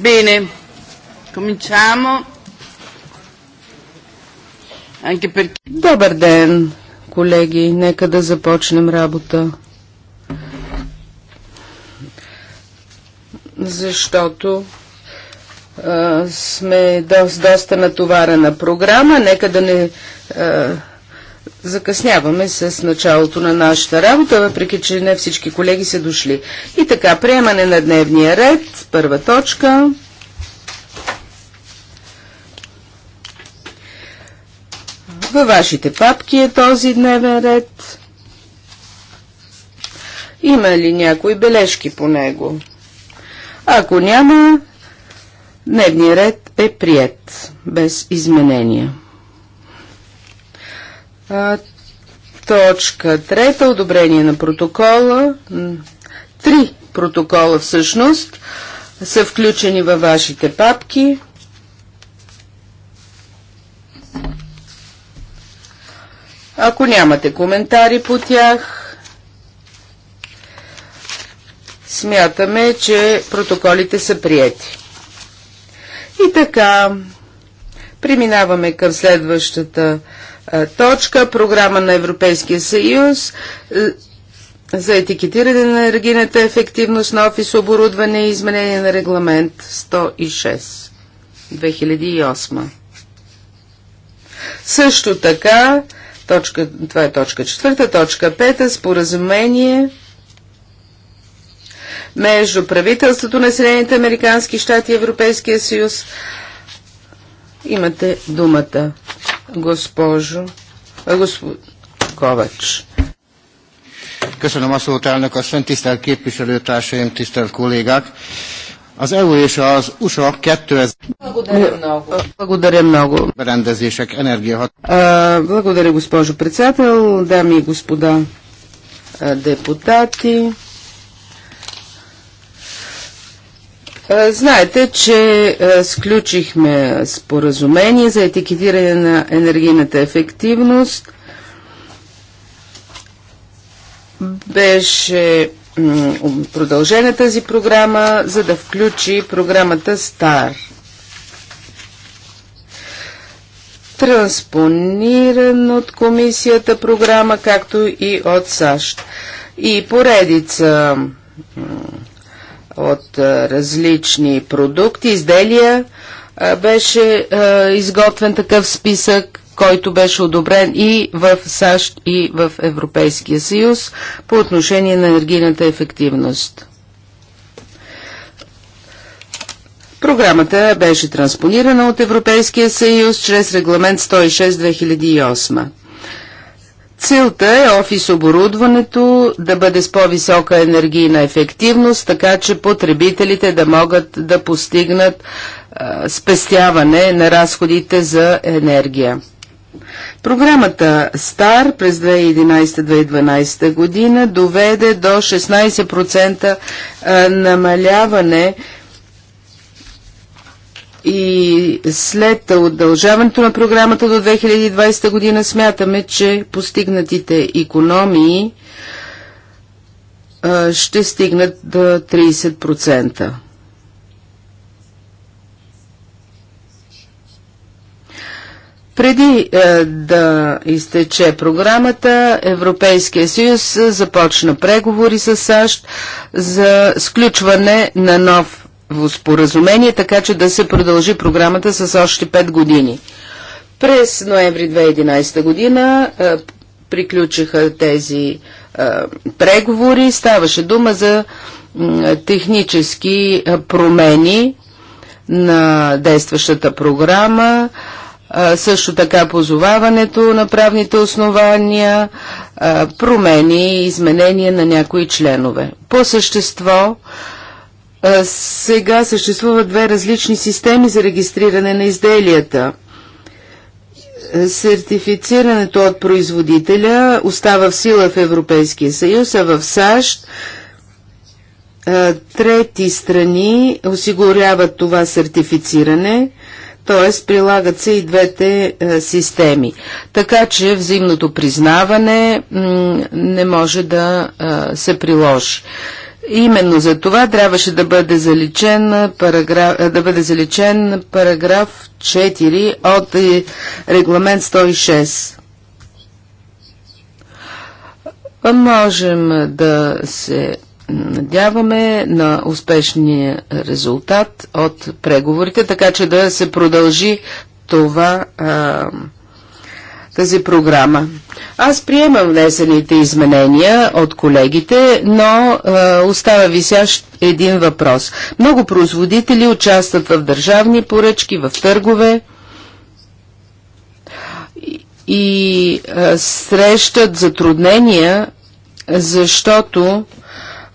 Bene, cominciamo. Anche perché... Добър ден, колеги. Нека да започнем работа. Защото а, сме до, доста натоварена програма. Нека да не а, закъсняваме с началото на нашата работа, въпреки че не всички колеги са дошли. И така, приемане на дневния ред, първа точка. Във вашите папки е този дневен ред. Има ли някои бележки по него? Ако няма, дневният ред е прият без изменения. Точка трета, одобрение на протокола. Три протокола всъщност са включени във вашите папки. Ако нямате коментари по тях, смятаме, че протоколите са приети. И така, преминаваме към следващата точка програма на Европейския съюз е, за етикетиране на енергийната ефективност на офис оборудване и изменение на регламент 106 2008. Също така, точка, това е точка четвърта, точка пета, споразумение между правителството на Съединените Американски щати и Европейския съюз. Имате думата госпожо, госпо... Ковач. Köszönöm a szót, elnök asszony, tisztelt képviselőtársaim, tisztelt kollégák! Az EU és az USA 2000... Благодаря много. Berendezések, energiahat... Благодаря, госпожо председател, дами и господа депутати. Е, знаете, че е, сключихме споразумение за етикетиране на енергийната ефективност. Беше продължена тази програма, за да включи програмата СТАР. Транспониран от комисията програма, както и от САЩ. И поредица от различни продукти, изделия. Беше изготвен такъв списък, който беше одобрен и в САЩ, и в Европейския съюз по отношение на енергийната ефективност. Програмата беше транспонирана от Европейския съюз чрез регламент 106-2008. Целта е офис оборудването да бъде с по-висока енергийна ефективност, така че потребителите да могат да постигнат а, спестяване на разходите за енергия. Програмата СТАР през 2011-2012 година доведе до 16% намаляване и след удължаването на програмата до 2020 година смятаме, че постигнатите економии ще стигнат до 30%. Преди е, да изтече програмата, Европейския съюз започна преговори с САЩ за сключване на нов споразумение, така че да се продължи програмата с още 5 години. През ноември 2011 година а, приключиха тези а, преговори. Ставаше дума за а, технически промени на действащата програма, също така позоваването на правните основания, промени и изменения на някои членове. По същество, сега съществуват две различни системи за регистриране на изделията. Сертифицирането от производителя остава в сила в Европейския съюз, а в САЩ трети страни осигуряват това сертифициране, т.е. прилагат се и двете системи. Така че взаимното признаване не може да се приложи. Именно за това трябваше да бъде заличен параграф, да бъде заличен параграф 4 от е, регламент 106. Можем да се надяваме на успешния резултат от преговорите, така че да се продължи това а, тази програма. Аз приемам внесените изменения от колегите, но е, остава висящ един въпрос. Много производители участват в държавни поръчки, в търгове и, е, срещат затруднения, защото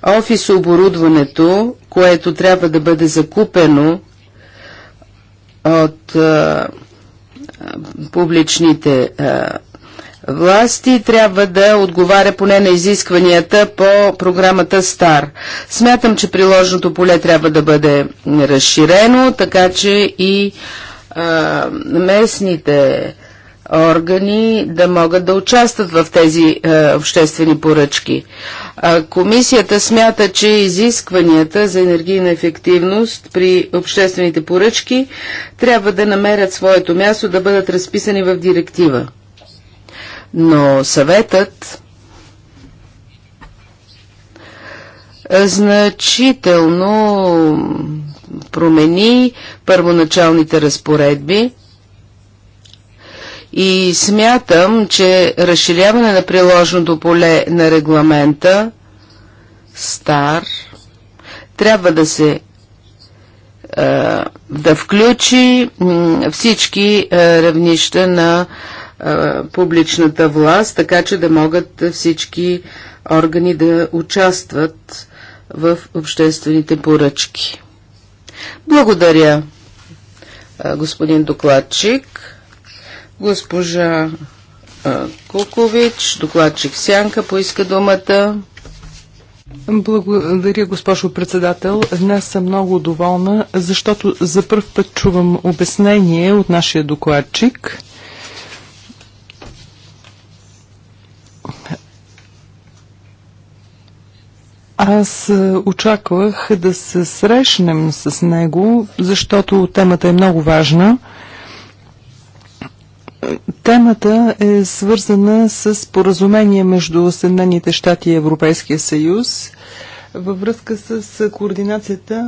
офис оборудването, което трябва да бъде закупено от е, публичните власти трябва да отговаря поне на изискванията по програмата СТАР. Смятам, че приложното поле трябва да бъде разширено, така че и а, местните органи да могат да участват в тези е, обществени поръчки. Е, комисията смята, че изискванията за енергийна ефективност при обществените поръчки трябва да намерят своето място да бъдат разписани в директива. Но съветът значително промени първоначалните разпоредби и смятам, че разширяване на приложното поле на регламента стар трябва да се да включи всички равнища на публичната власт, така че да могат всички органи да участват в обществените поръчки. Благодаря, господин докладчик. Госпожа Кукович, докладчик Сянка, поиска думата. Благодаря, госпожо председател. Днес съм много доволна, защото за първ път чувам обяснение от нашия докладчик. Аз очаквах да се срещнем с него, защото темата е много важна. Темата е свързана с поразумение между Съединените щати и Европейския съюз във връзка с координацията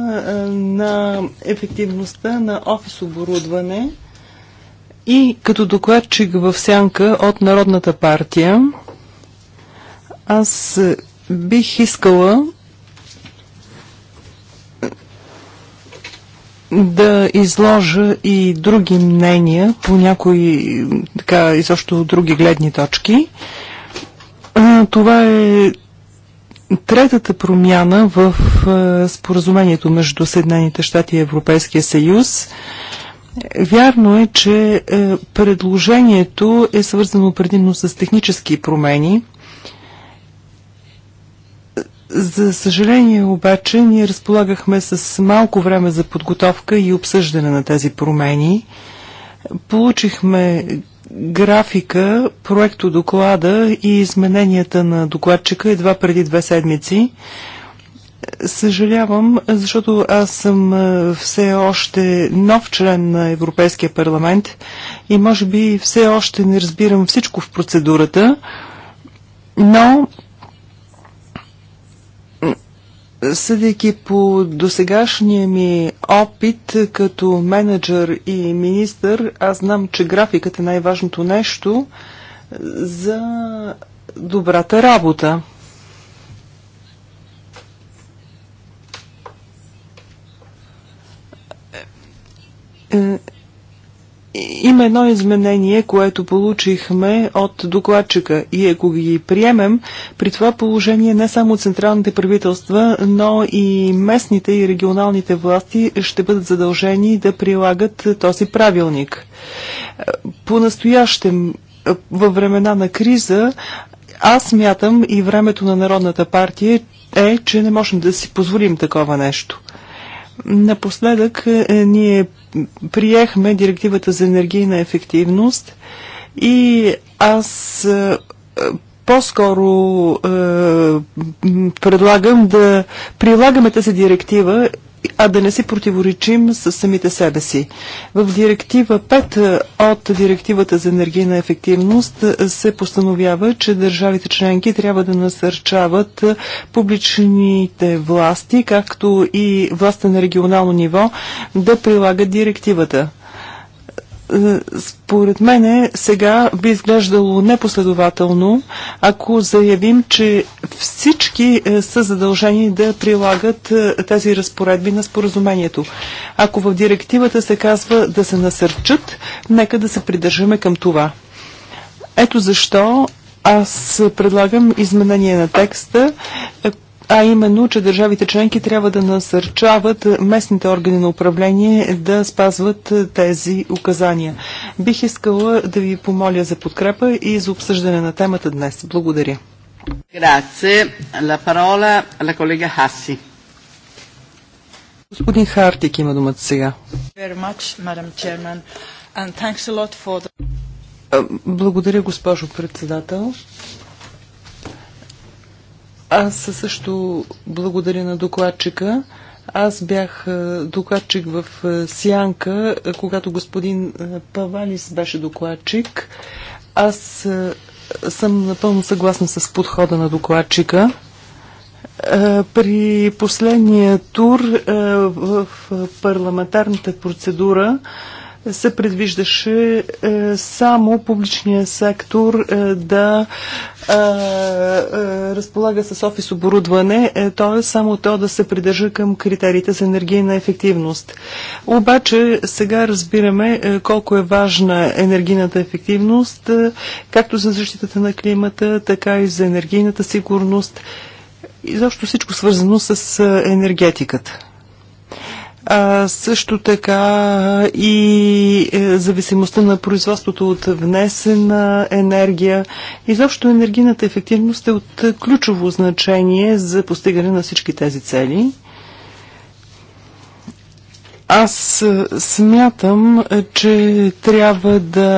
на ефективността на офис оборудване и като докладчик в сянка от Народната партия аз бих искала да изложа и други мнения по някои, така, изобщо други гледни точки. Това е третата промяна в споразумението между Съединените щати и Европейския съюз. Вярно е, че е, предложението е свързано предимно с технически промени – за съжаление обаче ние разполагахме с малко време за подготовка и обсъждане на тези промени. Получихме графика, проекто доклада и измененията на докладчика едва преди две седмици. Съжалявам, защото аз съм е, все още нов член на Европейския парламент и може би все още не разбирам всичко в процедурата, но Съдейки по досегашния ми опит като менеджер и министър, аз знам, че графикът е най-важното нещо за добрата работа. Е, има едно изменение, което получихме от докладчика и ако ги приемем, при това положение не само централните правителства, но и местните и регионалните власти ще бъдат задължени да прилагат този правилник. По-настоящем, във времена на криза, аз мятам и времето на Народната партия е, че не можем да си позволим такова нещо. Напоследък е, ние приехме директивата за енергийна ефективност и аз е, по-скоро е, предлагам да прилагаме тази директива а да не си противоречим с самите себе си. В директива 5 е, от директивата за енергийна ефективност е, се постановява, че държавите членки трябва да насърчават е, публичните власти, както и властта на регионално ниво, да прилагат директивата. Е, според мене сега би изглеждало непоследователно, ако заявим, че всички е, са задължени да прилагат е, тези разпоредби на споразумението. Ако в директивата се казва да се насърчат, нека да се придържаме към това. Ето защо аз предлагам изменение на текста, а именно, че държавите членки трябва да насърчават местните органи на управление да спазват тези указания. Бих искала да ви помоля за подкрепа и за обсъждане на темата днес. Благодаря. La parola collega Hassi. Господин Хартик има думата сега. Благодаря, госпожо председател. Аз също благодаря на докладчика. Аз бях е, докладчик в е, Сянка, е, когато господин Павалис беше докладчик. Аз съм напълно съгласна с подхода на докладчика. При последния тур в парламентарната процедура се предвиждаше е, само публичния сектор е, да е, разполага с офис оборудване, т.е. само то да се придържа към критериите за енергийна ефективност. Обаче сега разбираме колко е важна енергийната ефективност, както за защитата на климата, така и за енергийната сигурност и защо всичко свързано с енергетиката а, също така и е, зависимостта на производството от внесена енергия. Изобщо енергийната ефективност е от ключово значение за постигане на всички тези цели. Аз е, смятам, е, че трябва да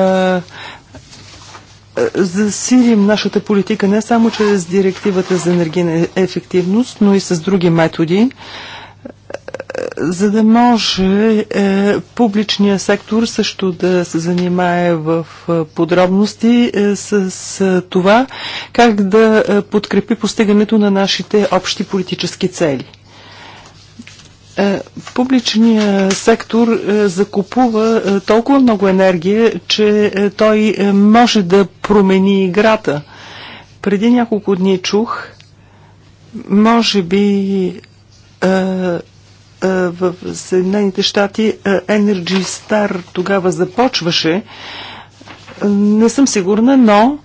е, засилим нашата политика не само чрез директивата за енергийна ефективност, но и с други методи за да може е, публичния сектор също да се занимае в е, подробности е, с, е, това как да е, подкрепи постигането на нашите общи политически цели. Е, публичният сектор е, закупува толкова много енергия, че той може да промени играта. Преди няколко дни чух, може би в Съединените щати Energy Star тогава започваше. Не съм сигурна, но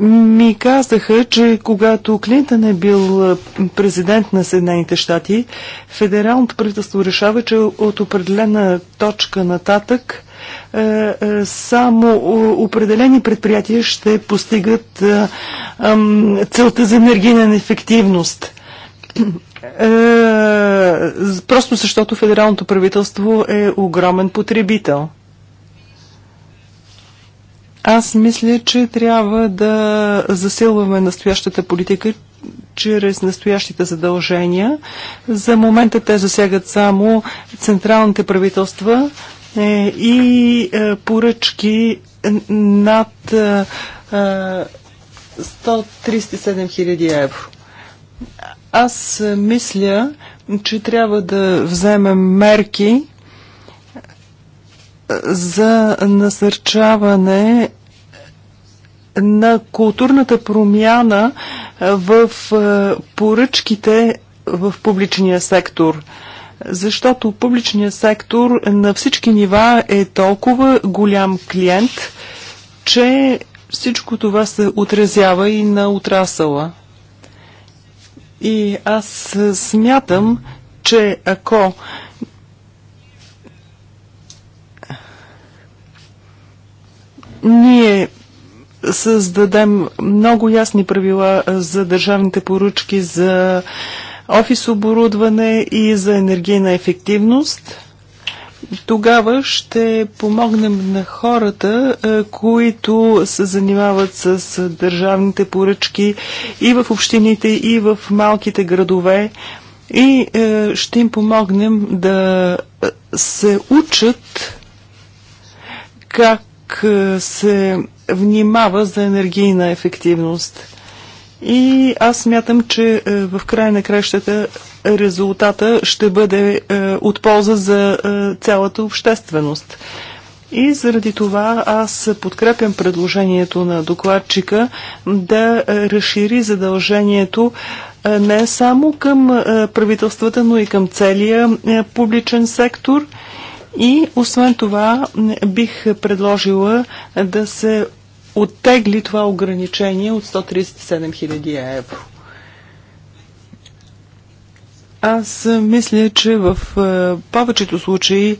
ми казаха, че когато Клинтън е бил президент на Съединените щати, федералното правителство решава, че от определена точка нататък само определени предприятия ще постигат целта за енергийна ефективност. Е, просто защото федералното правителство е огромен потребител. Аз мисля, че трябва да засилваме настоящата политика чрез настоящите задължения. За момента те засягат само централните правителства е, и е, поръчки над 137 000 евро. Аз мисля, че трябва да вземем мерки е, за насърчаване на културната промяна в е, поръчките в публичния сектор защото публичният сектор на всички нива е толкова голям клиент, че всичко това се отразява и на отрасъла. И аз смятам, че ако ние създадем много ясни правила за държавните поручки за офис оборудване и за енергийна ефективност – тогава ще помогнем на хората, е, които се занимават с държавните поръчки и в общините, и в малките градове. И е, ще им помогнем да е, се учат как се внимава за енергийна ефективност. И аз смятам, че в края на кращата резултата ще бъде е, от полза за е, цялата общественост. И заради това аз подкрепям предложението на докладчика да е, разшири задължението не само към правителствата, но и към целия публичен сектор. И освен това бих предложила да се оттегли това ограничение от 137 000 евро. Аз мисля, че в е, повечето случаи, е,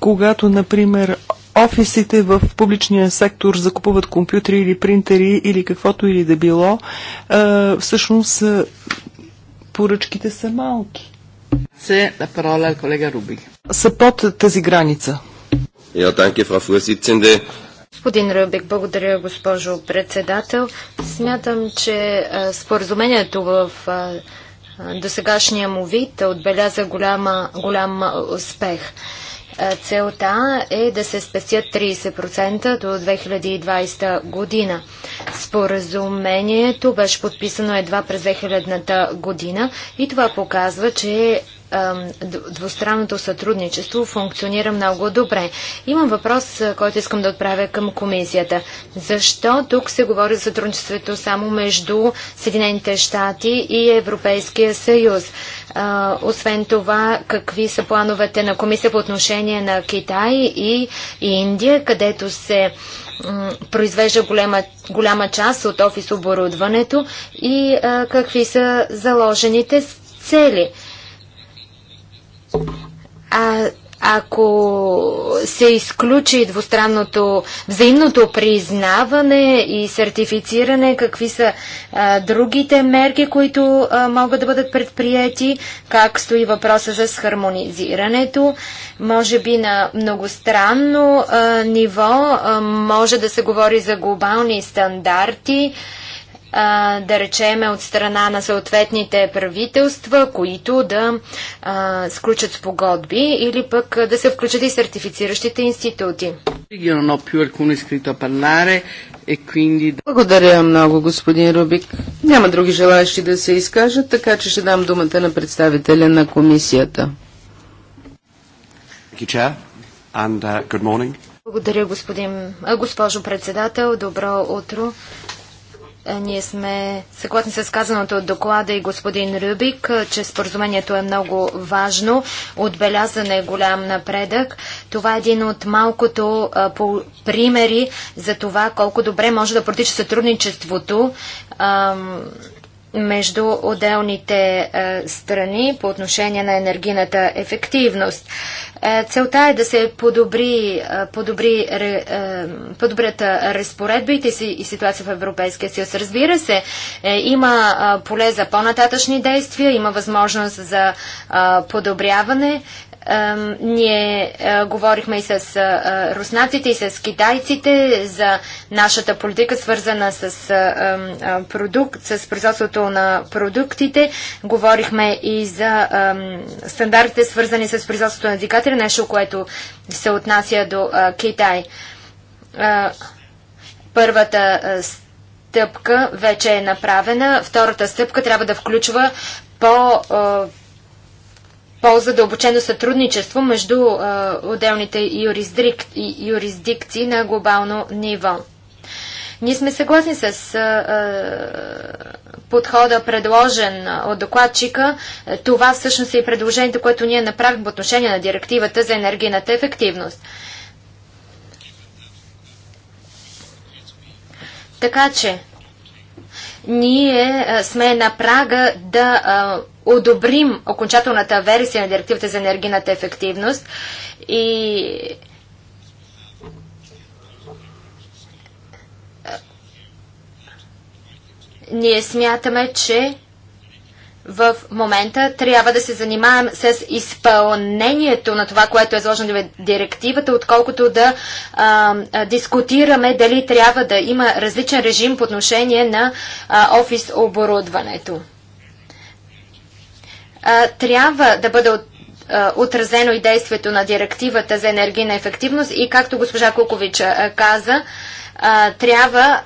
когато, например, офисите в публичния сектор закупуват компютри или принтери или каквото или да било, е, всъщност поръчките са малки. Се на парола колега Руби. Са под тази граница. Я танки Frau Господин Рубик, благодаря, госпожо председател. Смятам, че споразумението в а, досегашния му вид отбеляза голяма, голям успех. Е, целта е да се спестят 30% до 2020 година. Споразумението беше подписано едва през 2000-та година и това показва, че двустранното сътрудничество функционира много добре. Имам въпрос, който искам да отправя към комисията. Защо тук се говори за сътрудничеството само между Съединените щати и Европейския съюз? освен това, какви са плановете на комисия по отношение на Китай и, Индия, където се произвежда голема, голяма част от офис оборудването и какви са заложените цели? А, ако се изключи двустранното взаимното признаване и сертифициране, какви са а, другите мерки, които а, могат да бъдат предприяти, как стои въпроса за схармонизирането, Може би на многостранно а, ниво а, може да се говори за глобални стандарти. А, да речеме, от страна на съответните правителства, които да а, сключат спогодби или пък да се включат и сертифициращите институти. E Благодаря много, господин Рубик. Няма други желаящи да се изкажат, така че ще дам думата на представителя на комисията. Uh, Благодаря, господин, госпожо председател. Добро утро. Е, ние сме съгласни с казаното от доклада и господин Рюбик, е, че споразумението е много важно. Отбелязан е голям напредък. Това е един от малкото а, е, по примери за това колко добре може да протича сътрудничеството. А, между отделните е, страни по отношение на енергийната ефективност. Е, целта е да се подобри, е, подобри, подобрят разпоредбите си и ситуация в Европейския съюз. Разбира се, има поле за по-нататъчни действия, има възможност за подобряване. Ние говорихме и с руснаците, и с китайците за нашата политика, свързана с, продукт, с производството на продуктите. Говорихме и за стандартите, свързани с производството на двигатели, нещо, което се отнася до Китай. Първата стъпка вече е направена. Втората стъпка трябва да включва по по-задълбочено сътрудничество между а, отделните юрисдик, юрисдикции на глобално ниво. Ние сме съгласни с а, а, подхода, предложен от докладчика. Това всъщност е и предложението, което ние направим по отношение на директивата за енергийната ефективност. Така че, ние сме на прага да одобрим окончателната версия на директивата за енергийната ефективност и ние смятаме, че в момента трябва да се занимаем с изпълнението на това, което е заложено в директивата, отколкото да а, дискутираме дали трябва да има различен режим по отношение на а, офис оборудването. А, трябва да бъде от отразено и действието на директивата за енергийна ефективност и както госпожа Кукович каза, трябва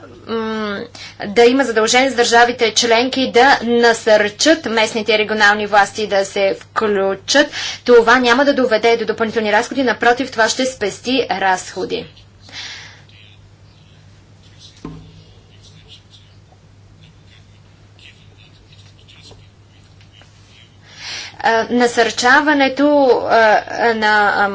да има задължение за държавите членки да насърчат местните и регионални власти да се включат, това няма да доведе до допълнителни разходи, напротив, това ще спести разходи. насърчаването на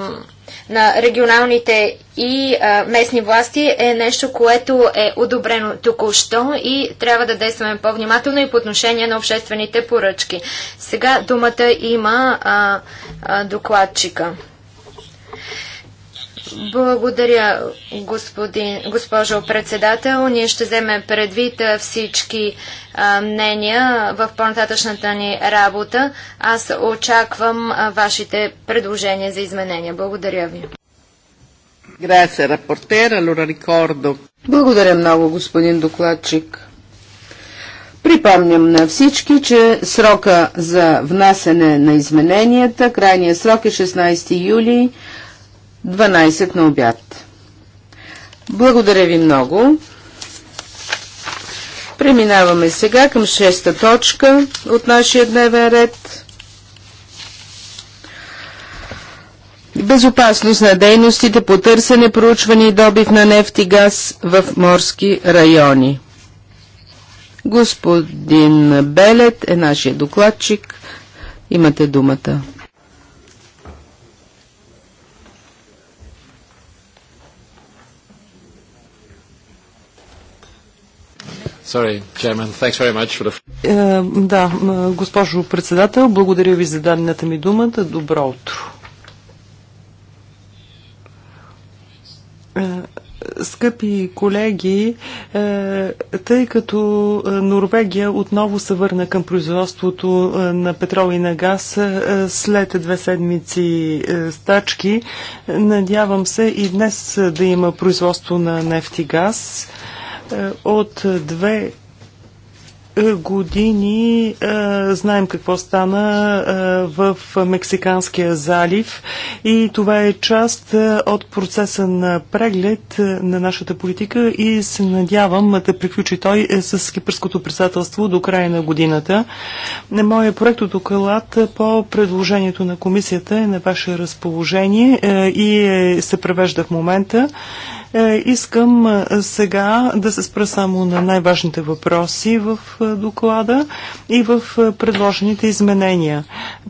на регионалните и а, местни власти е нещо, което е одобрено току-що и трябва да действаме по-внимателно и по отношение на обществените поръчки. Сега думата има а, а, докладчика. Благодаря, господин, госпожо председател. Ние ще вземем предвид всички а, мнения в по-нататъчната ни работа. Аз очаквам а, вашите предложения за изменения. Благодаря ви. Благодаря много, господин докладчик. Припомням на всички, че срока за внасене на измененията, крайният срок е 16 юли 12 на обяд. Благодаря ви много. Преминаваме сега към шеста точка от нашия дневен ред. Безопасност на дейностите по търсене, проучване и добив на нефт и газ в морски райони. Господин Белет е нашия докладчик. Имате думата. Sorry, chairman. Thanks very much for the... Е, да, госпожо председател, благодаря ви за дадената ми думата. Добро утро. Е, скъпи колеги, е, тъй като Норвегия отново се върна към производството на петрол и на газ след две седмици стачки, надявам се и днес да има производство на нефт и газ. Е, от две години е, знаем какво стана е, в Мексиканския залив и това е част от процеса на преглед на нашата политика и се надявам да приключи той с кипърското председателство до края на годината. Моя проект от окалат по предложението на комисията е на ваше разположение и се превежда в момента. Е, искам е, сега да се спра само на най-важните въпроси в е, доклада и в предложените изменения.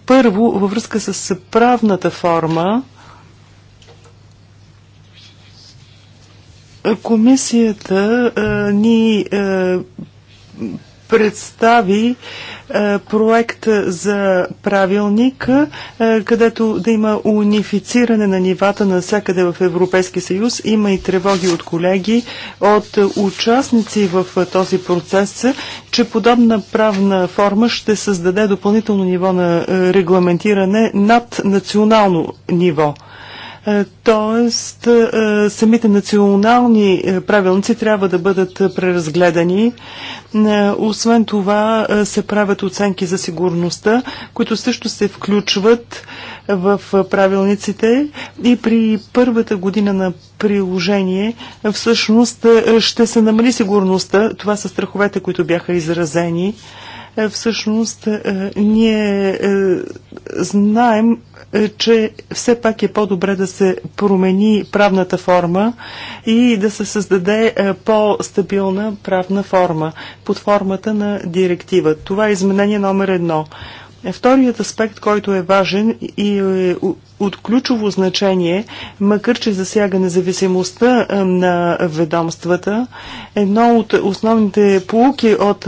Първо, във връзка с правната форма, Комисията ни представи е, проект за правилник, е, където да има унифициране на нивата на всякъде в Европейски съюз. Има и тревоги от колеги, от участници в е, този процес, че подобна правна форма ще създаде допълнително ниво на регламентиране над национално ниво. Е, тоест, е, самите национални е, правилници трябва да бъдат преразгледани. Освен това, се правят оценки за сигурността, които също се включват в правилниците и при първата година на приложение всъщност ще се намали сигурността. Това са страховете, които бяха изразени. Е, всъщност е, ние е, знаем, че все пак е по-добре да се промени правната форма и да се създаде по-стабилна правна форма под формата на директива. Това е изменение номер едно. Вторият аспект, който е важен и е от ключово значение, макар че засяга независимостта на ведомствата. Едно от основните полуки от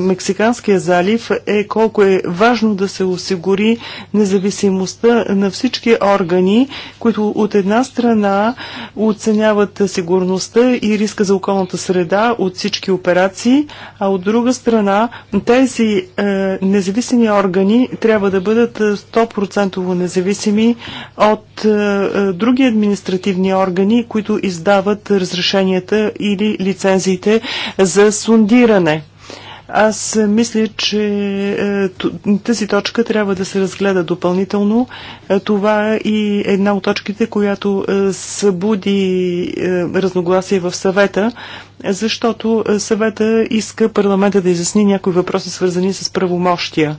Мексиканския залив е колко е важно да се осигури независимостта на всички органи, които от една страна оценяват сигурността и риска за околната среда от всички операции, а от друга страна тези независими органи трябва да бъдат 100% независими независими от а, е, е, други административни органи, които издават разрешенията или лицензиите за сундиране. Аз мисля, че е, тази точка трябва да се разгледа допълнително. Това е и една от точките, която събуди разногласие в съвета, защото съвета иска парламента да изясни някои въпроси, свързани с правомощия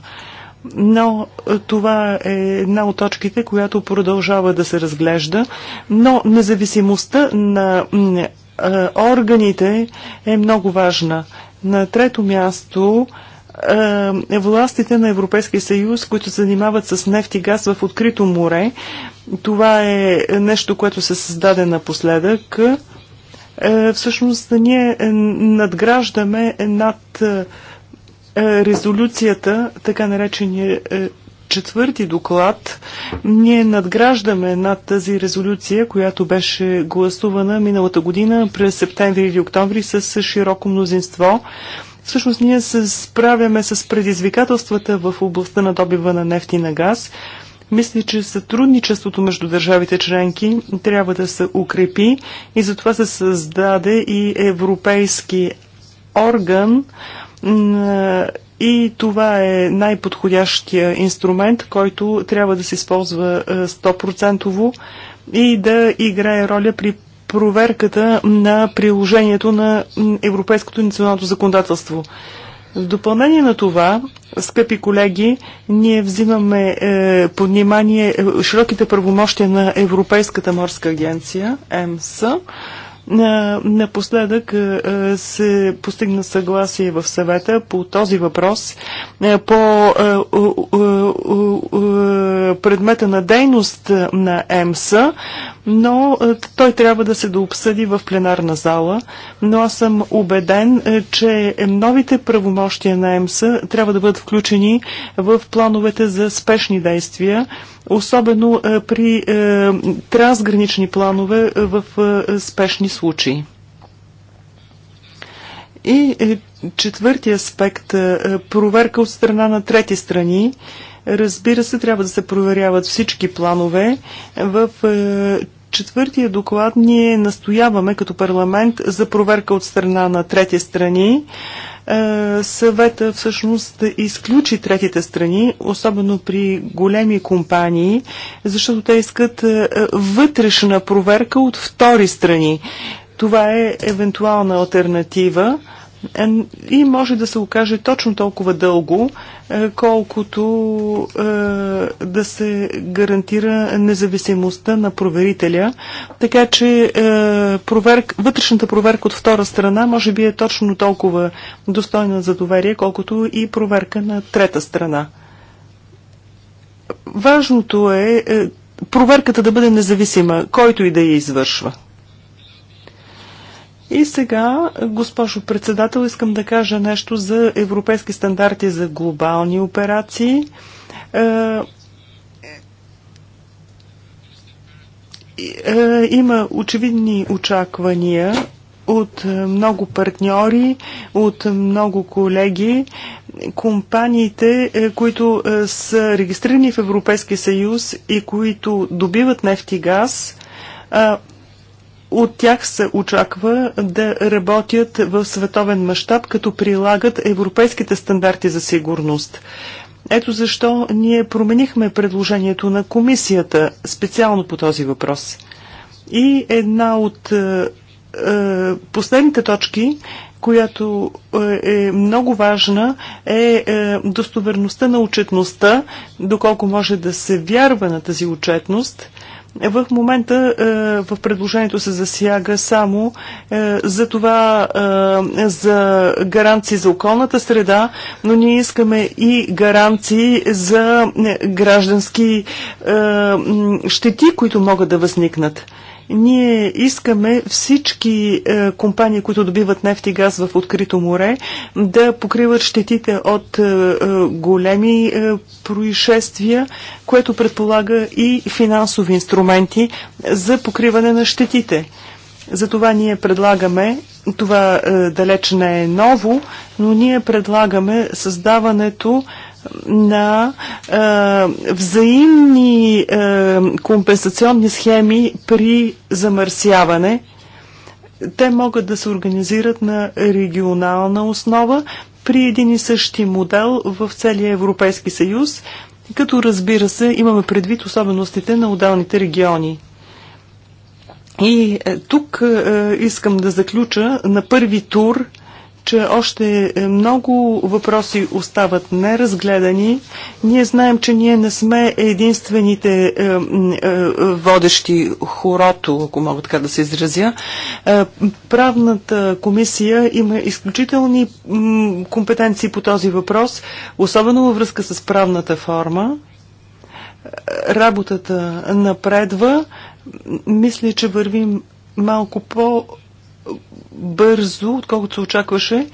но е, това е една от точките, която продължава да се разглежда, но независимостта на е, органите е много важна. На трето място е, властите на Европейския съюз, които се занимават с нефт и газ в открито море. Това е нещо, което се създаде напоследък. Всъщност ние надграждаме над е, резолюцията, така наречения е, четвърти доклад, ние надграждаме над тази резолюция, която беше гласувана миналата година през септември или октомври с широко мнозинство. Всъщност ние се справяме с предизвикателствата в областта на добива на нефти и на газ. Мисля, че сътрудничеството между държавите членки трябва да се укрепи и затова се създаде и европейски орган, и това е най-подходящия инструмент, който трябва да се използва 100% и да играе роля при проверката на приложението на европейското националното законодателство. В допълнение на това, скъпи колеги, ние взимаме е, под внимание е, широките правомощия на Европейската морска агенция, МСА. Напоследък е, е, се постигна съгласие в съвета по този въпрос, е, по предмета на дейност на ЕМСА, но той трябва да се дообсъди в пленарна зала. Но аз съм убеден, че новите правомощия на ЕМСА трябва да бъдат включени в плановете за спешни действия, особено при трансгранични планове в спешни случаи случаи. И е, четвъртия аспект е, е, проверка от страна на трети страни. Разбира се, трябва да се проверяват всички планове. В четвъртия доклад ние настояваме като парламент за проверка от страна на трети страни. Е, съвета всъщност изключи третите страни, особено при големи компании, защото те искат е, вътрешна проверка от втори страни. Това е евентуална альтернатива. Е, и може да се окаже точно толкова дълго, е, колкото е, да се гарантира независимостта на проверителя. Така че проверк, вътрешната проверка от втора страна може би е точно толкова достойна за доверие, колкото и проверка на трета страна. Важното е проверката да бъде независима, който и да я извършва. И сега, госпожо председател, искам да кажа нещо за европейски стандарти за глобални операции. Е, е, има очевидни очаквания от много партньори, от много колеги. Компаниите, е, които са регистрирани в Европейския съюз и които добиват нефти и газ, от тях се очаква да работят в световен мащаб, като прилагат европейските стандарти за сигурност. Ето защо ние променихме предложението на комисията специално по този въпрос. И една от е, е, последните точки, която е, е много важна, е, е достоверността на отчетността, доколко може да се вярва на тази отчетност – в момента е, в предложението се засяга само е, за това е, за гаранции за околната среда, но ние искаме и гаранции за граждански щети, които могат да възникнат. Ние искаме всички е, компании, които добиват нефт и газ в открито море, да покриват щетите от е, е големи е, происшествия, което предполага и финансови инструменти за покриване на щетите. Затова ние предлагаме, това е, далеч не е ново, но ние предлагаме създаването на а, е, взаимни а, е, компенсационни схеми при замърсяване. Те могат да се организират на регионална основа при един и същи модел в целия Европейски съюз, като разбира се имаме предвид особеностите на отделните региони. И е, тук е, искам да заключа на първи тур че още много въпроси остават неразгледани. Ние знаем, че ние не сме единствените е, е, е водещи хорото, ако мога така да се изразя. Е, правната комисия има изключителни компетенции по този въпрос, особено във връзка с правната форма. Работата напредва. Мисля, че вървим малко по бързо, отколкото се очакваше.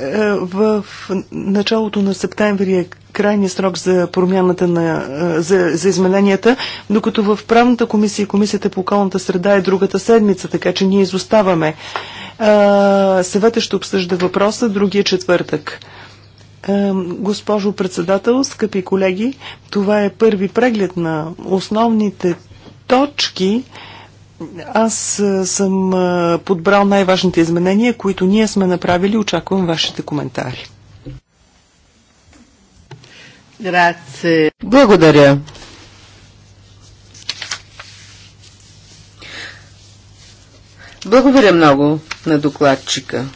Е, в началото на септември е крайния срок за промяната на, е, за, за измененията, докато в правната комисия и комисията по околната среда е другата седмица, така че ние изоставаме. А, съвета ще обсъжда въпроса другия четвъртък. Е, госпожо председател, скъпи колеги, това е първи преглед на основните точки аз е, съм е, подбрал най-важните изменения, които ние сме направили. Очаквам вашите коментари. Благодаря. Благодаря много на докладчика.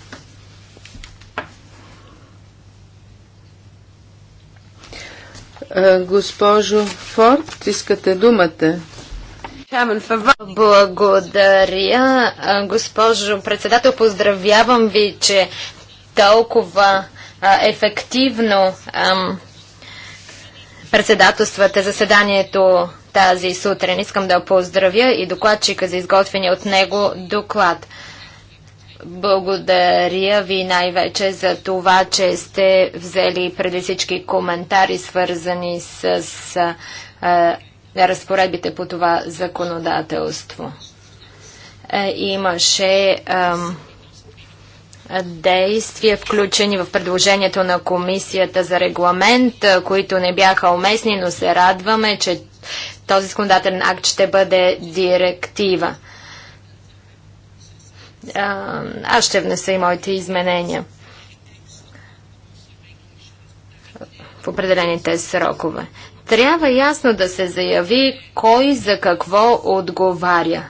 Е, госпожо Форд, искате думата? Благодаря, госпожо председател. Поздравявам ви, че толкова ефективно председателствате заседанието тази сутрин. Искам да поздравя и докладчика за изготвения от него доклад. Благодаря ви най-вече за това, че сте взели преди всички коментари, свързани с разпоредбите по това законодателство. Е, имаше ам, действия, включени в предложението на комисията за регламент, които не бяха уместни, но се радваме, че този законодателен акт ще бъде директива. Аз ще внеса и моите изменения в определените срокове. Трябва ясно да се заяви кой за какво отговаря.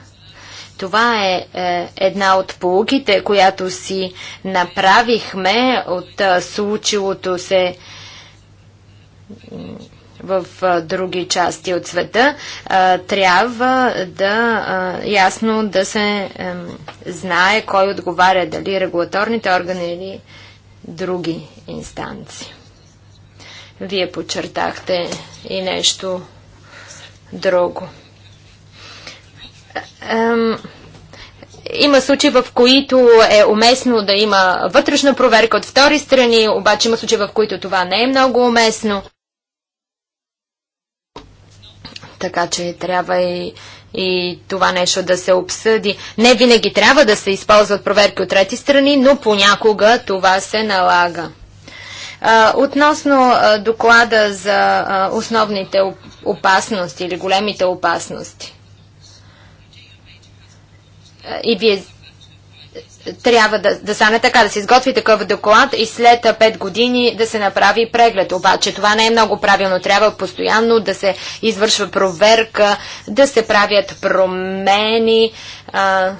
Това е, е една от полуките, която си направихме от случилото се в други части от света. Трябва да ясно да се знае кой отговаря, дали регулаторните органи или други инстанции. Вие подчертахте и нещо друго. Ем, има случаи, в които е уместно да има вътрешна проверка от втори страни, обаче има случаи, в които това не е много уместно. Така че трябва и, и това нещо да се обсъди. Не винаги трябва да се използват проверки от трети страни, но понякога това се налага. Относно доклада за основните опасности или големите опасности. И вие трябва да, да стане така, да се изготви такъв доклад и след 5 години да се направи преглед. Обаче това не е много правилно. Трябва постоянно да се извършва проверка, да се правят промени. А,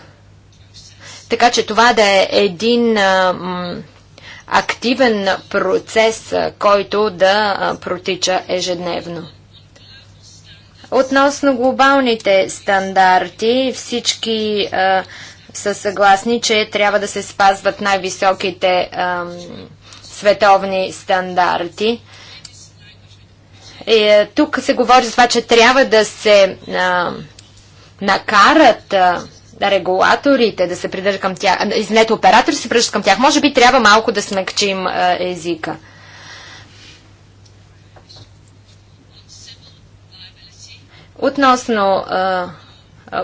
така че това да е един а, м, активен процес, който да протича ежедневно. Относно глобалните стандарти, всички а, са съгласни, че трябва да се спазват най-високите световни стандарти. И, тук се говори за това, че трябва да се а, накарат а, регулаторите да се придържат към тях, извинете, операторите се придържат към тях. Може би трябва малко да смекчим а, езика. Относно а,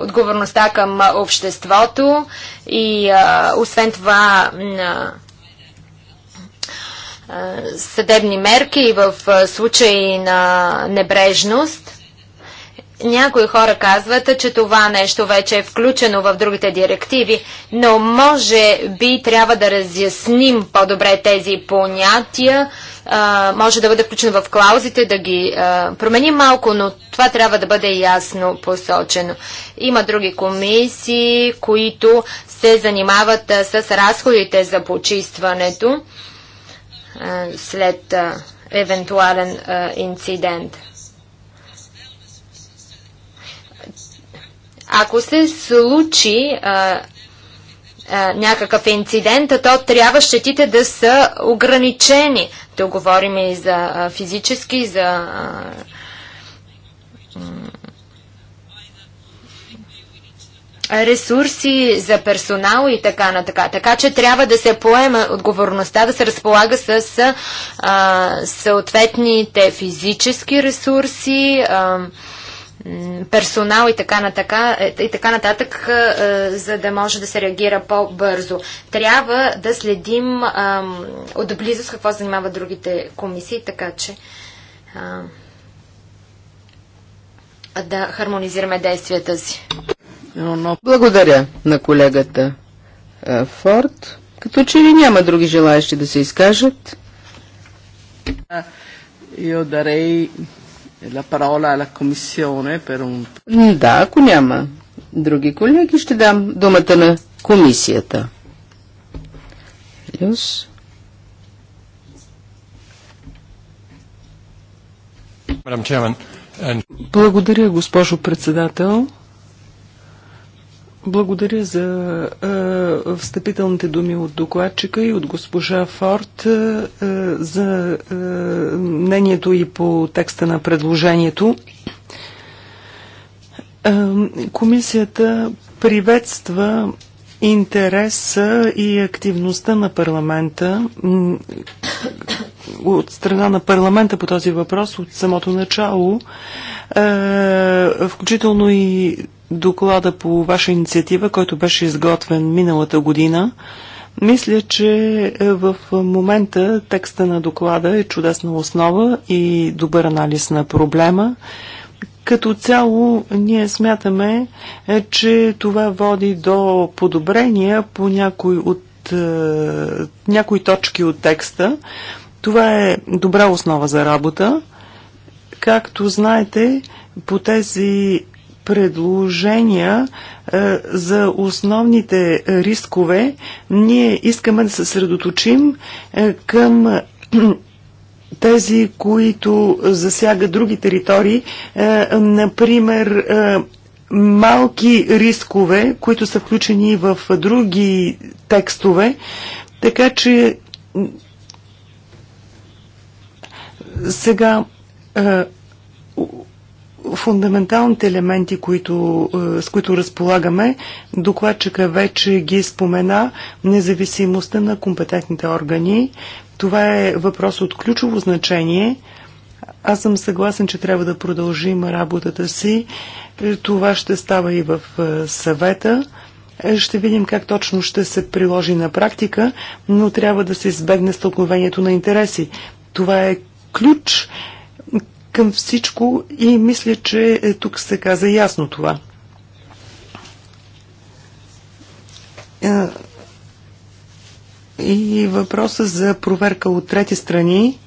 отговорността към обществото и а, освен това а, съдебни мерки в случаи на небрежност – някои хора казват, че това нещо вече е включено в другите директиви, но може би трябва да разясним по-добре тези понятия. А, може да бъде включено в клаузите, да ги а, променим малко, но това трябва да бъде ясно посочено. Има други комисии, които се занимават с разходите за почистването а, след а, евентуален а, инцидент. Ако се случи а, а, някакъв инцидент, то трябва щетите да са ограничени. Да говорим и за а, физически, за а, ресурси за персонал и така на така. Така че трябва да се поема отговорността, да се разполага с а, съответните физически ресурси, а, персонал и така, натака, е, и така нататък, е, е, за да може да се реагира по-бързо. Трябва да следим отблизо с какво занимават другите комисии, така че да хармонизираме действията си. Благодаря на колегата Форд. Като че ли няма други желаящи да се изкажат? Io darei е, la parola alla Commissione per un... Да, ако няма други колеги, ще дам думата на комисията. Плюс. Благодаря, госпожо председател. Благодаря за е, встъпителните думи от докладчика и от госпожа Форд е, за е, мнението и по текста на предложението. Е, комисията приветства интереса и активността на парламента от страна на парламента по този въпрос от самото начало, е, включително и доклада по ваша инициатива, който беше изготвен миналата година. Мисля, че е, в момента текста на доклада е чудесна основа и добър анализ на проблема. Като цяло ние смятаме, е, че това води до подобрения по някои, от, е, някои точки от текста. Това е добра основа за работа. Както знаете, по тези предложения е, за основните рискове, ние искаме да се средоточим е, към е, тези, които засягат други територии, например малки рискове, които са включени в други текстове, така че сега фундаменталните елементи, които, е, с които разполагаме, докладчика вече ги спомена, независимостта на компетентните органи. Това е въпрос от ключово значение. Аз съм съгласен, че трябва да продължим работата си. Е, това ще става и в е, съвета. Ще видим как точно ще се приложи на практика, но трябва да се избегне стълкновението на интереси. Това е ключ към всичко и мисля, че е, тук се каза ясно това. Е, и въпроса за проверка от трети страни.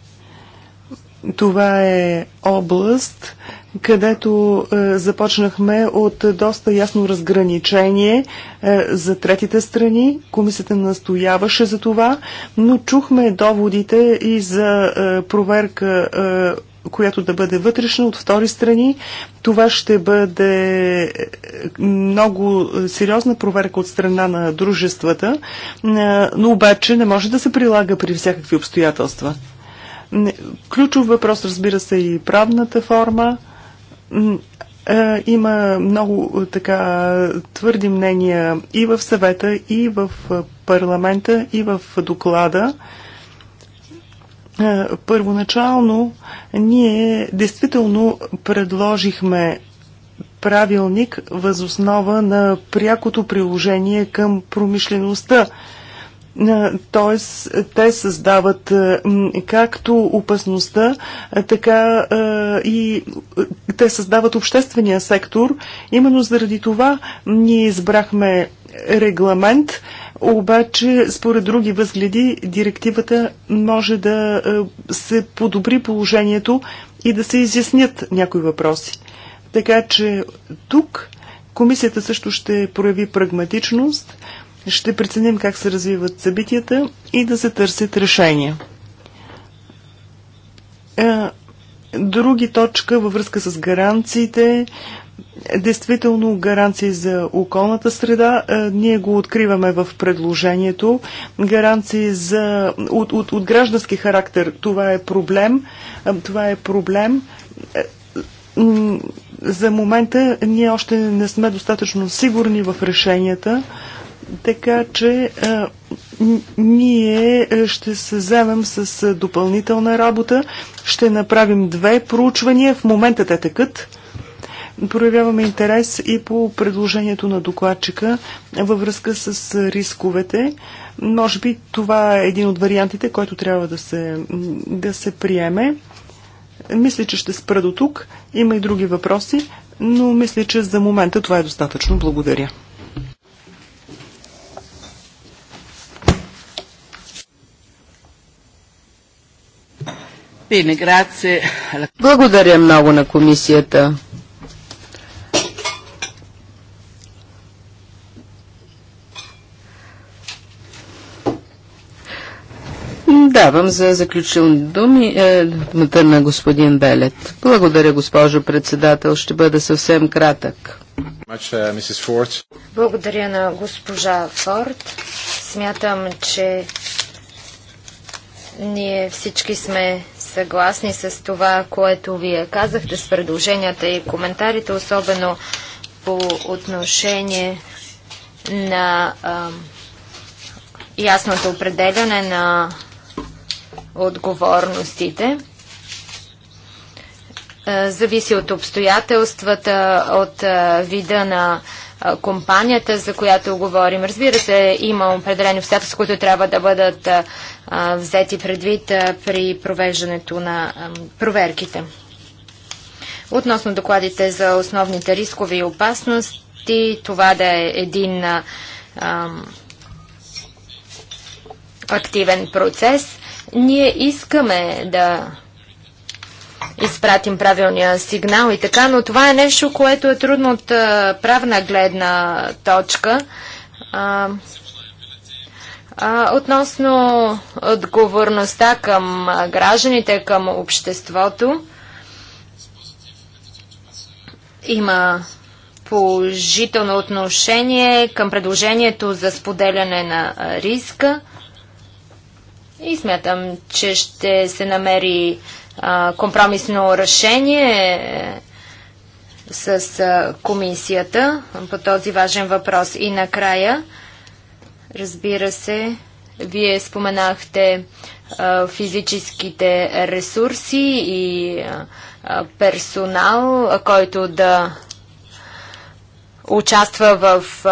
Това е област, където е, започнахме от доста ясно разграничение е, за третите страни. Комисията настояваше за това, но чухме доводите и за е, проверка е, която да бъде вътрешна от втори страни. Това ще бъде много сериозна проверка от страна на дружествата, но обаче не може да се прилага при всякакви обстоятелства. Ключов въпрос, разбира се, и правната форма. Е, има много е, така твърди мнения и в съвета, и в е, парламента, и в доклада. Е, първоначално ние действително предложихме правилник възоснова на прякото приложение към промишлеността. Т.е. те създават е, както опасността, е, така и те създават обществения сектор. Именно заради това ние избрахме регламент, обаче, според други възгледи, директивата може да е, се подобри положението и да се изяснят някои въпроси. Така че тук комисията също ще прояви прагматичност, ще преценим как се развиват събитията и да се търсят решения. Е, други точка във връзка с гаранциите, Действително гаранции за околната среда. Е, ние го откриваме в предложението. Гаранции за, от, от, от граждански характер. Това е проблем. Е, това е проблем. Е, за момента ние още не сме достатъчно сигурни в решенията, така че ние ще се вземем с допълнителна работа. Ще направим две проучвания. В момента те такът проявяваме интерес и по предложението на докладчика във връзка с рисковете. Може би това е един от вариантите, който трябва да се, да се приеме. Мисля, че ще спра до тук. Има и други въпроси, но мисля, че за момента това е достатъчно. Благодаря. Благодаря много на комисията. Давам за заключилни думи е, думата на господин Белет. Благодаря, госпожо председател. Ще бъда съвсем кратък. Uh, Благодаря на госпожа Форд. Смятам, че ние всички сме съгласни с това, което вие казахте с предложенията и коментарите, особено по отношение на а, ясното определяне на отговорностите. Е, зависи от обстоятелствата, от е, вида на е, компанията, за която говорим. Разбира се, има определени обстоятелства, които трябва да бъдат взети предвид при провеждането на проверките. Относно докладите за основните рискови и опасности, това да е един активен процес. Ние искаме да изпратим правилния сигнал и така, но това е нещо, което е трудно от правна гледна точка. А, а, относно отговорността към гражданите, към обществото, има положително отношение към предложението за споделяне на риска. И смятам, че ще се намери а, компромисно решение е, с а, комисията по този важен въпрос. И накрая, разбира се, вие споменахте а, физическите ресурси и а, персонал, който да участва в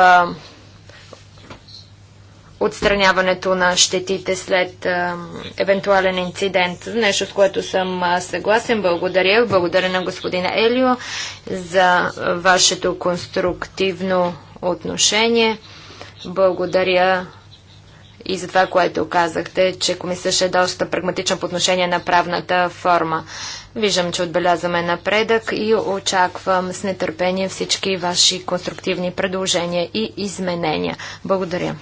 отстраняването на щетите след а, евентуален инцидент. Нещо, с което съм съгласен. Благодаря. Благодаря на господина Елио за вашето конструктивно отношение. Благодаря и за това, което казахте, че комисията ще е доста прагматична по отношение на правната форма. Виждам, че отбелязваме напредък и очаквам с нетърпение всички ваши конструктивни предложения и изменения. Благодаря.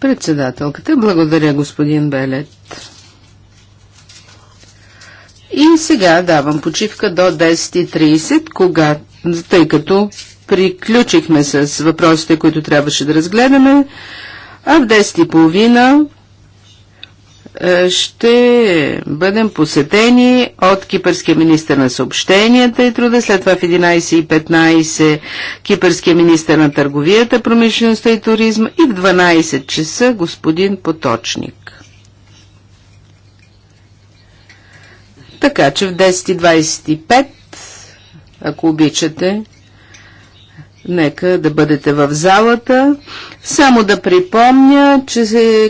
Председателката, благодаря господин Белет. И сега давам почивка до 10.30, кога, тъй като приключихме с въпросите, които трябваше да разгледаме, а в 10.30 е, ще бъдем посетени от кипърския министр на съобщенията и труда, след това в 11.15 кипърския министр на търговията, промишлеността и туризма и в 12 часа господин Поточник. Така че в 10.25, ако обичате, Нека да бъдете в залата. Само да припомня, че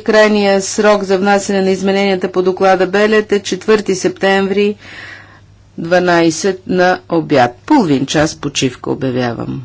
крайния срок за внасяне на измененията по доклада Белет е 4 септември 12 на обяд. Половин час почивка обявявам.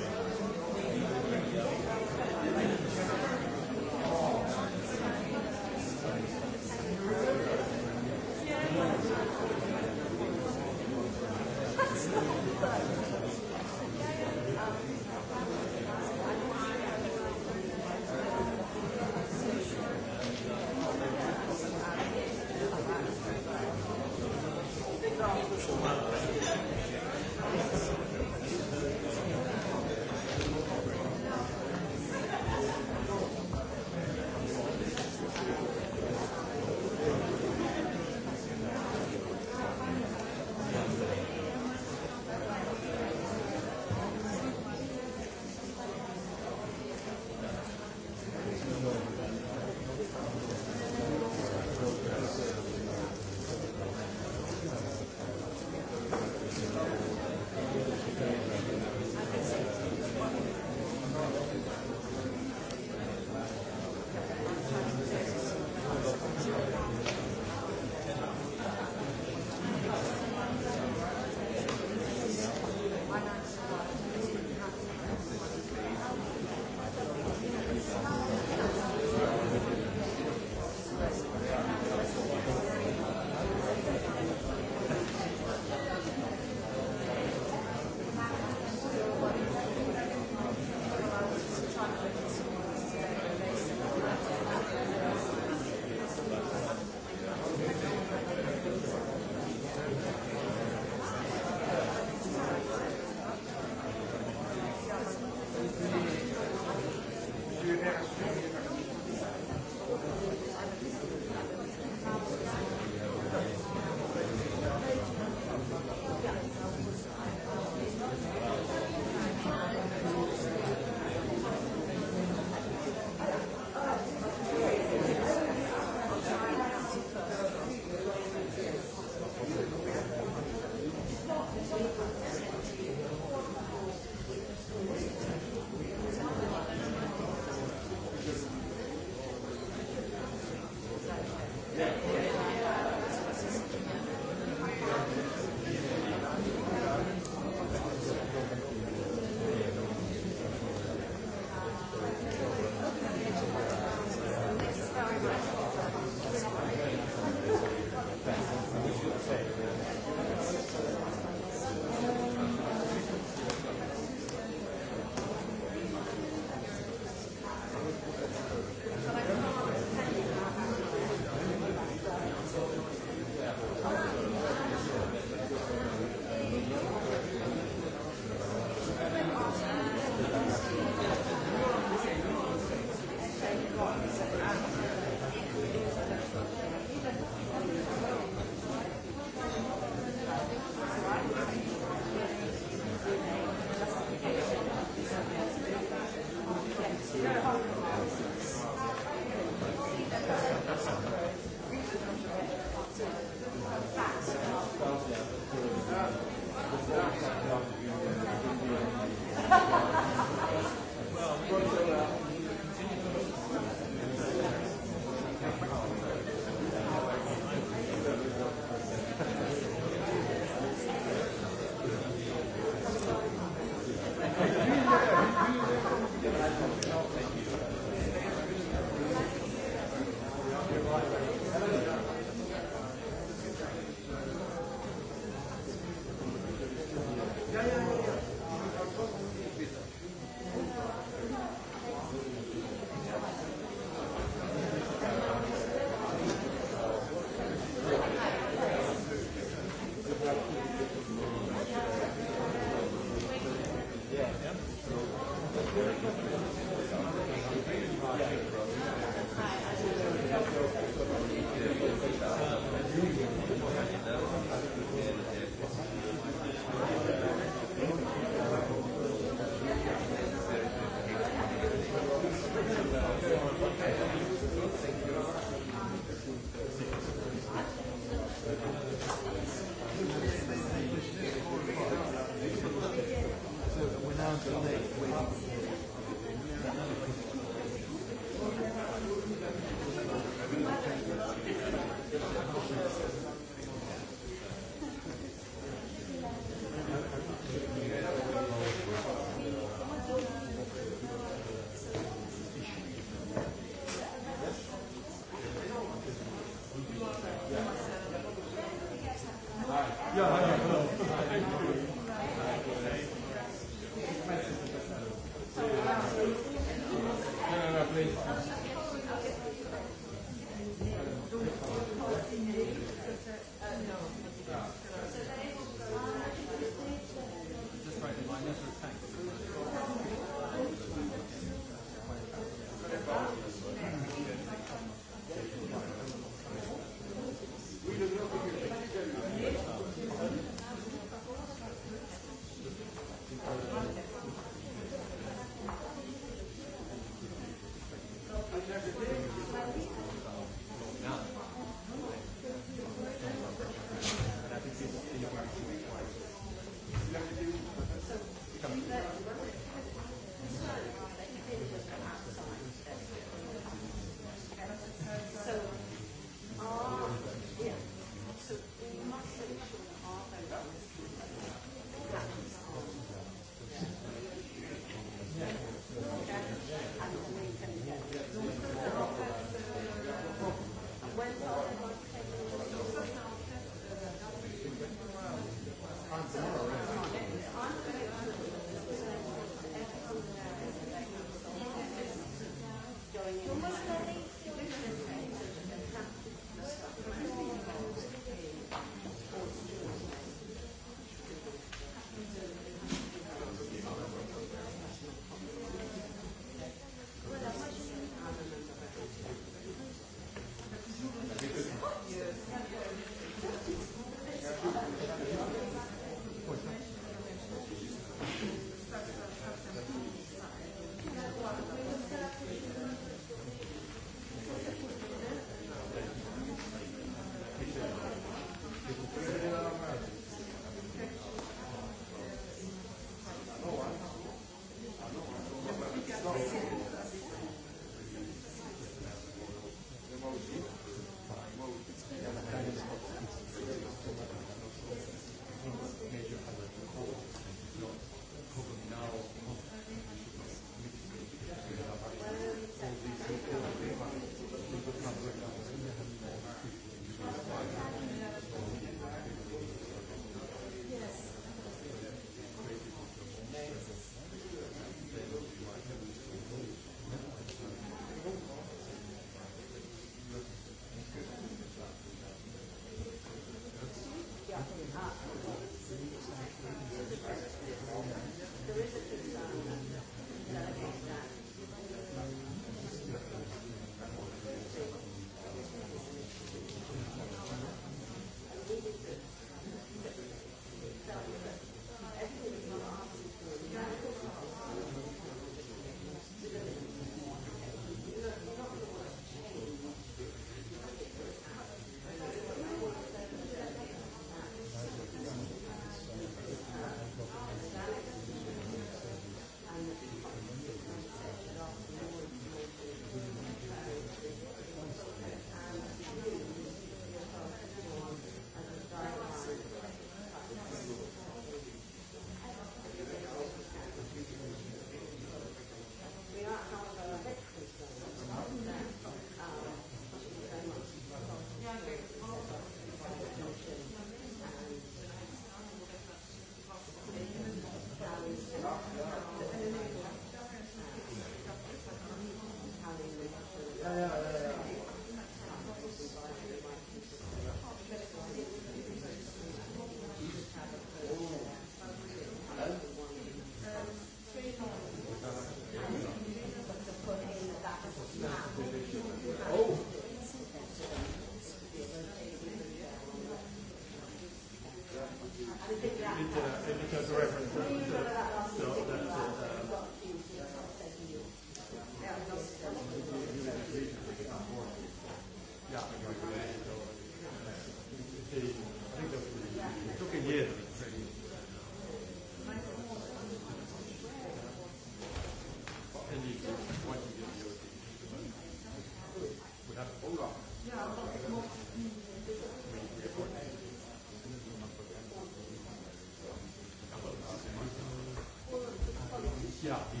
下。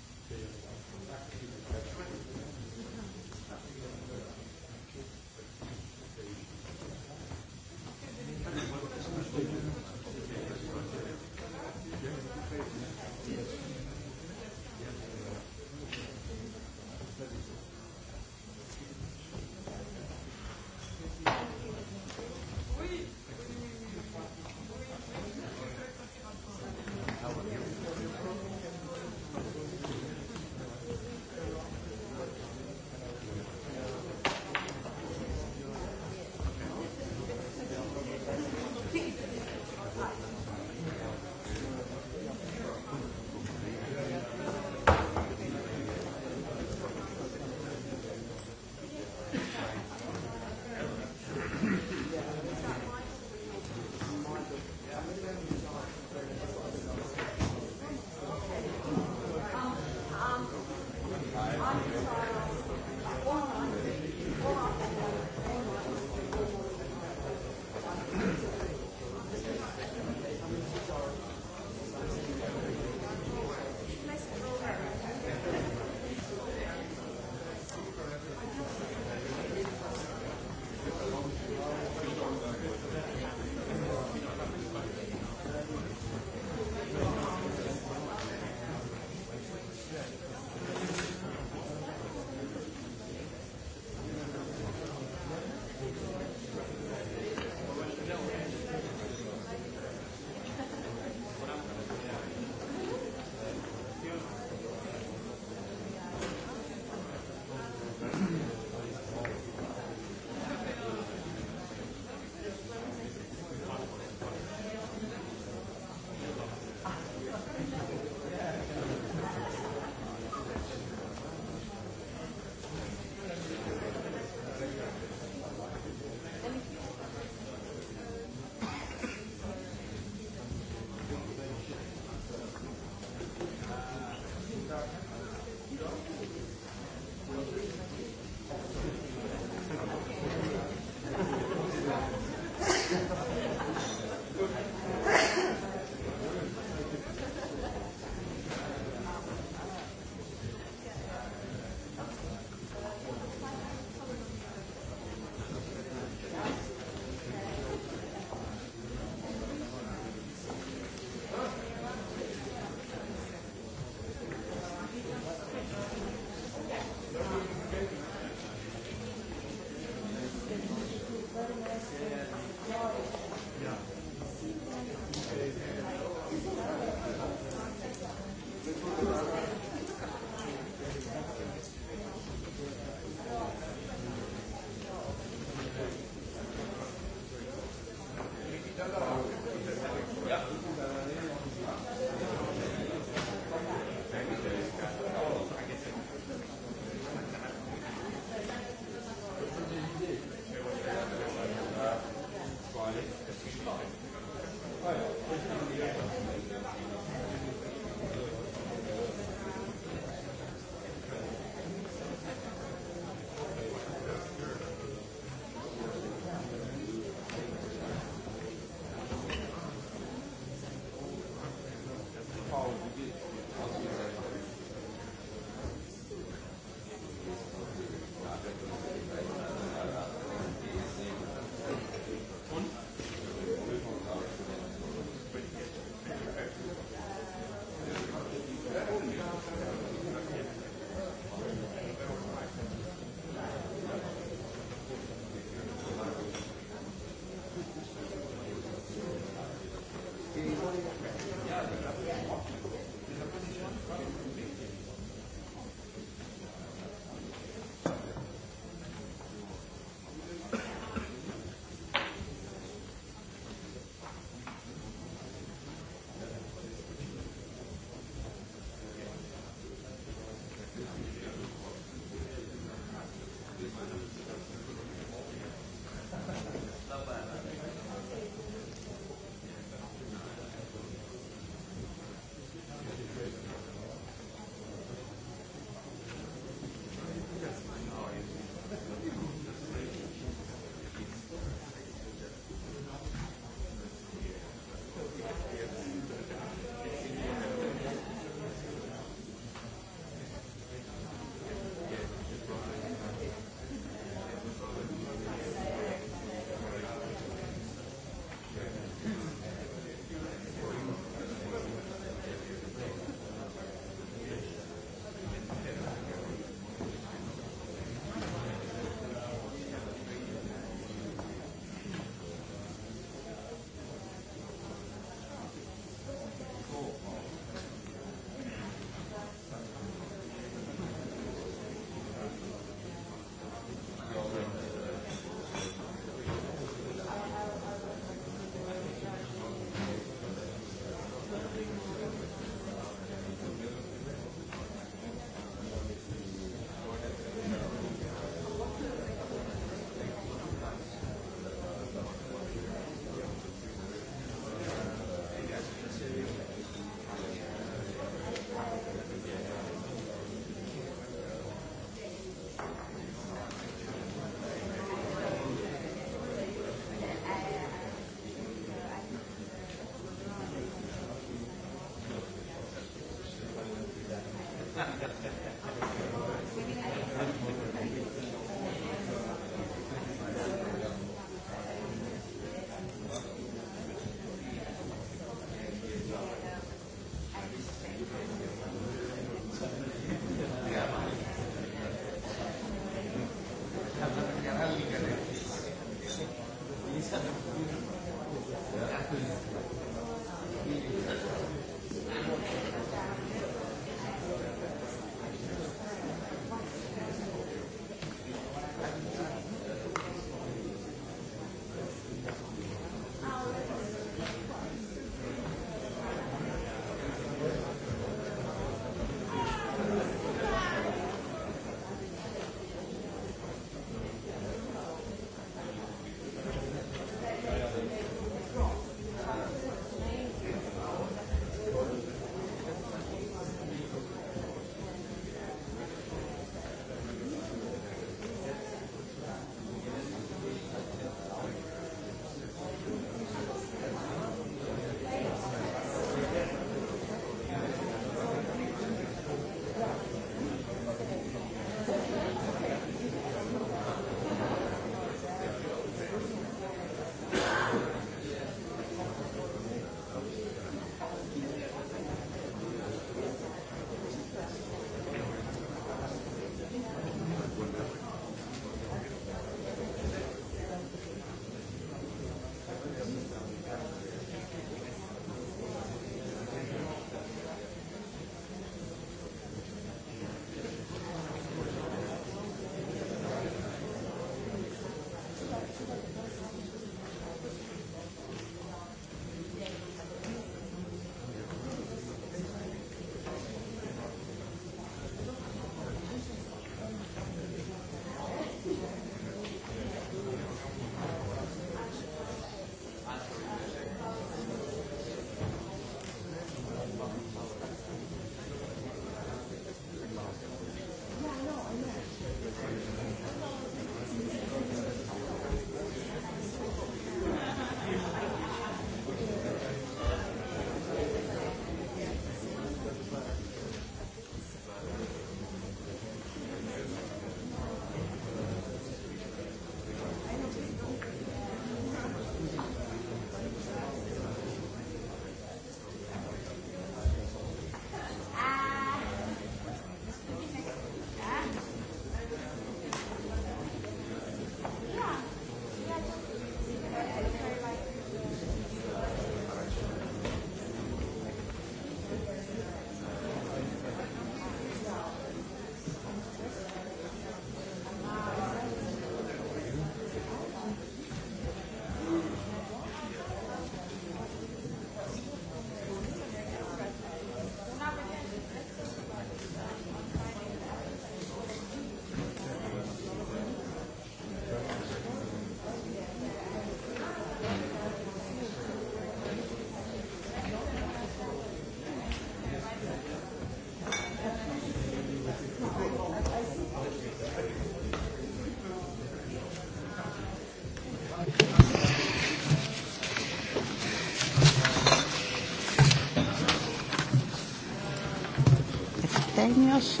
Vilnius?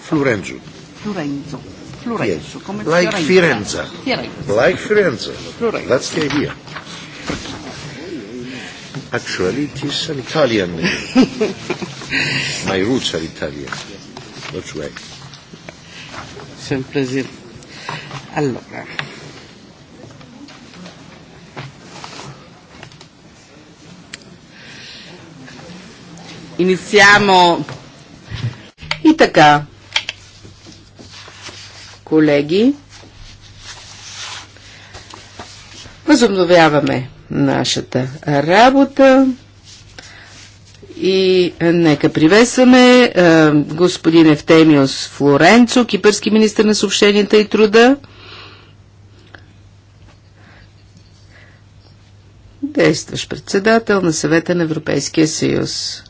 Florenzo. Florenzo. Florenzo. Come like Firenze. Firenze. Like Firenze. Florenzo. That's the idea. Actually, it is an Italian name. My roots are Italian. That's why. Sempre sì. Allora. Iniziamo така, колеги, възобновяваме нашата работа и нека приветстваме е, господин Евтемиос Флоренцо, кипърски министр на съобщенията и труда. Действащ председател на съвета на Европейския съюз.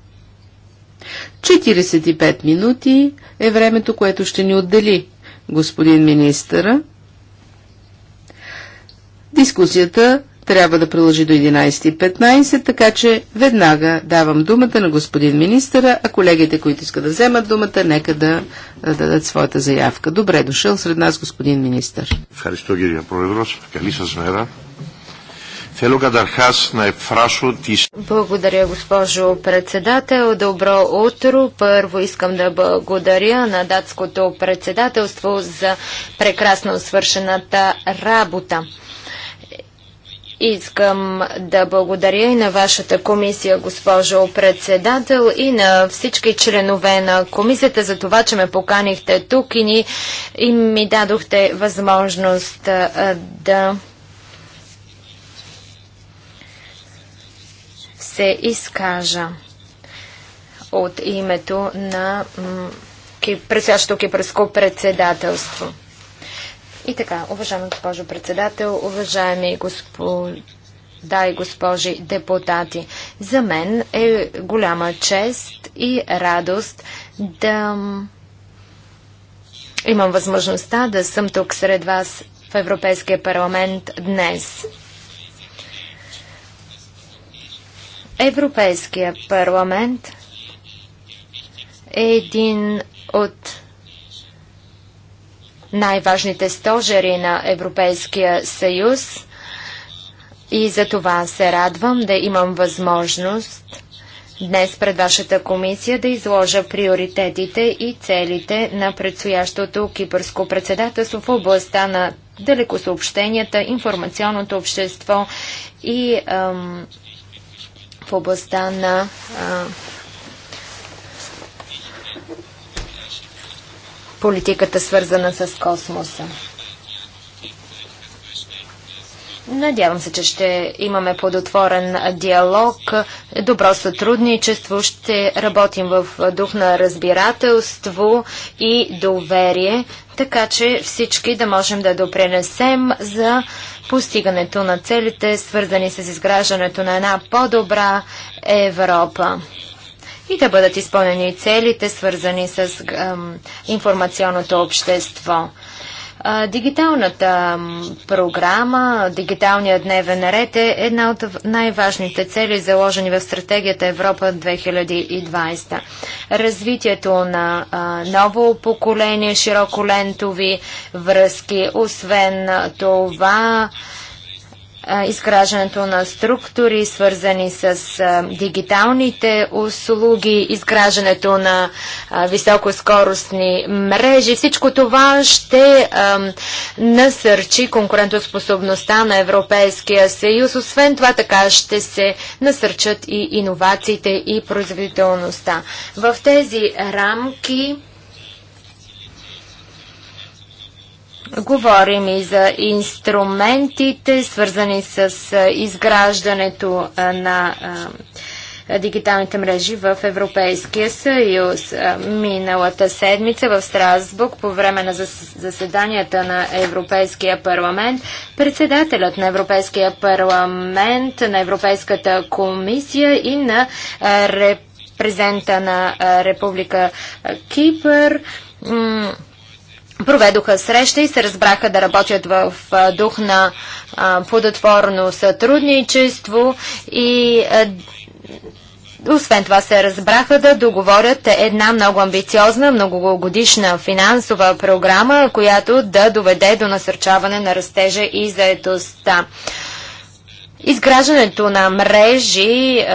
45 минути е времето, което ще ни отдели господин министъра. Дискусията трябва да продължи до 11.15, така че веднага давам думата на господин министъра, а колегите, които искат да вземат думата, нека да, да дадат своята заявка. Добре дошъл сред нас господин министър. Харисто Гирия Проведрос, Καλή σας благодаря, госпожо председател. Добро утро. Първо искам да благодаря на датското председателство за прекрасно свършената работа. Искам да благодаря и на вашата комисия, госпожо председател, и на всички членове на комисията за това, че ме поканихте тук и, ни, и ми дадохте възможност да се изкажа от името на предстоящото кипърско председателство. И така, уважаема госпожо председател, уважаеми господа и госпожи депутати, за мен е голяма чест и радост да имам възможността да съм тук сред вас в Европейския парламент днес. Европейския парламент е един от най-важните стожери на Европейския съюз и за това се радвам да имам възможност днес пред вашата комисия да изложа приоритетите и целите на предстоящото кипърско председателство в областта на далекосъобщенията, информационното общество и ам, в областта на а, политиката, свързана с космоса. Надявам се, че ще имаме плодотворен диалог, добро сътрудничество, ще работим в дух на разбирателство и доверие, така че всички да можем да допренесем за постигането на целите, свързани с изграждането на една по-добра Европа. И да бъдат изпълнени целите, свързани с ем, информационното общество. Дигиталната програма, дигиталният дневен ред е една от най-важните цели, заложени в стратегията Европа 2020. Развитието на ново поколение, широколентови връзки, освен това, изграждането на структури, свързани с дигиталните услуги, изграждането на високоскоростни мрежи. Всичко това ще насърчи конкурентоспособността на Европейския съюз. Освен това, така ще се насърчат и иновациите и производителността. В тези рамки Говорим и за инструментите, свързани с изграждането на дигиталните мрежи в Европейския съюз. Миналата седмица в Страсбург по време на заседанията на Европейския парламент председателят на Европейския парламент, на Европейската комисия и на репрезента на Република Кипър проведоха среща и се разбраха да работят в дух на плодотворно сътрудничество и освен това се разбраха да договорят една много амбициозна, многогодишна финансова програма, която да доведе до насърчаване на растежа и заетостта. Изграждането на мрежи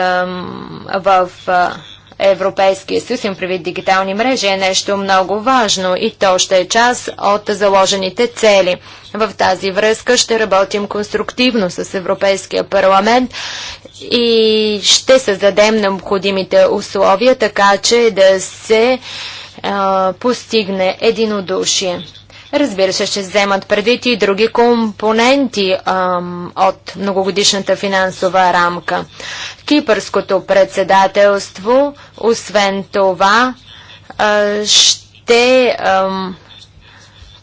в Европейския съюз, им предвид дигитални мрежи, е нещо много важно и то ще е част от заложените цели. В тази връзка ще работим конструктивно с Европейския парламент и ще създадем необходимите условия, така че да се постигне единодушие. Разбира се, ще вземат предвид и други компоненти ам, от многогодишната финансова рамка. Кипърското председателство, освен това, а, ще ам,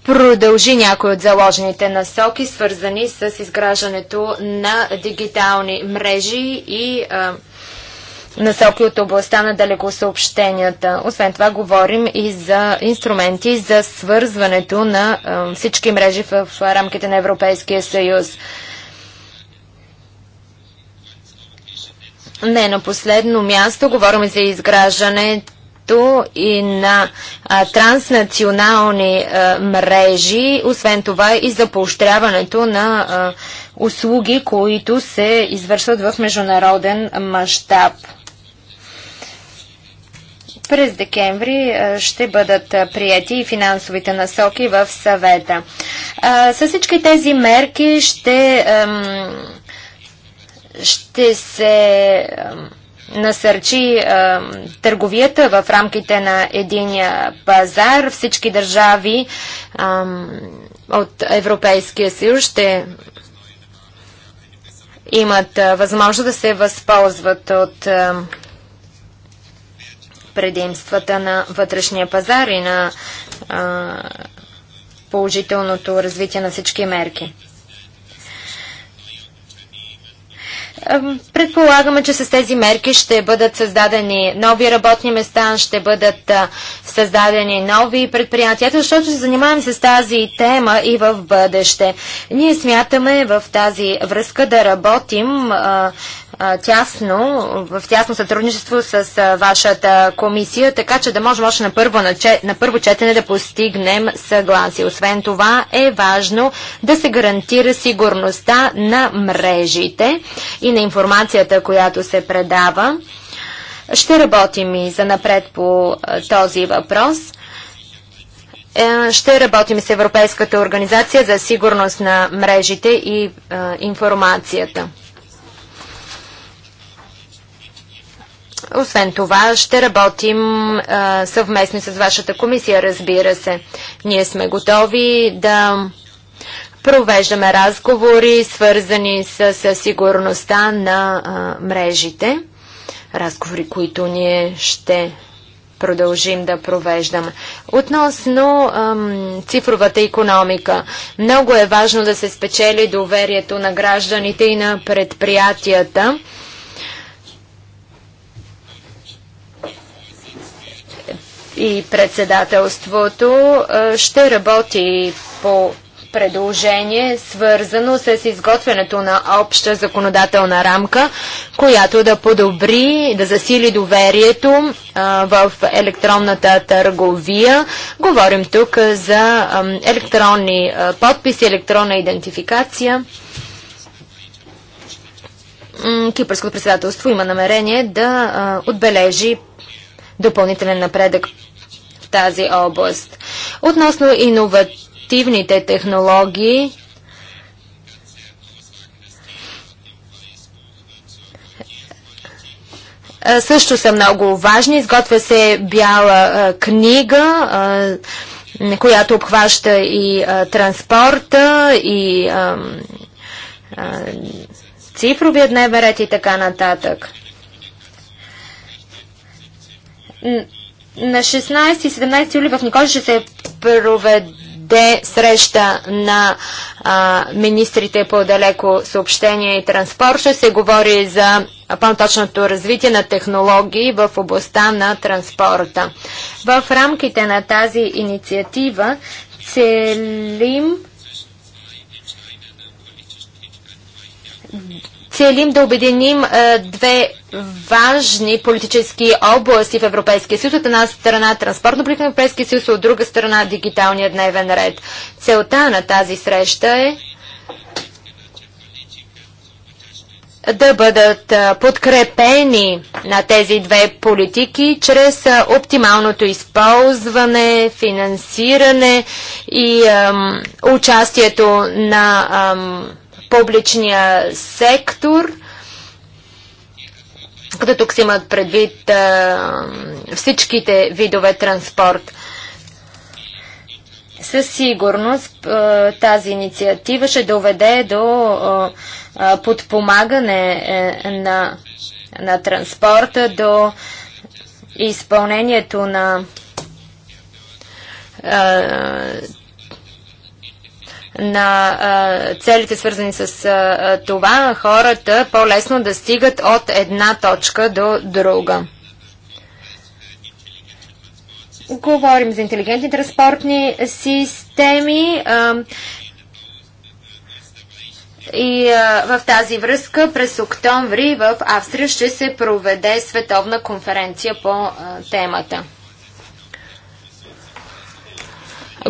продължи някои от заложените насоки, свързани с изграждането на дигитални мрежи и ам, насоки от областта на далекосъобщенията. Освен това говорим и за инструменти за свързването на всички мрежи в, в рамките на Европейския съюз. Не на последно място говорим за изграждането и на а, транснационални а, мрежи, освен това и за поощряването на а, услуги, които се извършват в международен мащаб. През декември е, ще бъдат е, прияти и финансовите насоки в съвета. Е, с всички тези мерки ще, ще се насърчи е, търговията в рамките на единия пазар. Всички държави е, от Европейския съюз ще имат е, възможност да се възползват от предимствата на вътрешния пазар и на а, положителното развитие на всички мерки. Предполагаме, че с тези мерки ще бъдат създадени нови работни места, ще бъдат създадени нови предприятия, защото се занимаваме с тази тема и в бъдеще. Ние смятаме в тази връзка да работим а, тясно, в тясно сътрудничество с вашата комисия, така че да можем още на първо, на първо четене да постигнем съгласие. Освен това е важно да се гарантира сигурността на мрежите и на информацията, която се предава. Ще работим и за напред по този въпрос е, ще работим с Европейската организация за сигурност на мрежите и а, информацията. Освен това, ще работим а, съвместно с вашата комисия, разбира се. Ние сме готови да провеждаме разговори, свързани с, с сигурността на а, мрежите. Разговори, които ние ще продължим да провеждаме. Относно ам, цифровата економика, много е важно да се спечели доверието на гражданите и на предприятията. и председателството ще работи по предложение, свързано с изготвянето на обща законодателна рамка, която да подобри, да засили доверието в електронната търговия. Говорим тук за електронни подписи, електронна идентификация. Кипърското председателство има намерение да отбележи допълнителен напредък тази област. Относно иновативните технологии, също са много важни. Изготвя се бяла книга, която обхваща и транспорта, и цифровия дневен ред и така нататък. На 16 и 17 юли в Никола ще се проведе среща на а, министрите по далеко съобщение и транспорт. Ще се говори за по-точното развитие на технологии в областта на транспорта. В рамките на тази инициатива целим целим да обединим две важни политически области в Европейския съюз. От една страна транспортно политика на Европейския съюз, от друга страна дигиталния дневен ред. Целта на тази среща е да бъдат подкрепени на тези две политики чрез оптималното използване, финансиране и ам, участието на ам, публичния сектор, като тук се имат предвид а, всичките видове транспорт. Със сигурност тази инициатива ще доведе до подпомагане е, на, на транспорта, до изпълнението на на а, целите, свързани с а, това, хората по-лесно да стигат от една точка до друга. Говорим за интелигентни транспортни системи. А, и а, в тази връзка през октомври в Австрия ще се проведе световна конференция по а, темата.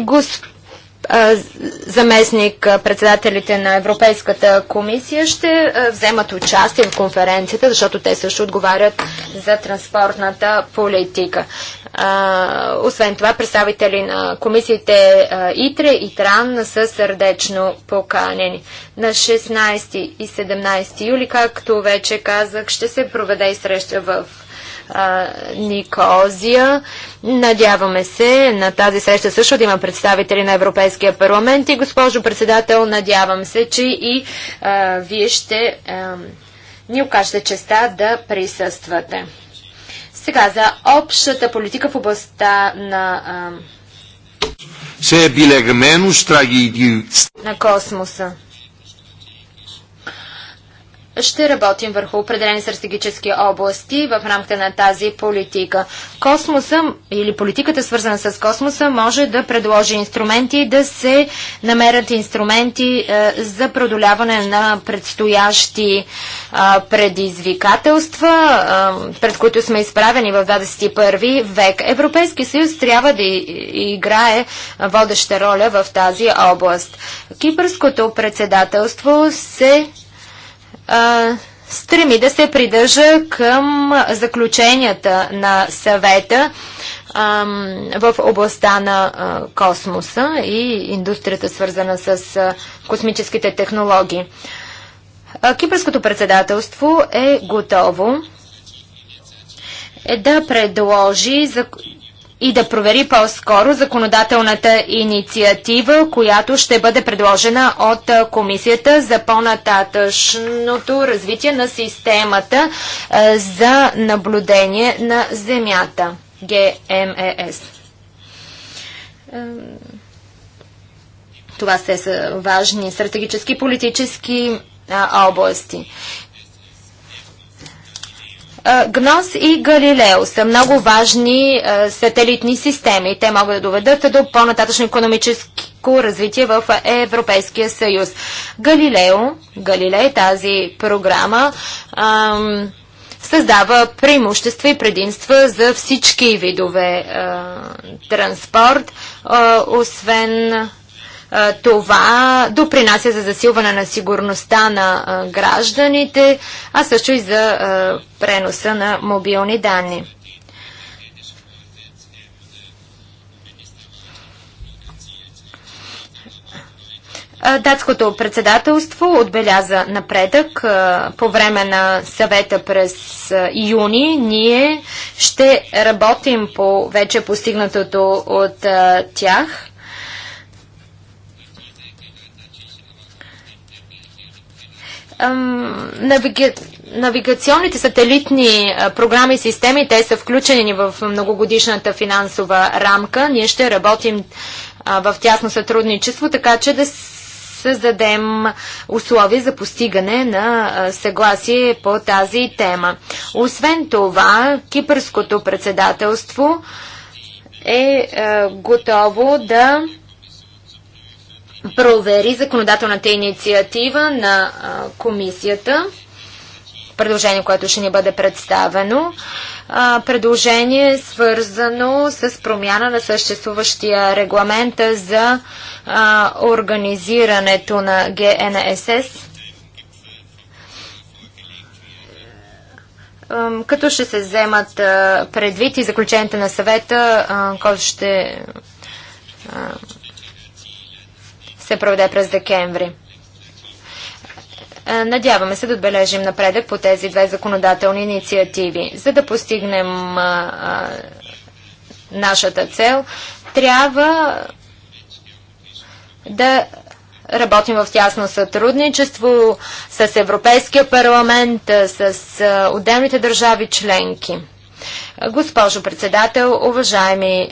Господин заместник председателите на Европейската комисия ще вземат участие в конференцията, защото те също отговарят за транспортната политика. Освен това, представители на комисиите ИТРЕ и ТРАН са сърдечно поканени. На 16 и 17 юли, както вече казах, ще се проведе и среща в Никозия. Надяваме се на тази среща също да има представители на Европейския парламент и госпожо председател, надявам се, че и а, вие ще а, ни окажете честа да присъствате. Сега за общата политика в областта на а, се е страги на космоса ще работим върху определени стратегически области в рамките на тази политика. Космоса или политиката свързана с космоса може да предложи инструменти, да се намерят инструменти е, за продоляване на предстоящи е, предизвикателства, е, пред които сме изправени в 21 век. Европейски съюз трябва да играе водеща роля в тази област. Кипърското председателство се стреми да се придържа към заключенията на съвета в областта на космоса и индустрията свързана с космическите технологии. Кипърското председателство е готово е да предложи и да провери по-скоро законодателната инициатива, която ще бъде предложена от Комисията за по-нататъчното развитие на системата за наблюдение на Земята, ГМЕС. Това са важни стратегически политически области. Гнос и Галилео са много важни сателитни системи. Те могат да доведат до по-нататъчно економическо развитие в Европейския съюз. Галилео, Галилей, тази програма, създава преимущества и предимства за всички видове а, транспорт, освен това допринася за засилване на сигурността на гражданите, а също и за преноса на мобилни данни. Датското председателство отбеляза напредък по време на съвета през юни. Ние ще работим по вече постигнатото от тях. навига... навигационните сателитни програми и системи, те са включени в многогодишната финансова рамка. Ние ще работим в тясно сътрудничество, така че да създадем условия за постигане на съгласие по тази тема. Освен това, кипърското председателство е готово да провери законодателната инициатива на комисията. Предложение, което ще ни бъде представено. предложение е свързано с промяна на съществуващия регламент за организирането на ГНСС. като ще се вземат предвид и заключенията на съвета, който ще се проведе през декември. Е, надяваме се да отбележим напредък по тези две законодателни инициативи. За да постигнем а, а, нашата цел, трябва да работим в тясно сътрудничество с Европейския парламент, с отделните държави членки. Госпожо председател, уважаеми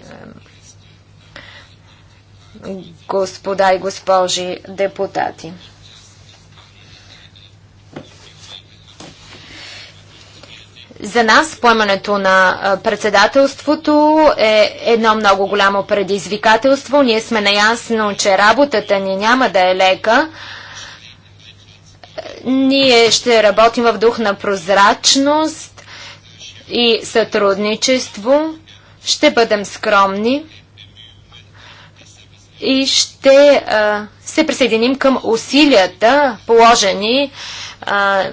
господа и госпожи депутати. За нас поемането на председателството е едно много голямо предизвикателство. Ние сме наясно, че работата ни няма да е лека. Ние ще работим в дух на прозрачност и сътрудничество. Ще бъдем скромни и ще а, се присъединим към усилията, положени а,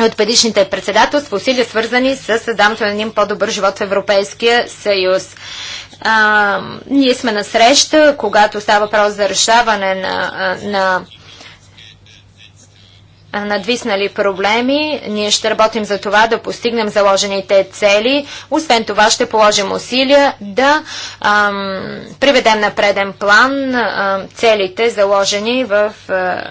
от предишните председателства, усилия свързани с създаването на един по-добър живот в Европейския съюз. А, ние сме на среща, когато става въпрос за решаване на, на надвиснали проблеми. Ние ще работим за това да постигнем заложените цели. Освен това ще положим усилия да ам, приведем на преден план ам, целите заложени в а,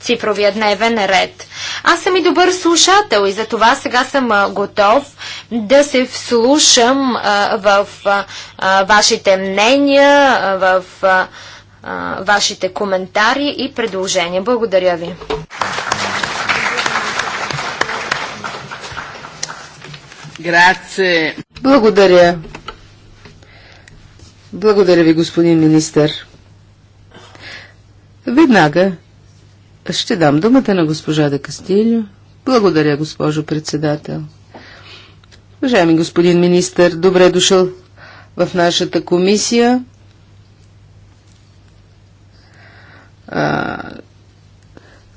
цифровия дневен ред. Аз съм и добър слушател и за това сега съм а, готов да се вслушам а, в а, вашите мнения, в а, вашите коментари и предложения. Благодаря ви. Благодаря. Благодаря ви, господин министър. Веднага ще дам думата на госпожа Де Кастилио. Благодаря, госпожо председател. Уважаеми господин министър, добре дошъл в нашата комисия.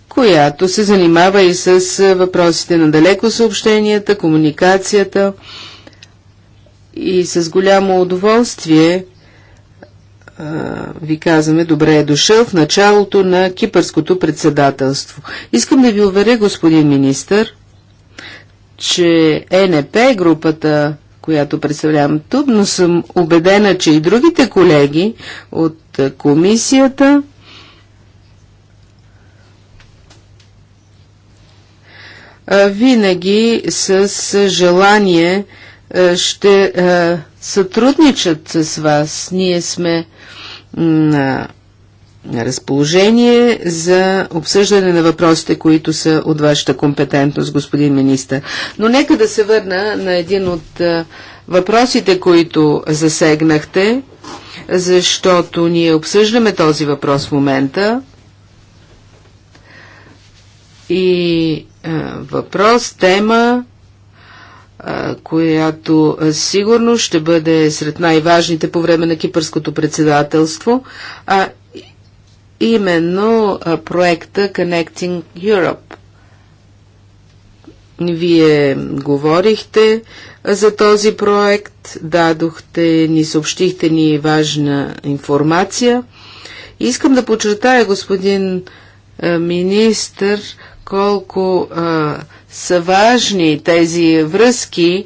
която се занимава и с въпросите на далеко съобщенията, комуникацията и с голямо удоволствие ви казваме добре е дошъл в началото на кипърското председателство. Искам да ви уверя, господин министър, че ЕНП, групата, която представлявам тук, но съм убедена, че и другите колеги от комисията винаги с желание ще сътрудничат с вас. Ние сме на разположение за обсъждане на въпросите, които са от вашата компетентност, господин министър. Но нека да се върна на един от въпросите, които засегнахте, защото ние обсъждаме този въпрос в момента. И е, въпрос, тема, е, която е, сигурно ще бъде сред най-важните по време на кипърското председателство, а именно проекта Connecting Europe. Вие говорихте за този проект, дадохте ни, съобщихте ни важна информация. Искам да подчертая, господин министър, колко а, са важни тези връзки,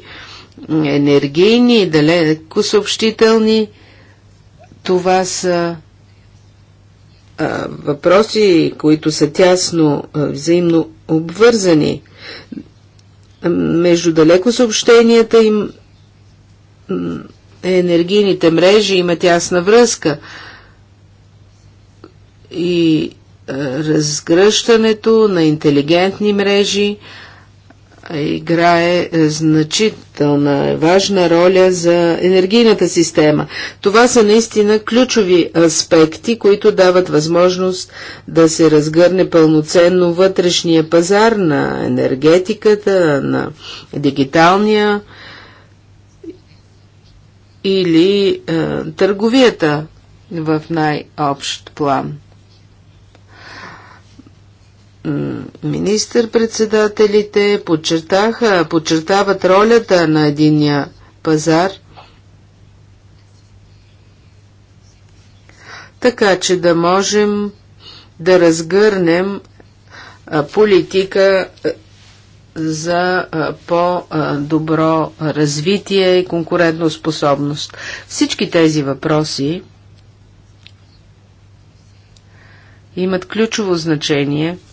енергийни, далеко съобщителни. Това са а, въпроси, които са тясно а, взаимно обвързани. Между далеко съобщенията им енергийните мрежи има тясна връзка. И разгръщането на интелигентни мрежи играе е, значителна, важна роля за енергийната система. Това са наистина ключови аспекти, които дават възможност да се разгърне пълноценно вътрешния пазар на енергетиката, на дигиталния или е, търговията в най-общ план министър-председателите подчертаха, подчертават ролята на единия пазар, така че да можем да разгърнем политика за по-добро развитие и способност. Всички тези въпроси имат ключово значение –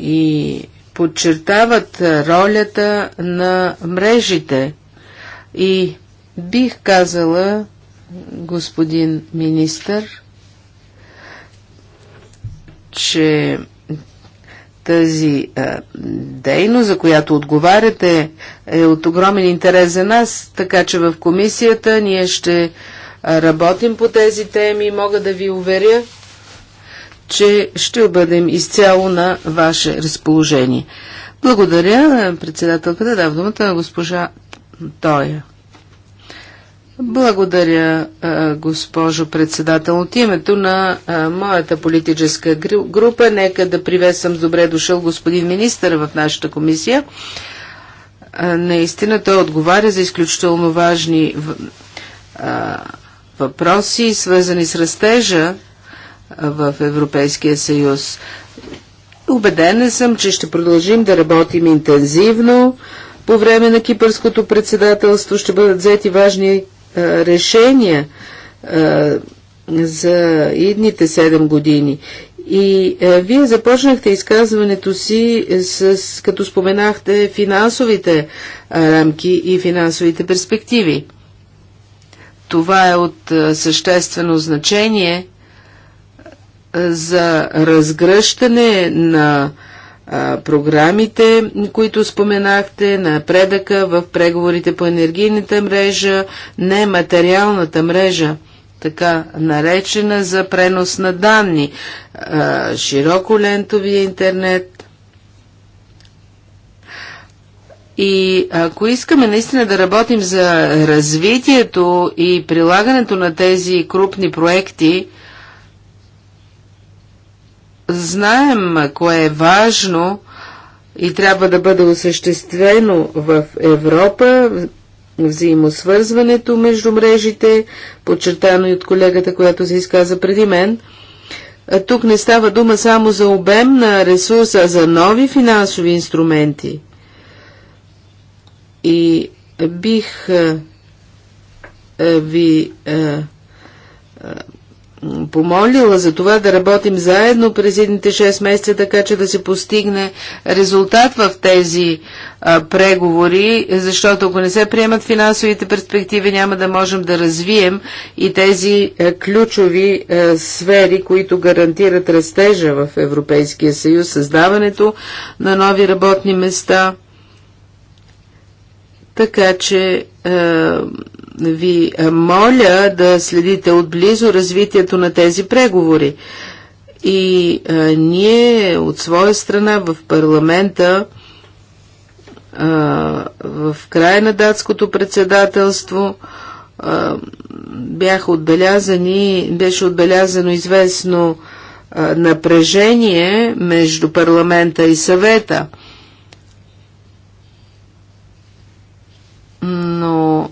и подчертават ролята на мрежите. И бих казала, господин министър, че тази а, дейност, за която отговаряте, е от огромен интерес за нас, така че в комисията ние ще работим по тези теми и мога да ви уверя, че ще бъдем изцяло на ваше разположение. Благодаря, председателката. Да, в думата на госпожа Тоя. Благодаря, госпожо председател. От името на моята политическа група, нека да приветствам добре дошъл господин министър в нашата комисия. Наистина той отговаря за изключително важни въпроси, свързани с растежа в Европейския съюз. Убедена съм, че ще продължим да работим интензивно. По време на кипърското председателство ще бъдат взети важни а, решения а, за идните 7 години. И а, вие започнахте изказването си с, с като споменахте финансовите а, рамки и финансовите перспективи. Това е от а, съществено значение – за разгръщане на програмите, които споменахте, напредъка в преговорите по енергийната мрежа, не материалната мрежа, така наречена за пренос на данни, широко лентовия интернет. И ако искаме наистина да работим за развитието и прилагането на тези крупни проекти, знаем кое е важно и трябва да бъде осъществено в Европа, взаимосвързването между мрежите, подчертано и от колегата, която се изказа преди мен. Тук не става дума само за обем на ресурса, а за нови финансови инструменти. И бих ви помолила за това да работим заедно през едните 6 месеца, така че да се постигне резултат в тези а, преговори, защото ако не се приемат финансовите перспективи, няма да можем да развием и тези а, е, ключови а, е, сфери, които гарантират растежа в Европейския съюз, създаването на нови работни места. Така че е, ви е, моля да следите отблизо развитието на тези преговори. И а, е, ние от своя страна в парламента а, е, в края на датското председателство а, бяха отбелязани, беше отбелязано известно а, напрежение между парламента и съвета. Но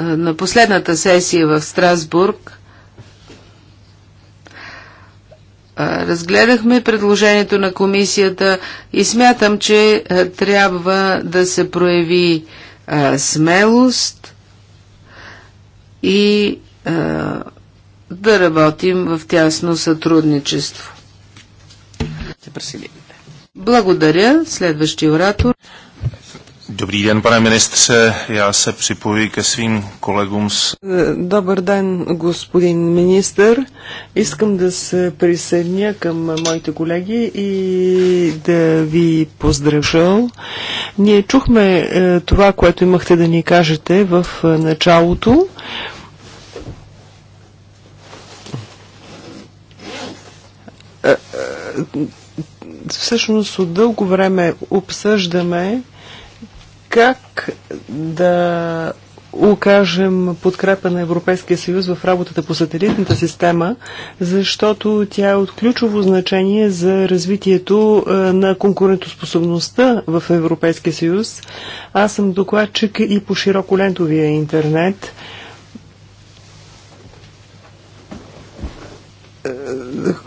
на последната сесия в Страсбург разгледахме предложението на комисията и смятам, че трябва да се прояви смелост и да работим в тясно сътрудничество. Благодаря. Следващия оратор. Dobrý den, pane ministře. Já се připojuji ke svým колегам с... Добър ден, господин министр. Искам да се присъединя към моите колеги и да ви поздравя. Ние чухме е, това, което имахте да ни кажете в е, началото. Е, всъщност от дълго време обсъждаме как да окажем подкрепа на Европейския съюз в работата по сателитната система, защото тя е от ключово значение за развитието е, на конкурентоспособността в Европейския съюз. Аз съм докладчик и по широколентовия интернет.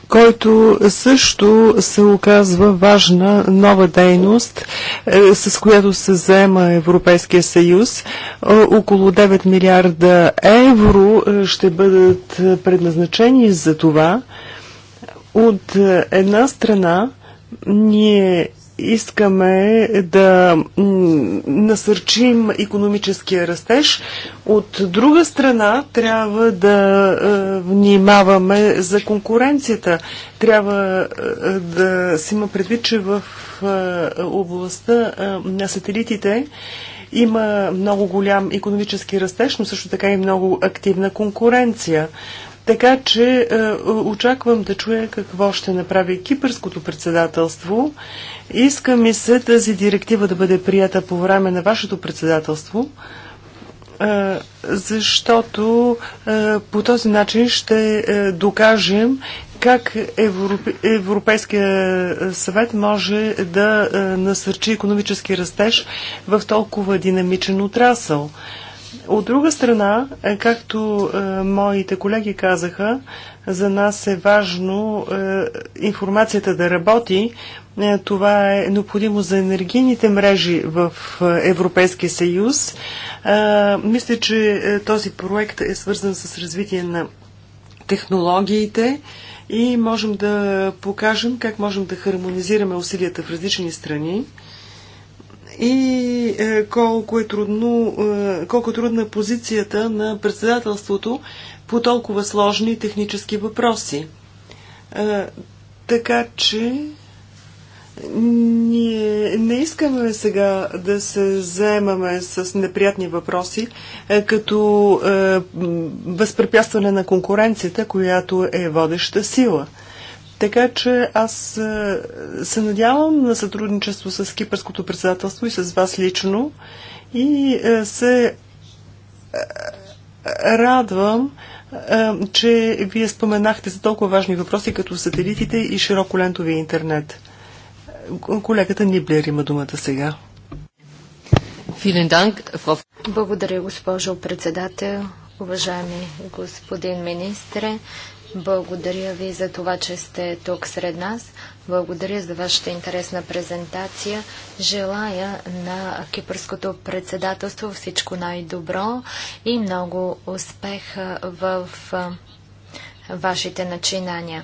който също се оказва важна нова дейност, е, с която се заема Европейския съюз. Е, около 9 милиарда евро е, ще бъдат предназначени за това. От една страна ние искаме да насърчим економическия растеж. От друга страна, трябва да е, внимаваме за конкуренцията. Трябва е, да си има предвид, че в е, областта на сателитите има много голям економически растеж, но също така и много активна конкуренция. Така че е, очаквам да чуя какво ще направи кипърското председателство. Иска ми се тази директива да бъде прията по време на вашето председателство, е, защото е, по този начин ще е, докажем как Европе, Европейския съвет може да е, насърчи економически растеж в толкова динамичен отрасъл. Е, от друга страна, е, както е, моите колеги казаха, за нас е важно е, информацията да работи. Е, това е необходимо за енергийните мрежи в е, Европейския съюз. Е, мисля, че този проект е свързан с развитие на технологиите и можем да покажем как можем да хармонизираме усилията в различни страни и е, колко е трудно, е, колко е трудна позицията на председателството по толкова сложни технически въпроси. Е, така че ние не искаме сега да се заемаме с неприятни въпроси, е, като е, възпрепятстване на конкуренцията, която е водеща сила – така че аз е, се надявам на сътрудничество с Кипърското председателство и с вас лично и е, се е, радвам, че вие споменахте за толкова важни въпроси, като сателитите и широколентовия интернет. Колегата Ниблер има думата сега. Благодаря, госпожо председател, уважаеми господин министре. Благодаря ви за това, че сте тук сред нас. Благодаря за вашата интересна презентация. Желая на Кипърското председателство всичко най-добро и много успех в вашите начинания.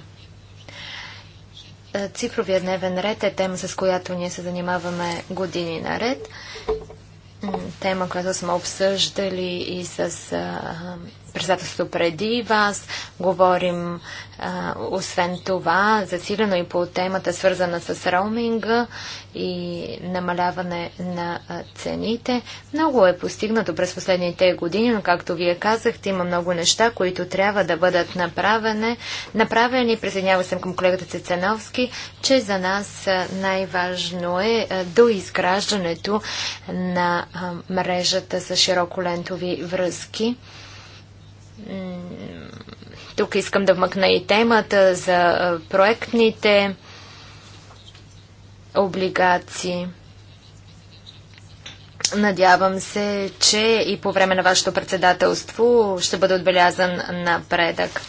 Цифровия дневен ред е тема, с която ние се занимаваме години наред. Тема, която сме обсъждали и с председателството преди вас. Говорим а, освен това засилено и по темата свързана с роуминга и намаляване на цените. Много е постигнато през последните години, но както вие казахте, има много неща, които трябва да бъдат направени. направени. Присъединява съм към колегата Цецановски, че за нас най-важно е до изграждането на мрежата за широколентови връзки тук искам да вмъкна и темата за проектните облигации. Надявам се, че и по време на вашето председателство ще бъде отбелязан напредък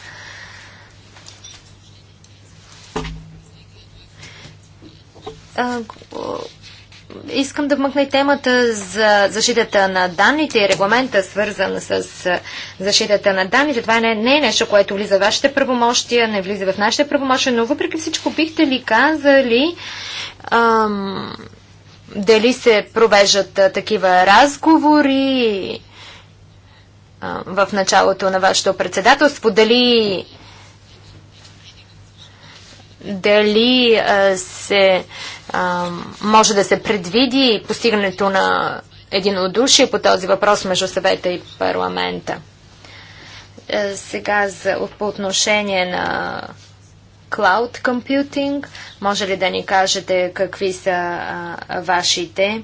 искам да вмъкна и темата за защитата на данните и регламента, свързан с защитата на данните. Това не, не е нещо, което влиза в вашите правомощия, не влиза в нашите правомощия, но въпреки всичко бихте ли казали ам, дали се провеждат такива разговори ам, в началото на вашето председателство, дали дали се, може да се предвиди постигането на единодушие по този въпрос между съвета и парламента. Сега за, по отношение на Cloud Computing, може ли да ни кажете какви са а, вашите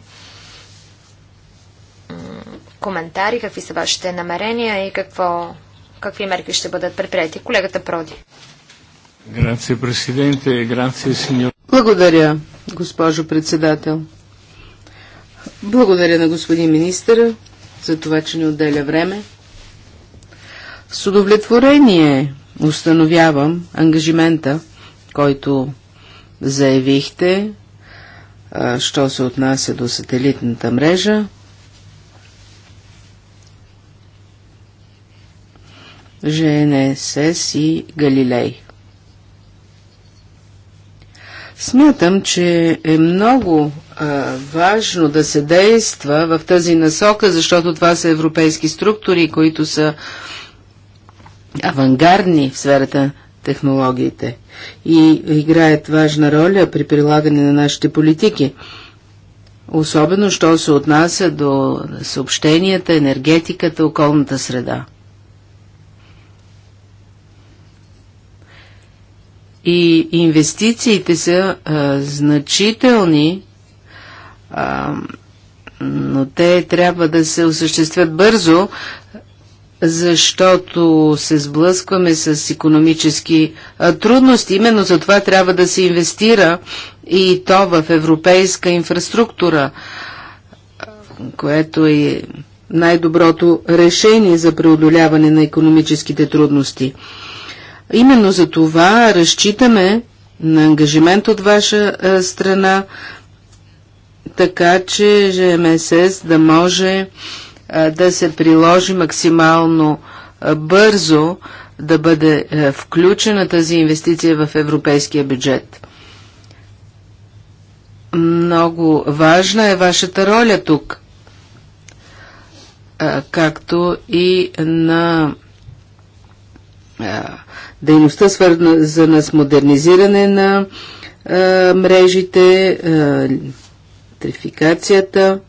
коментари, какви са вашите намерения и какво, какви мерки ще бъдат предприяти? Колегата Проди. Благодаря, госпожо председател. Благодаря на господин министъра за това, че ни отделя време. С удовлетворение установявам ангажимента, който заявихте, що се отнася до сателитната мрежа. ЖНСС и Галилей. Смятам, че е много а, важно да се действа в тази насока, защото това са европейски структури, които са авангардни в сферата технологиите и играят важна роля при прилагане на нашите политики. Особено, що се отнася до съобщенията, енергетиката, околната среда. и инвестициите са а, значителни, а, но те трябва да се осъществят бързо, защото се сблъскваме с економически а, трудности. Именно за това трябва да се инвестира и то в европейска инфраструктура, което е най-доброто решение за преодоляване на економическите трудности. Именно за това разчитаме на ангажимент от ваша а, е, страна, така че ЖМСС да може а, е, да се приложи максимално а, е, бързо да бъде включена тази инвестиция в европейския бюджет. Много важна е вашата роля тук, както и на дейността, свързана с модернизиране на а, мрежите, електрификацията,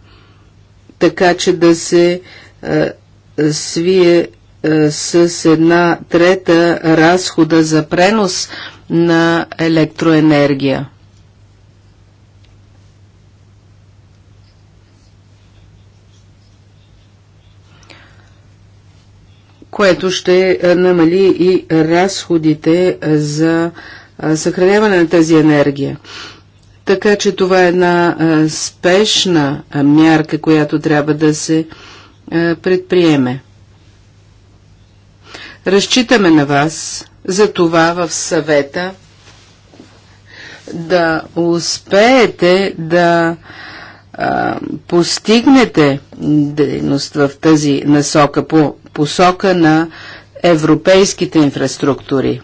така че да се а, свие а, с една трета разхода за пренос на електроенергия. което ще е, намали и разходите е, за е, съхраняване на тази енергия. Така че това е една спешна мярка, която трябва да се предприеме. Разчитаме на вас за това в съвета да успеете да а, постигнете дейност в тази насока по посока на европейските инфраструктури,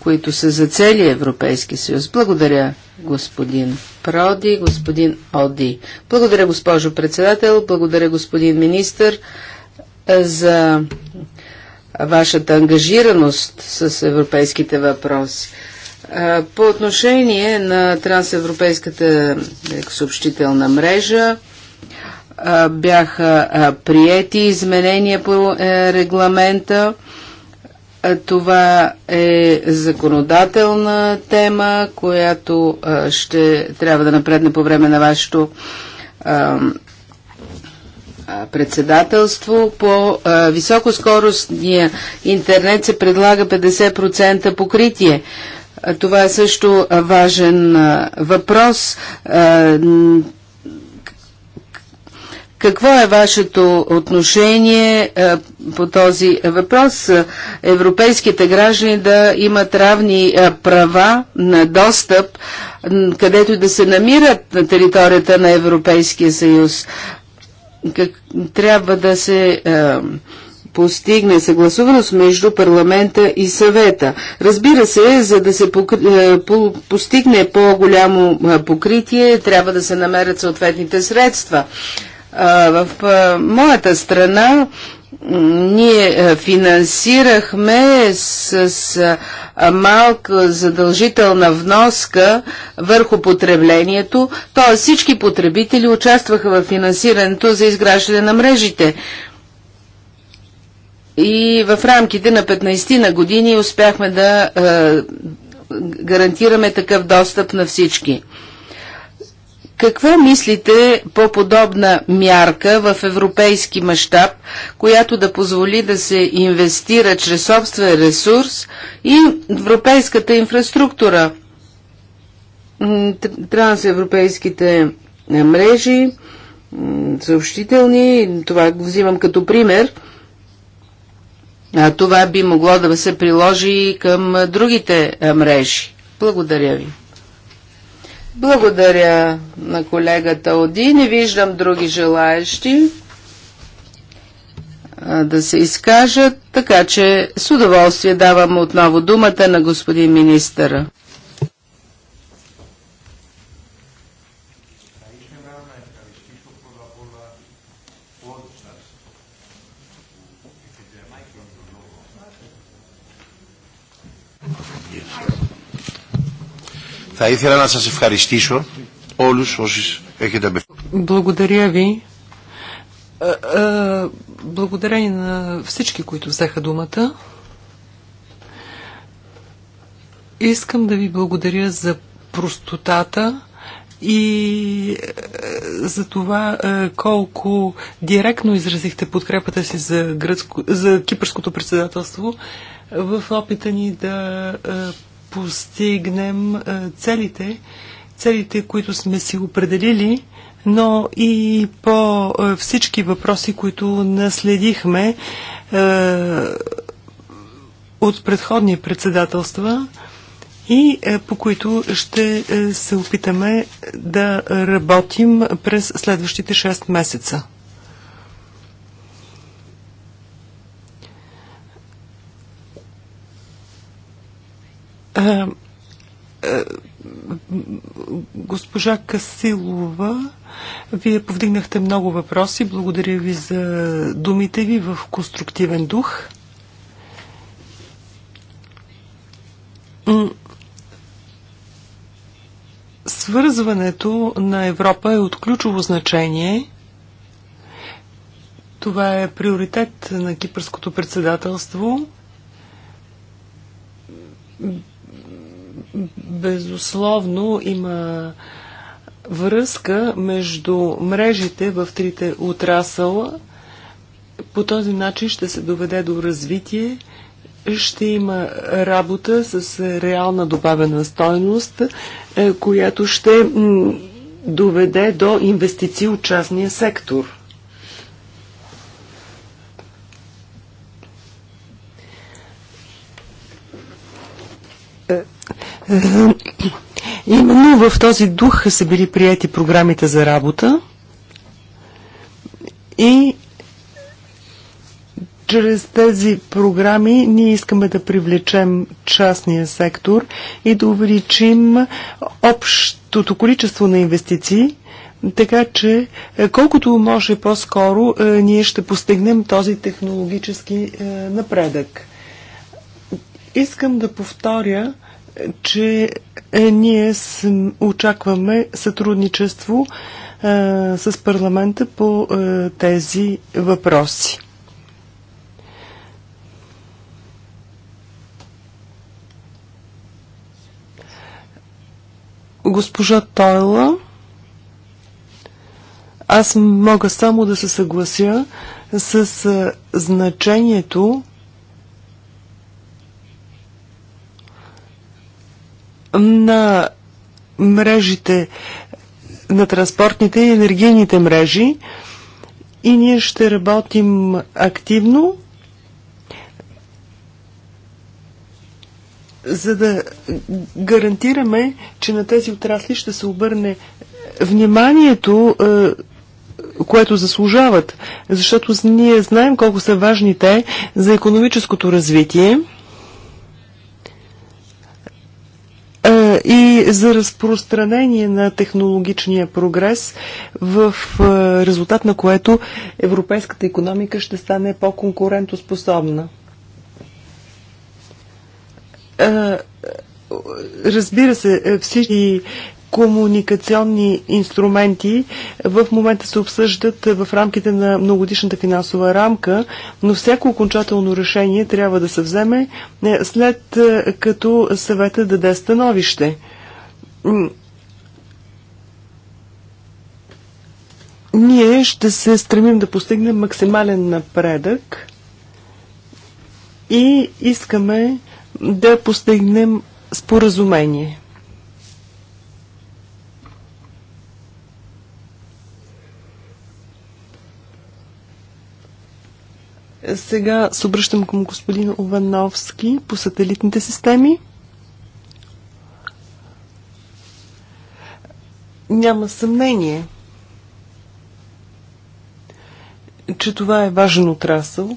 които са за целия Европейски съюз. Благодаря, господин Проди, господин Оди. Благодаря, госпожо председател, благодаря, господин министър, за вашата ангажираност с европейските въпроси. По отношение на трансевропейската е, съобщителна мрежа бяха приети изменения по е, регламента. Това е законодателна тема, която ще трябва да напредне по време на вашето председателство. По високоскоростния интернет се предлага 50% покритие това е също важен въпрос. Какво е вашето отношение по този въпрос? Европейските граждани да имат равни права на достъп, където да се намират на територията на Европейския съюз. Как, трябва да се е, постигне съгласуваност между парламента и съвета. Разбира се, за да се е, постигне по-голямо е, покритие, трябва да се намерят съответните средства. Е, в моята страна ние финансирахме с малка задължителна вноска върху потреблението, т.е. всички потребители участваха в финансирането за изграждане на мрежите. И в рамките на 15 на години успяхме да е, гарантираме такъв достъп на всички. Какво мислите по подобна мярка в европейски мащаб, която да позволи да се инвестира чрез собствен ресурс и европейската инфраструктура? Трансевропейските е, мрежи, съобщителни, това го взимам като пример – това би могло да се приложи и към другите мрежи. Благодаря ви. Благодаря на колегата Оди. Не виждам други желаящи да се изкажат, така че с удоволствие давам отново думата на господин министъра. Θα ήθελα να σας ευχαριστήσω όλους όσοι έχετε Благодаря ви. Е, е, Благодарение на всички, които взеха думата. Искам да ви благодаря за простотата и е, за това колко директно изразихте подкрепата си за, гръцко, за кипърското председателство в опита ни да постигнем е, целите, целите, които сме си определили, но и по е, всички въпроси, които наследихме е, от предходни председателства и по които ще се опитаме да работим през следващите 6 месеца. Госпожа Касилова, вие повдигнахте много въпроси. Благодаря ви за думите ви в конструктивен дух. Свързването на Европа е от ключово значение. Това е приоритет на кипърското председателство Безусловно има връзка между мрежите в трите отрасъла. По този начин ще се доведе до развитие, ще има работа с реална добавена стойност, е, която ще доведе до инвестиции от частния сектор. Именно в този дух са били прияти програмите за работа и чрез тези програми ние искаме да привлечем частния сектор и да увеличим общото количество на инвестиции, така че е, колкото може по-скоро е, ние ще постигнем този технологически е, напредък. Искам да повторя, че е, ние очакваме сътрудничество е, с парламента по е, тези въпроси. Госпожа Тойла, аз мога само да се съглася с значението на мрежите, на транспортните и енергийните мрежи и ние ще работим активно, за да гарантираме, че на тези отрасли ще се обърне вниманието, е, което заслужават, защото ние знаем колко са важни те за економическото развитие. и за разпространение на технологичния прогрес, в е, резултат на което европейската економика ще стане по-конкурентоспособна. Е, е, разбира се, всички комуникационни инструменти в момента се обсъждат в рамките на многодишната финансова рамка, но всяко окончателно решение трябва да се вземе е, след е, като съвета даде становище. Ние ще се стремим да постигнем максимален напредък и искаме да постигнем споразумение. Сега се обръщам към господин Овановски по сателитните системи. Няма съмнение, че това е важен отрасъл.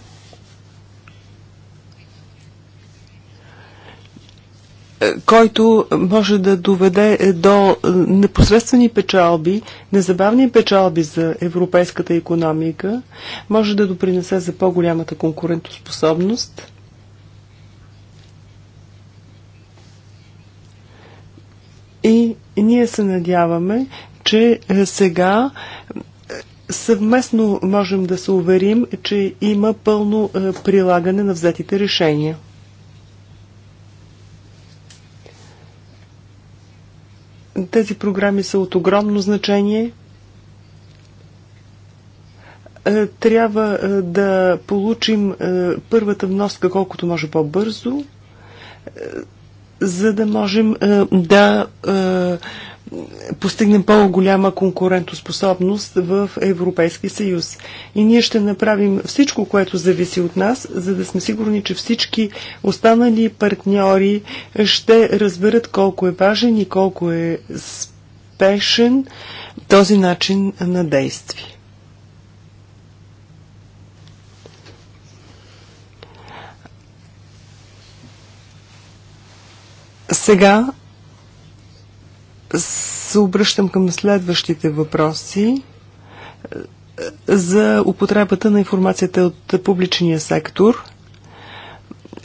Е, който може да доведе е, до е, непосредствени печалби, незабавни печалби за европейската економика, може да допринесе за по-голямата конкурентоспособност. И ние се надяваме, че сега съвместно можем да се уверим, че има пълно прилагане на взетите решения. Тези програми са от огромно значение. Е, трябва е, да получим е, първата вноска колкото може по-бързо, за да можем да постигнем по-голяма конкурентоспособност в Европейски съюз. И ние ще направим всичко, което зависи от нас, за да сме сигурни, че всички останали партньори ще разберат колко е важен и колко е спешен този начин на действие. Сега се обръщам към следващите въпроси е, за употребата на информацията от публичния сектор.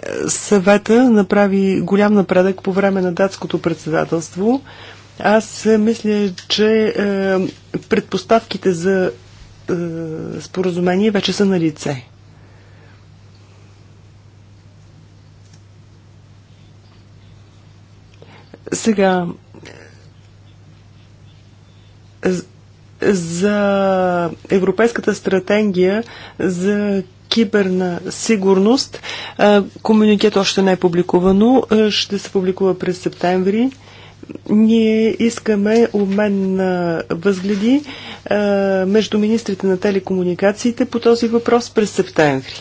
Е, съвета направи голям напредък по време на датското председателство. Аз мисля, че е, предпоставките за споразумение вече са на лице. Сега, за Европейската стратегия за киберна сигурност. Комуникет още не е публикувано. Ще се публикува през септември. Ние искаме обмен на възгледи между министрите на телекомуникациите по този въпрос през септември.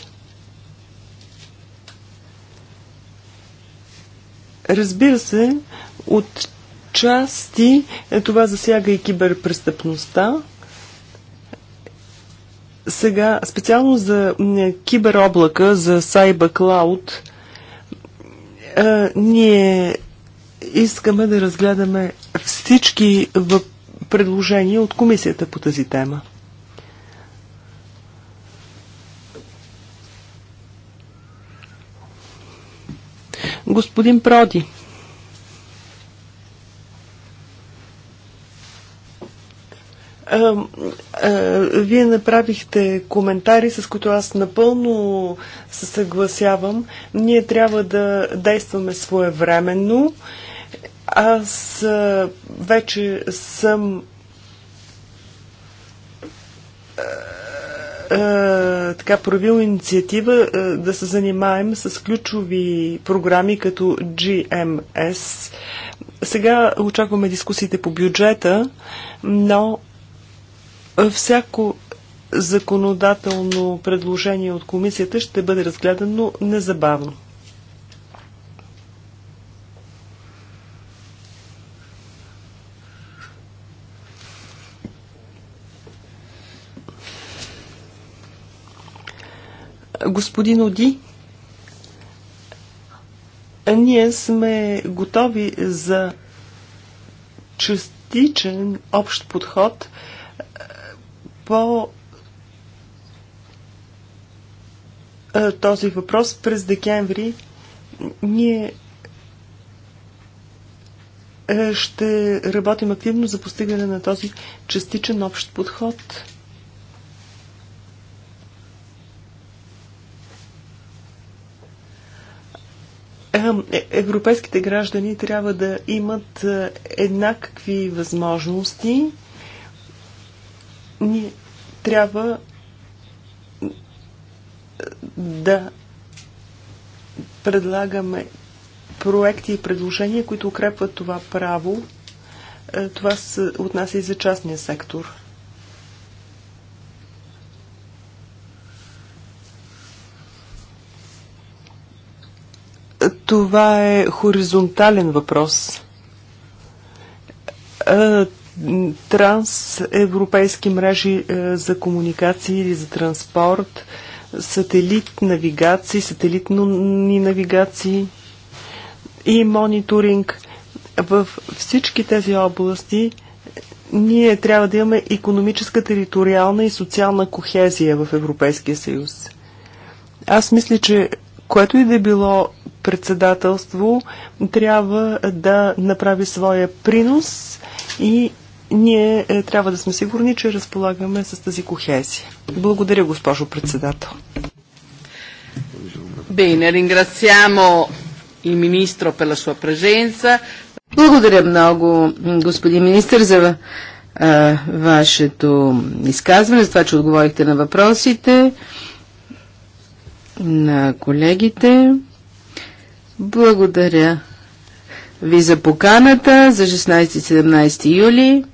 Разбира се, от отчасти е, това засяга и киберпрестъпността. Сега, специално за кибероблака, за CyberCloud, е, ние искаме да разгледаме всички предложения от комисията по тази тема. Господин Проди. Вие направихте коментари, с които аз напълно се съгласявам. Ние трябва да действаме своевременно. Аз вече съм така проявил инициатива да се занимаем с ключови програми като GMS. Сега очакваме дискусиите по бюджета, но всяко законодателно предложение от комисията ще бъде разгледано незабавно. Господин Оди, ние сме готови за частичен общ подход – по е, този въпрос през декември ние е, ще работим активно за постигане на този частичен общ подход. Е, европейските граждани трябва да имат еднакви възможности ние трябва да предлагаме проекти и предложения, които укрепват това право. Е, това се отнася и за частния сектор. Това е хоризонтален въпрос. Е, трансевропейски мрежи е, за комуникации или за транспорт, сателит навигации, сателитни навигации и мониторинг. В всички тези области ние трябва да имаме економическа, териториална и социална кохезия в Европейския съюз. Аз мисля, че което и да било председателство трябва да направи своя принос и ние е, трябва да сме сигурни, че разполагаме с тази кохезия. Благодаря, госпожо председател. Bene, ringraziamo il ministro per la sua presenza. Благодаря много, господин министр, за а, е, вашето изказване, за това, че отговорихте на въпросите на колегите. Благодаря ви за поканата за 16-17 юли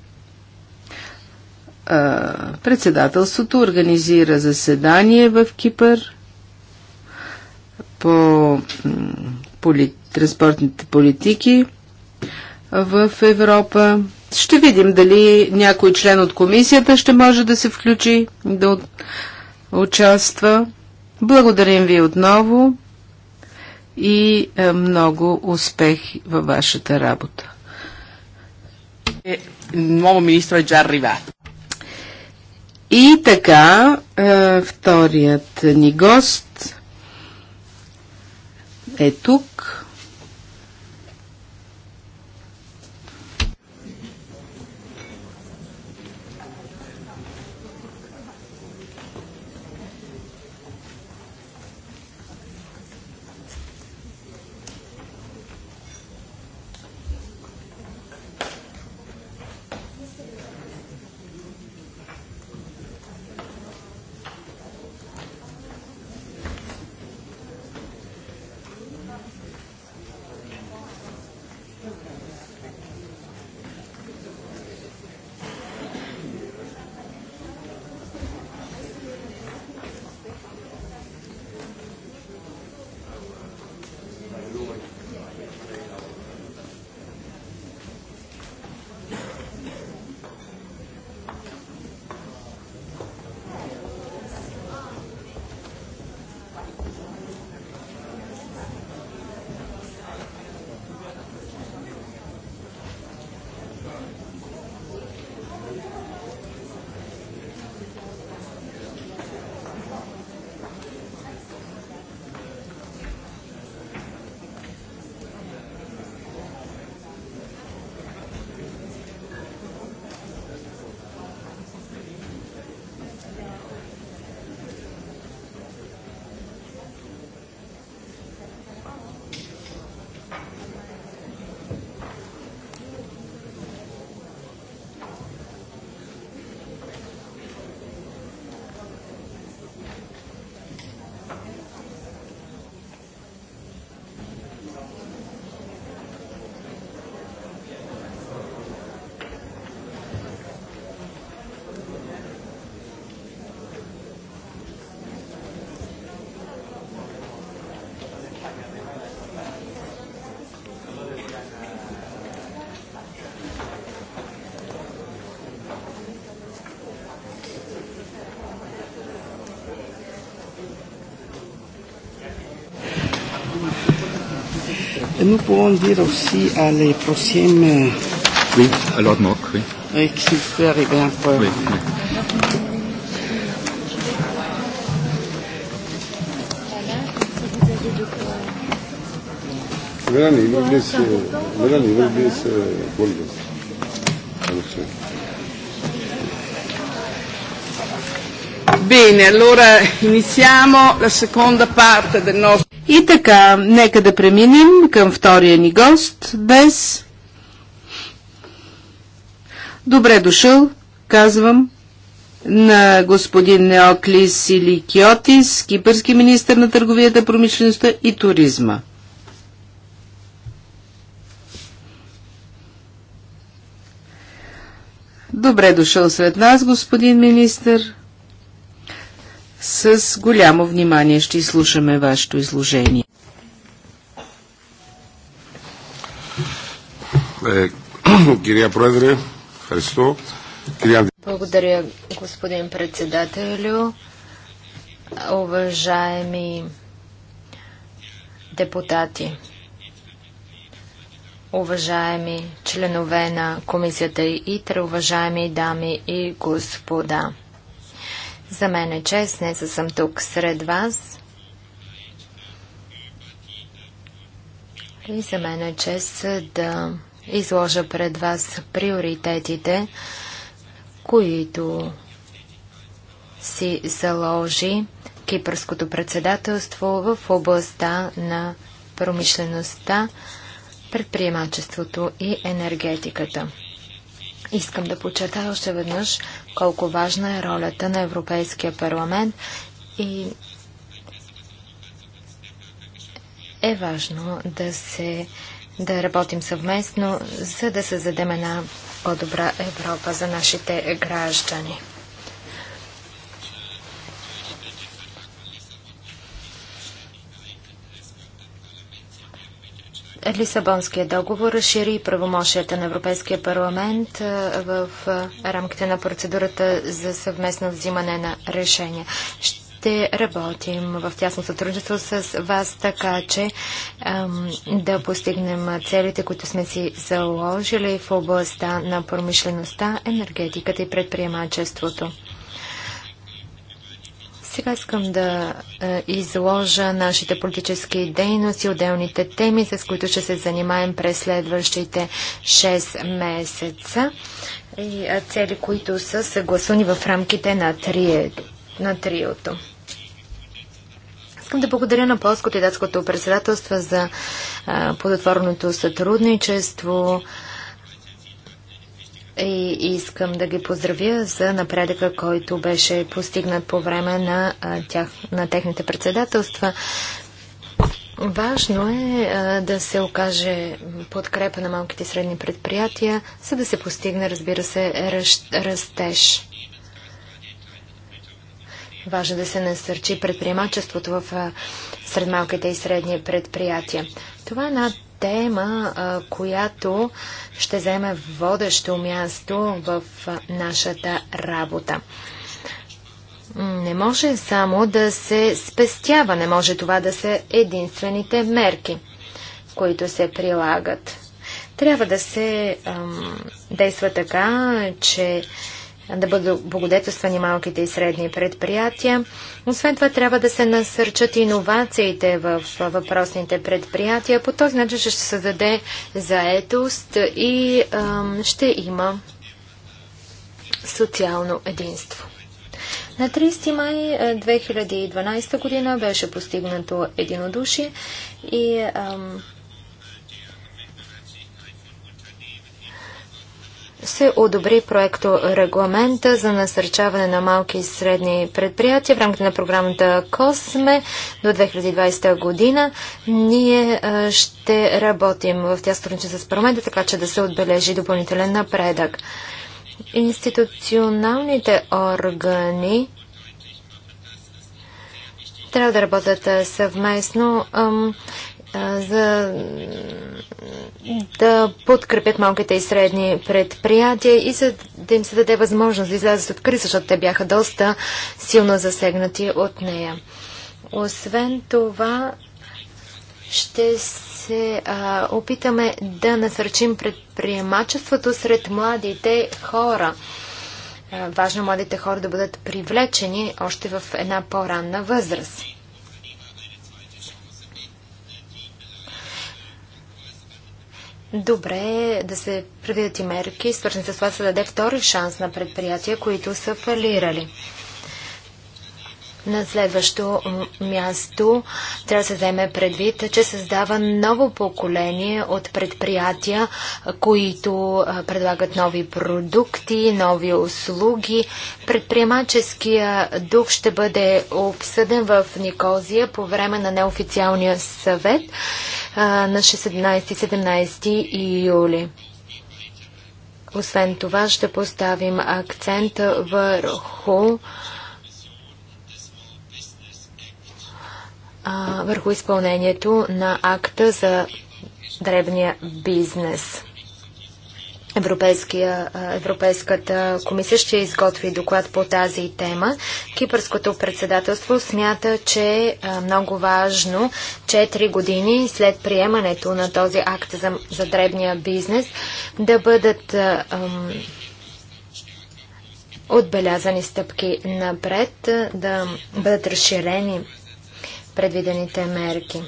председателството организира заседание в Кипър по поли, транспортните политики в Европа. Ще видим дали някой член от комисията ще може да се включи, да участва. Благодарим ви отново и е, много успех във вашата работа. Е, ново ministro е già arrivato. И така, е, вторият ни гост е тук. nous pouvons dire aussi à les prochaines. Oui, à Lord Mock, oui. Et qu'il peut arriver un peu. Oui, oui. Melanie will be uh, Melanie will be uh, golden. Bene, allora iniziamo la seconda parte del nostro и така, нека да преминем към втория ни гост без... Добре дошъл, казвам, на господин Неоклис Иликиотис, кипърски министр на търговията, промишлеността и туризма. Добре дошъл сред нас, господин министр. С голямо внимание ще изслушаме вашето изложение. Кирия е, Проедре, Христо. Благодаря, господин председателю. Уважаеми депутати, уважаеми членове на комисията ИТР, уважаеми дами и господа. За мен е чест, днес съм тук сред вас. И за мен е чест да изложа пред вас приоритетите, които си заложи Кипърското председателство в областта на промишлеността, предприемачеството и енергетиката. Искам да подчертая още веднъж колко важна е ролята на Европейския парламент и е важно да се да работим съвместно, за да създадем една по-добра Европа за нашите граждани. Лисабонския договор разшири правомощията на Европейския парламент в рамките на процедурата за съвместно взимане на решения. Ще работим в тясно сътрудничество с вас, така че ем, да постигнем целите, които сме си заложили в областта на промишлеността, енергетиката и предприемачеството. Сега искам да е, изложа нашите политически дейности, отделните теми, с които ще се занимаем през следващите 6 месеца и е, цели, които са съгласувани в рамките на, три, на триото. Искам да благодаря на Полското и датското председателство за е, плодотворното сътрудничество, и искам да ги поздравя за напредъка, който беше постигнат по време на, тях, на техните председателства. Важно е да се окаже подкрепа на малките и средни предприятия, за да се постигне, разбира се, растеж. Важно е да се насърчи предприемачеството в, сред малките и средни предприятия. Това е една тема, която ще вземе водещо място в нашата работа. Не може само да се спестява, не може това да са единствените мерки, които се прилагат. Трябва да се ам, действа така, че да бъдат благодетелствани малките и средни предприятия. Освен това, трябва да се насърчат иновациите в въпросните предприятия. По този начин ще се създаде заетост и ам, ще има социално единство. На 30 май 2012 е, година беше постигнато единодушие и ам, се одобри проекто регламента за насърчаване на малки и средни предприятия в рамките на програмата КОСМЕ до 2020 година. Ние ще работим в тя с парламента, така че да се отбележи допълнителен напредък. Институционалните органи трябва да работят съвместно за да подкрепят малките и средни предприятия и за да им се даде възможност да излязат от криза, защото те бяха доста силно засегнати от нея. Освен това, ще се а, опитаме да насърчим предприемачеството сред младите хора. А, важно е младите хора да бъдат привлечени още в една по-ранна възраст. Добре е да се предвидят и мерки, свързани с това да се даде втори шанс на предприятия, които са фалирали. На следващо място трябва да се вземе предвид, че създава ново поколение от предприятия, които предлагат нови продукти, нови услуги. Предприемаческия дух ще бъде обсъден в Никозия по време на неофициалния съвет на 16-17 июли. Освен това ще поставим акцент върху а, върху изпълнението на акта за дребния бизнес. Европейския, Европейската комисия ще изготви доклад по тази тема. Кипърското председателство смята, че е много важно 4 години след приемането на този акт за, за дребния бизнес да бъдат ам, отбелязани стъпки напред, да бъдат разширени предвидените мерки.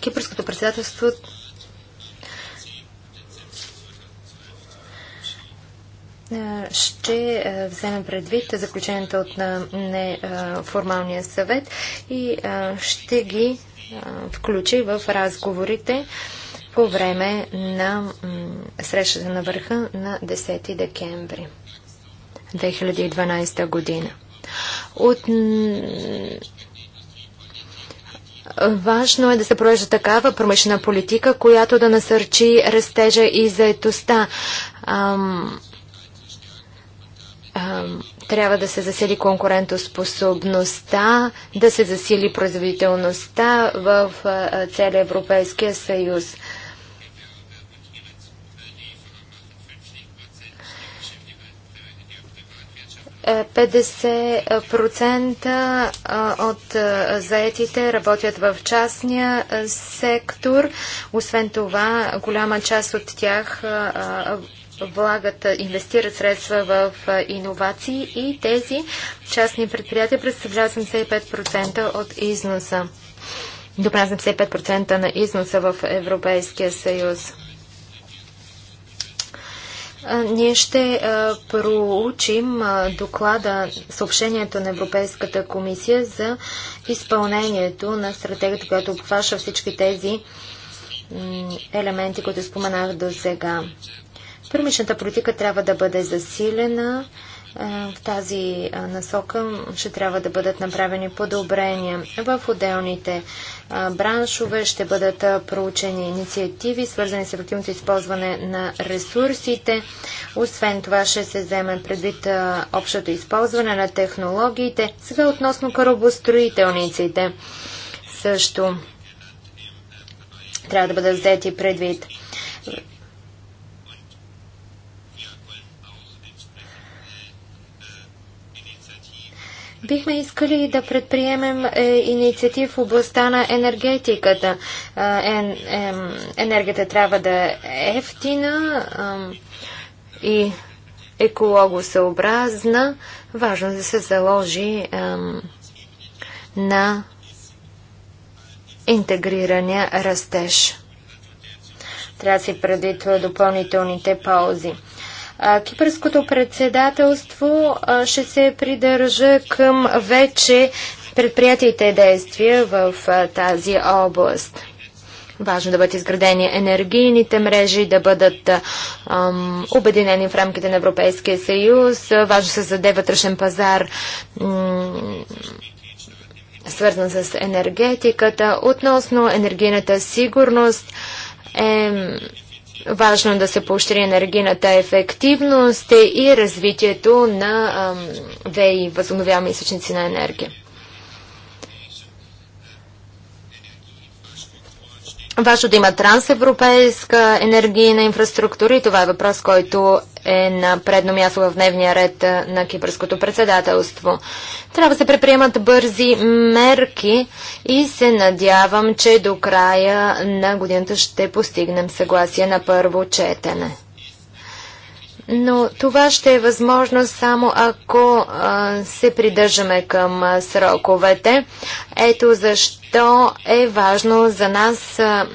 Кипърското председателство ще е, вземем предвид заключенията от неформалния е, съвет и е, ще ги включи в разговорите по време на срещата на върха на 10 декември 2012 година. От Важно е да се провежда такава промишлена политика, която да насърчи растежа и заетостта. Ам, ам, трябва да се засили конкурентоспособността, да се засили производителността в целия Европейския съюз. 50% от заетите работят в частния сектор. Освен това, голяма част от тях влагат, инвестират средства в иновации и тези частни предприятия представляват 75% от износа. допразвам 75% на износа в Европейския съюз. Ние ще проучим доклада, съобщението на Европейската комисия за изпълнението на стратегията, която обхваща всички тези елементи, които споменах до сега. Първичната политика трябва да бъде засилена, в тази насока ще трябва да бъдат направени подобрения. В отделните браншове ще бъдат проучени инициативи, свързани с ефективното използване на ресурсите. Освен това ще се вземе предвид общото използване на технологиите. Сега относно корабостроителниците също трябва да бъдат взети предвид. Бихме искали да предприемем е, инициатив в областта на енергетиката. Е, е, енергията трябва да е ефтина е, и екологосъобразна. Важно да се заложи е, на интегрирания растеж. Трябва да си предвид допълнителните паузи. Кипърското председателство ще се придържа към вече предприятите действия в тази област. Важно да бъдат изградени енергийните мрежи, да бъдат ам, обединени в рамките на Европейския съюз. Важно се заде вътрешен пазар, свързан с енергетиката. Относно енергийната сигурност, е Важно е да се поощри енергийната ефективност и развитието на ВЕИ, възобновяваме източници на енергия. Важно да има трансевропейска енергийна инфраструктура и това е въпрос, който е на предно място в дневния ред на кипърското председателство. Трябва да се предприемат бързи мерки и се надявам, че до края на годината ще постигнем съгласие на първо четене. Но това ще е възможно само ако а, се придържаме към а, сроковете. Ето защо е важно за нас а,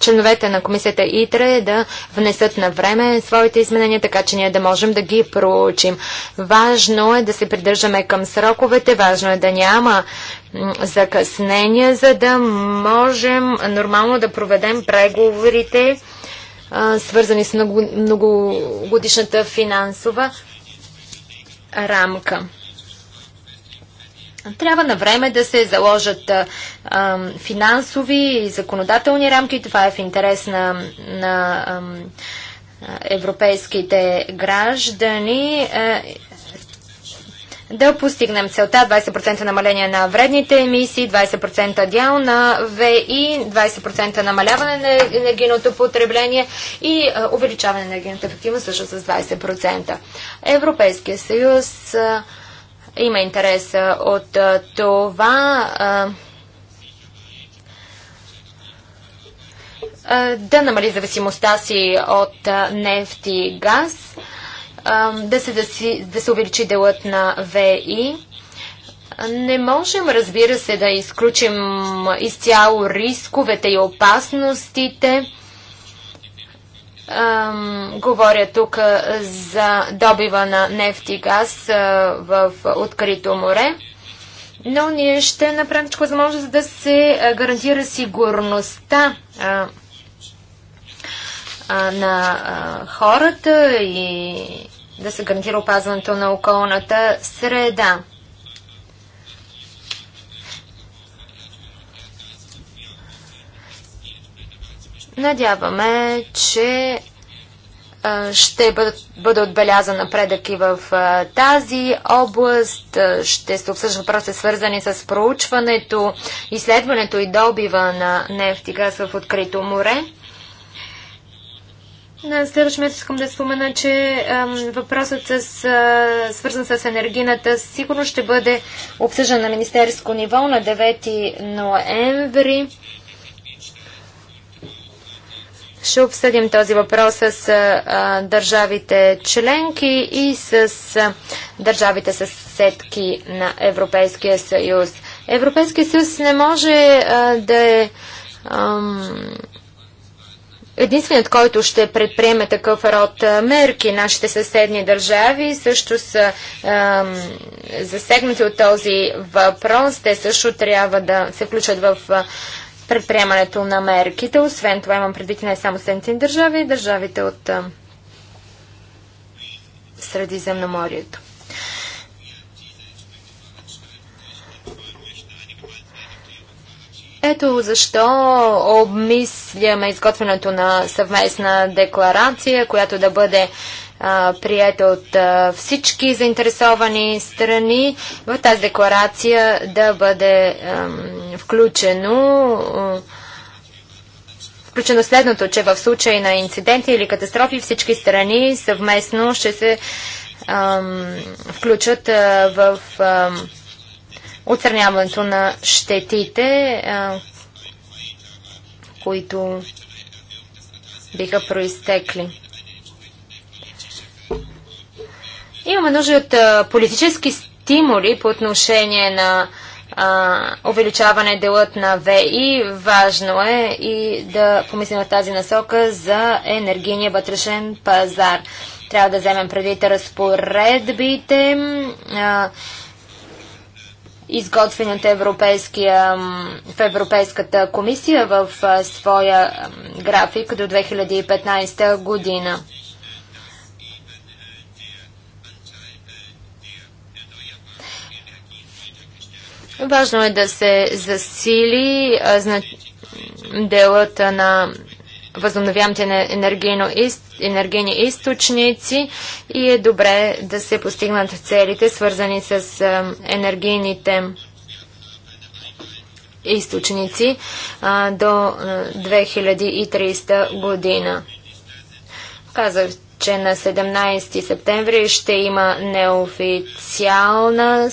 членовете на комисията ИТРЕ да внесат на време своите изменения, така че ние да можем да ги проучим. Важно е да се придържаме към сроковете, важно е да няма закъснения, за да можем нормално да проведем преговорите свързани с многогодишната финансова рамка. Трябва на време да се заложат финансови и законодателни рамки. Това е в интерес на, на европейските граждани да постигнем целта 20% намаление на вредните емисии, 20% дял на ВИ, 20% намаляване на енергийното потребление и е, увеличаване на енергийната ефективност също с 20%. Европейския съюз е, има интерес е, от това да намали зависимостта си от нефт и газ да се, да, си, да се увеличи делът на ВИ. Не можем, разбира се, да изключим изцяло рисковете и опасностите. Говоря тук за добива на нефт и газ в открито море. Но ние ще направим всичко възможно, за да се гарантира сигурността на хората и да се гарантира опазването на околната среда. Надяваме, че ще бъде, отбелязан напредък и в тази област. Ще се обсъжда въпроси свързани с проучването, изследването и добива на нефт и газ в открито море. На следващ месец искам да спомена, че ам, въпросът с, а, свързан с енергийната сигурно ще бъде обсъждан на министерско ниво на 9 ноември. Ще обсъдим този въпрос с а, държавите членки и с а, държавите съседки на Европейския съюз. Европейския съюз не може а, да е ам, единственият, който ще предприеме такъв род мерки. Нашите съседни държави също са ем, засегнати от този въпрос. Те също трябва да се включат в предприемането на мерките. Освен това имам предвид не само съседните държави, и държавите от е, Средиземноморието. Ето защо обмисляме изготвянето на съвместна декларация, която да бъде прията от всички заинтересовани страни. В тази декларация да бъде включено включено следното, че в случай на инциденти или катастрофи всички страни съвместно ще се включат в отстраняването на щетите, които биха проистекли. Имаме нужда от политически стимули по отношение на а, увеличаване делът на ВИ. Важно е и да помислим в тази насока за енергийния вътрешен пазар. Трябва да вземем предвид разпоредбите, а, изготвени от Европейския, в Европейската комисия в своя график до 2015 година. Важно е да се засили делата на възобновяемите из... енергийни източници и е добре да се постигнат целите, свързани с енергийните източници до 2030 година. Казах, че на 17 септември ще има неофициална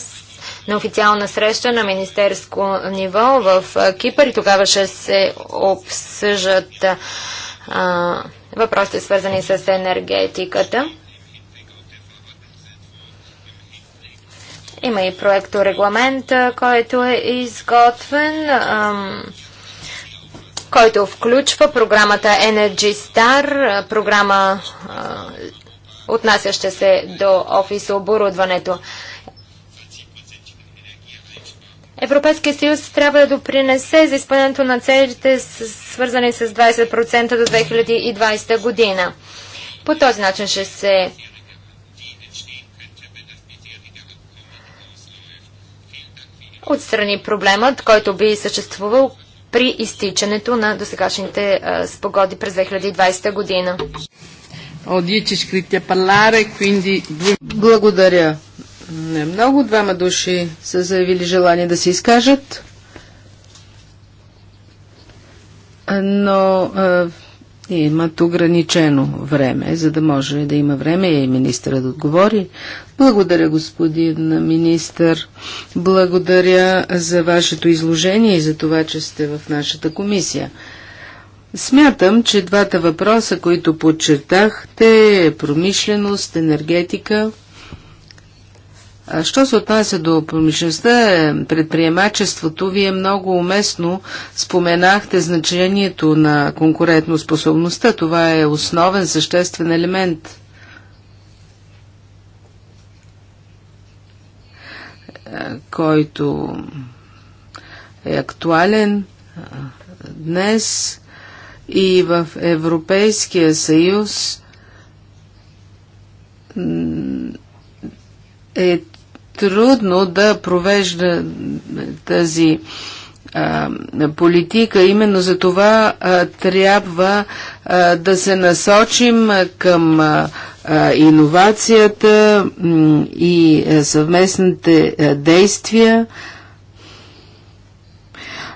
на официална среща на министерско ниво в Кипър и тогава ще се обсъжат въпросите свързани с енергетиката. Има и проекто регламент, който е изготвен, който включва програмата Energy Star, програма отнасяща се до офис оборудването. Европейския съюз трябва да допринесе за изпълнението на целите, свързани с 20% до 2020 година. По този начин ще се отстрани проблемът, който би съществувал при изтичането на досегашните спогоди през 2020 година. Благодаря. Не много. Двама души са заявили желание да се изкажат. Но а, имат ограничено време, за да може да има време и министъра да отговори. Благодаря, господин министър. Благодаря за вашето изложение и за това, че сте в нашата комисия. Смятам, че двата въпроса, които подчертахте, промишленост, енергетика, Що се отнася до промишлеността, предприемачеството, вие много уместно споменахте значението на конкурентоспособността. Това е основен, съществен елемент. който е актуален днес и в Европейския съюз е трудно да провежда тази а, политика. Именно за това а, трябва а, да се насочим към иновацията и съвместните действия.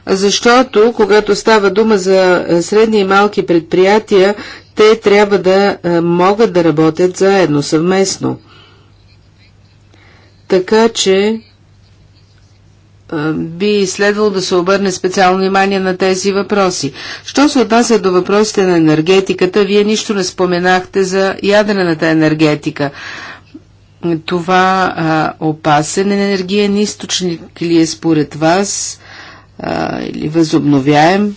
Защото, когато става дума за средни и малки предприятия, те трябва да могат да работят заедно, съвместно. Така че би следвало да се обърне специално внимание на тези въпроси. Що се отнася до въпросите на енергетиката, вие нищо не споменахте за ядрената енергетика. Това а, опасен е енергиен източник ли е според вас а, или възобновяем?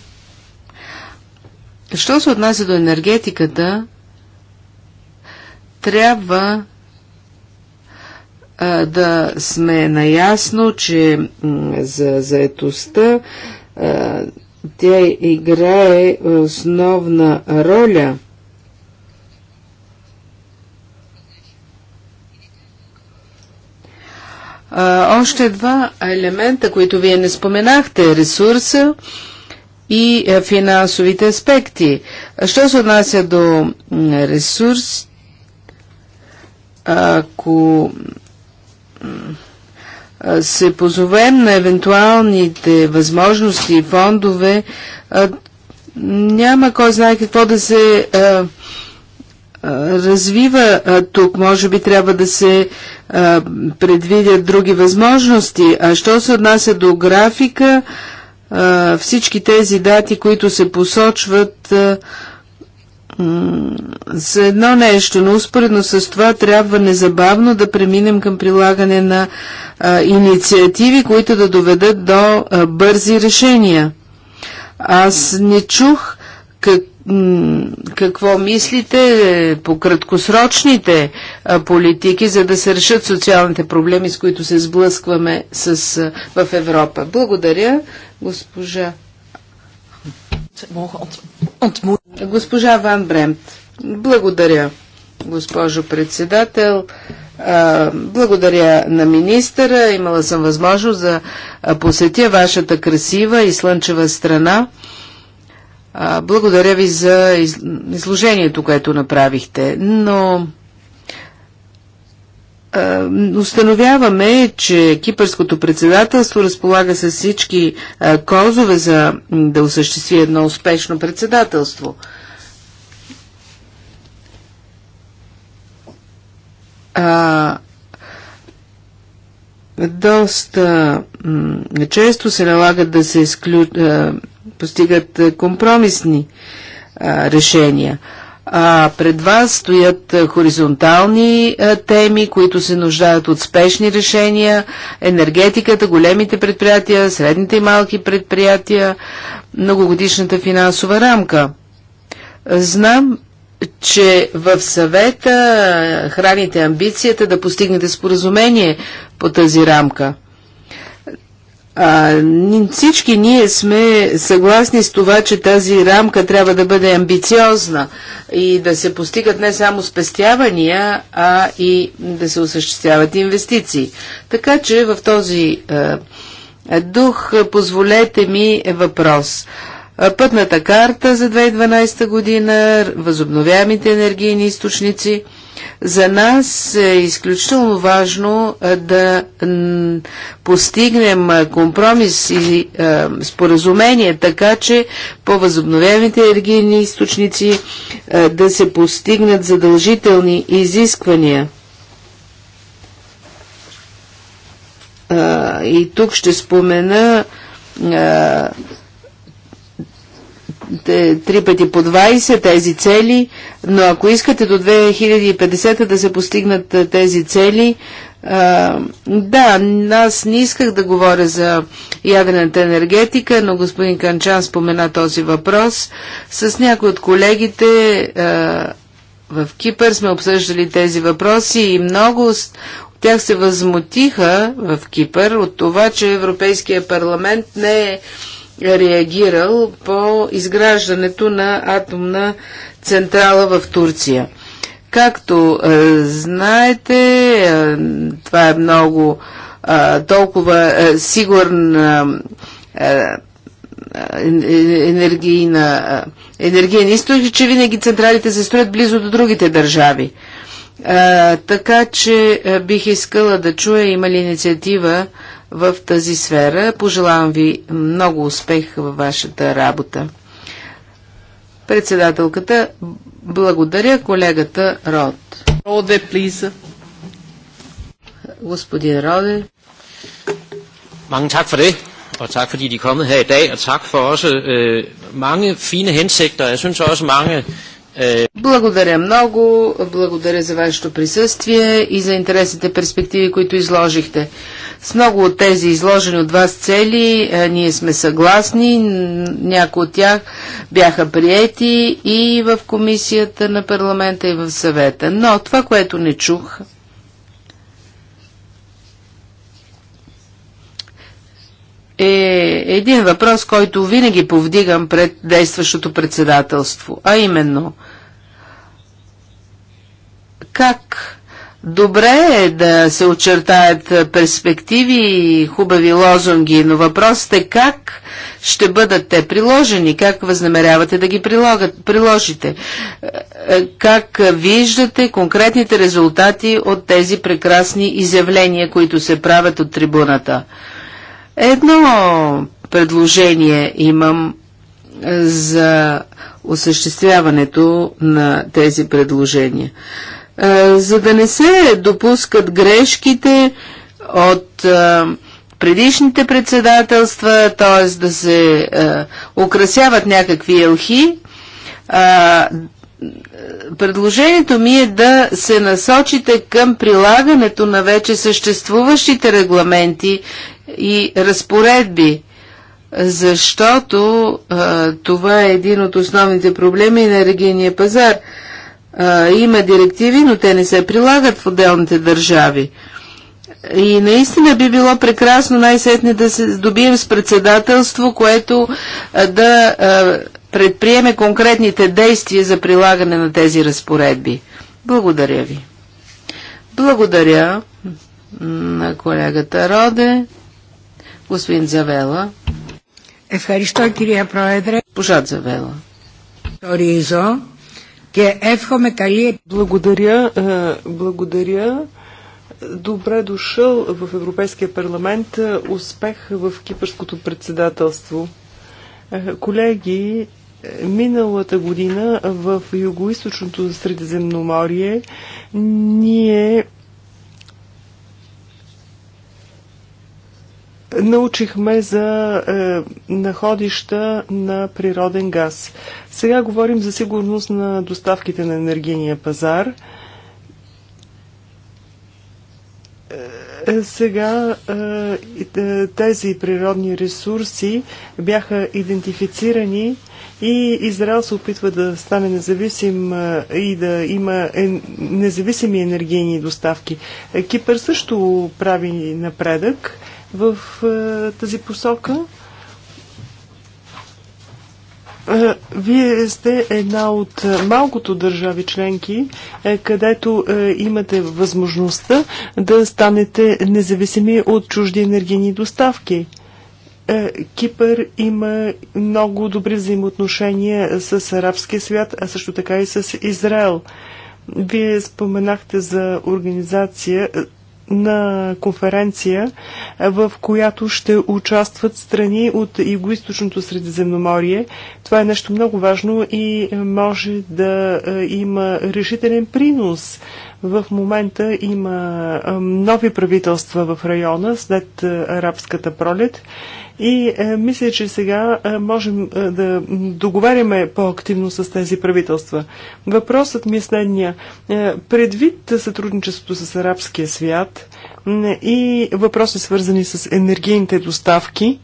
Що се отнася до енергетиката, трябва да сме наясно, че за заетостта тя играе основна роля. Още два елемента, които вие не споменахте, ресурса и финансовите аспекти. Що се отнася до ресурс, ако се позовем на евентуалните възможности и фондове, няма кой знае какво да се развива тук. Може би трябва да се предвидят други възможности. А що се отнася до графика, всички тези дати, които се посочват, за едно нещо, но успоредно с това трябва незабавно да преминем към прилагане на а, инициативи, които да доведат до а, бързи решения. Аз не чух как, какво мислите по краткосрочните а, политики, за да се решат социалните проблеми, с които се сблъскваме с, а, в Европа. Благодаря, госпожа Госпожа Ван Бремт, благодаря, госпожо председател. Благодаря на министъра. Имала съм възможност да посетя вашата красива и слънчева страна. Благодаря ви за изложението, което направихте. Но е, установяваме, че кипърското председателство разполага с всички е, козове за да осъществи едно успешно председателство. А, доста често се налагат да се изклю... Е, постигат компромисни а, решения. А пред вас стоят хоризонтални теми, които се нуждаят от спешни решения. Енергетиката, големите предприятия, средните и малки предприятия, многогодишната финансова рамка. Знам, че в съвета храните амбицията да постигнете споразумение по тази рамка – а, всички ние сме съгласни с това, че тази рамка трябва да бъде амбициозна и да се постигат не само спестявания, а и да се осъществяват инвестиции. Така че в този а, дух позволете ми е въпрос. Пътната карта за 2012 година, възобновяемите енергийни източници – за нас е изключително важно е, да постигнем е, компромис и е, споразумение, така че по възобновяемите енергийни източници да се постигнат задължителни изисквания. И тук ще спомена три пъти по 20 тези цели, но ако искате до 2050 да се постигнат тези цели, а, да, аз не исках да говоря за ядрената енергетика, но господин Канчан спомена този въпрос. С някои от колегите а, в Кипър сме обсъждали тези въпроси и много от тях се възмутиха в Кипър от това, че Европейския парламент не е реагирал по изграждането на атомна централа в Турция. Както е, знаете, е, това е много е, толкова е, сигурна е, е, е енергиен източник, че винаги централите се строят близо до другите държави. Е, така че е, бих искала да чуя има ли инициатива е, в тази сфера. Пожелавам ви много успех във вашата работа. Председателката, благодаря колегата Род. Роде, плиза. Господин Роде. Mange tak for det, og tak fordi de er kommet her i dag, og tak for også øh, mange fine hensigter. Jeg synes også mange øh, благодаря много, благодаря за вашето присъствие и за интересните перспективи, които изложихте. С много от тези изложени от вас цели е, ние сме съгласни, някои от тях бяха приети и в комисията на парламента и в съвета. Но това, което не чух, е един въпрос, който винаги повдигам пред действащото председателство, а именно как Добре е да се очертаят перспективи и хубави лозунги, но въпросът е как ще бъдат те приложени, как възнамерявате да ги прилогат, приложите, е, е, как виждате конкретните резултати от тези прекрасни изявления, които се правят от трибуната. Едно предложение имам е, за осъществяването на тези предложения. Е, за да не се допускат грешките от е, предишните председателства, т.е. да се е, украсяват някакви елхи. Предложението ми е да се насочите към прилагането на вече съществуващите регламенти и разпоредби, защото а, това е един от основните проблеми на енергийния пазар. А, има директиви, но те не се прилагат в отделните държави. И наистина би било прекрасно най-сетне да се добием с председателство, което а, да а, предприеме конкретните действия за прилагане на тези разпоредби. Благодаря ви. Благодаря на колегата Роде, господин Завела. Ευχαριστώ κυρία Πρόεδρε. Πουζάτ Завела. Ορίζω και εύχομαι καλή... Благодаря, е, благодаря. Добре дошъл в Европейския парламент. Успех в кипърското председателство. Е, колеги, миналата година в Юго-Источното Средиземноморие ние научихме за е, находища на природен газ. Сега говорим за сигурност на доставките на енергийния пазар. Е, е, сега е, тези природни ресурси бяха идентифицирани и Израел се опитва да стане независим и да има независими енергийни доставки. Кипър също прави напредък в е, тази посока. Е, вие сте една от малкото държави членки, е, където имате възможността да станете независими от чужди енергийни доставки. Кипър има много добри взаимоотношения с арабския свят, а също така и с Израел. Вие споменахте за организация на конференция, в която ще участват страни от Юго-Источното Средиземноморие. Това е нещо много важно и може да е, има решителен принос в момента има нови правителства в района след арабската пролет и мисля, че сега можем да договаряме по-активно с тези правителства. Въпросът ми е следния. Предвид сътрудничеството с арабския свят и въпроси свързани с енергийните доставки,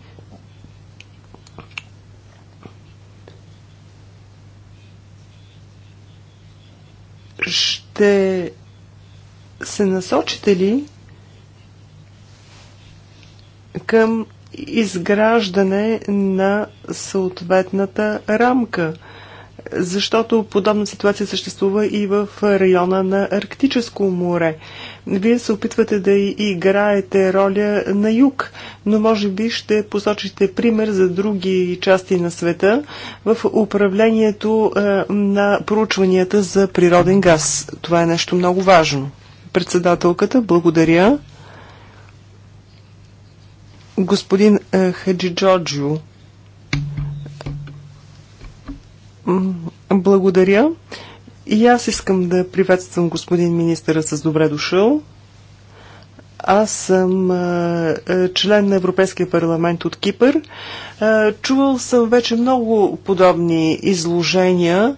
ще се насочите ли към изграждане на съответната рамка? Защото подобна ситуация съществува и в района на Арктическо море. Вие се опитвате да играете роля на юг, но може би ще посочите пример за други части на света в управлението е, на проучванията за природен газ. Това е нещо много важно. Председателката, благодаря. Господин Хаджи е, Хаджиджоджо, благодаря. И аз искам да приветствам господин министъра с добре дошъл. Аз съм е, член на Европейския парламент от Кипър. Чувал съм вече много подобни изложения,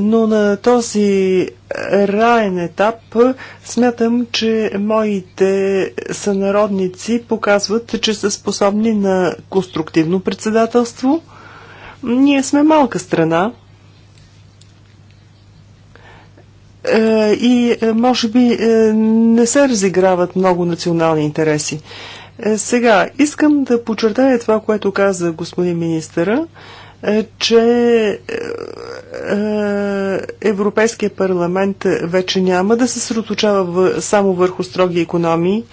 но на този раен етап смятам, че моите сънародници показват, че са способни на конструктивно председателство. Ние сме малка страна, Е, и е, може би е, не се разиграват много национални интереси. Сега, искам да подчертая това, което каза господин министъра. Е, че е, е, Европейския парламент вече няма да се сроточава само върху строги економии,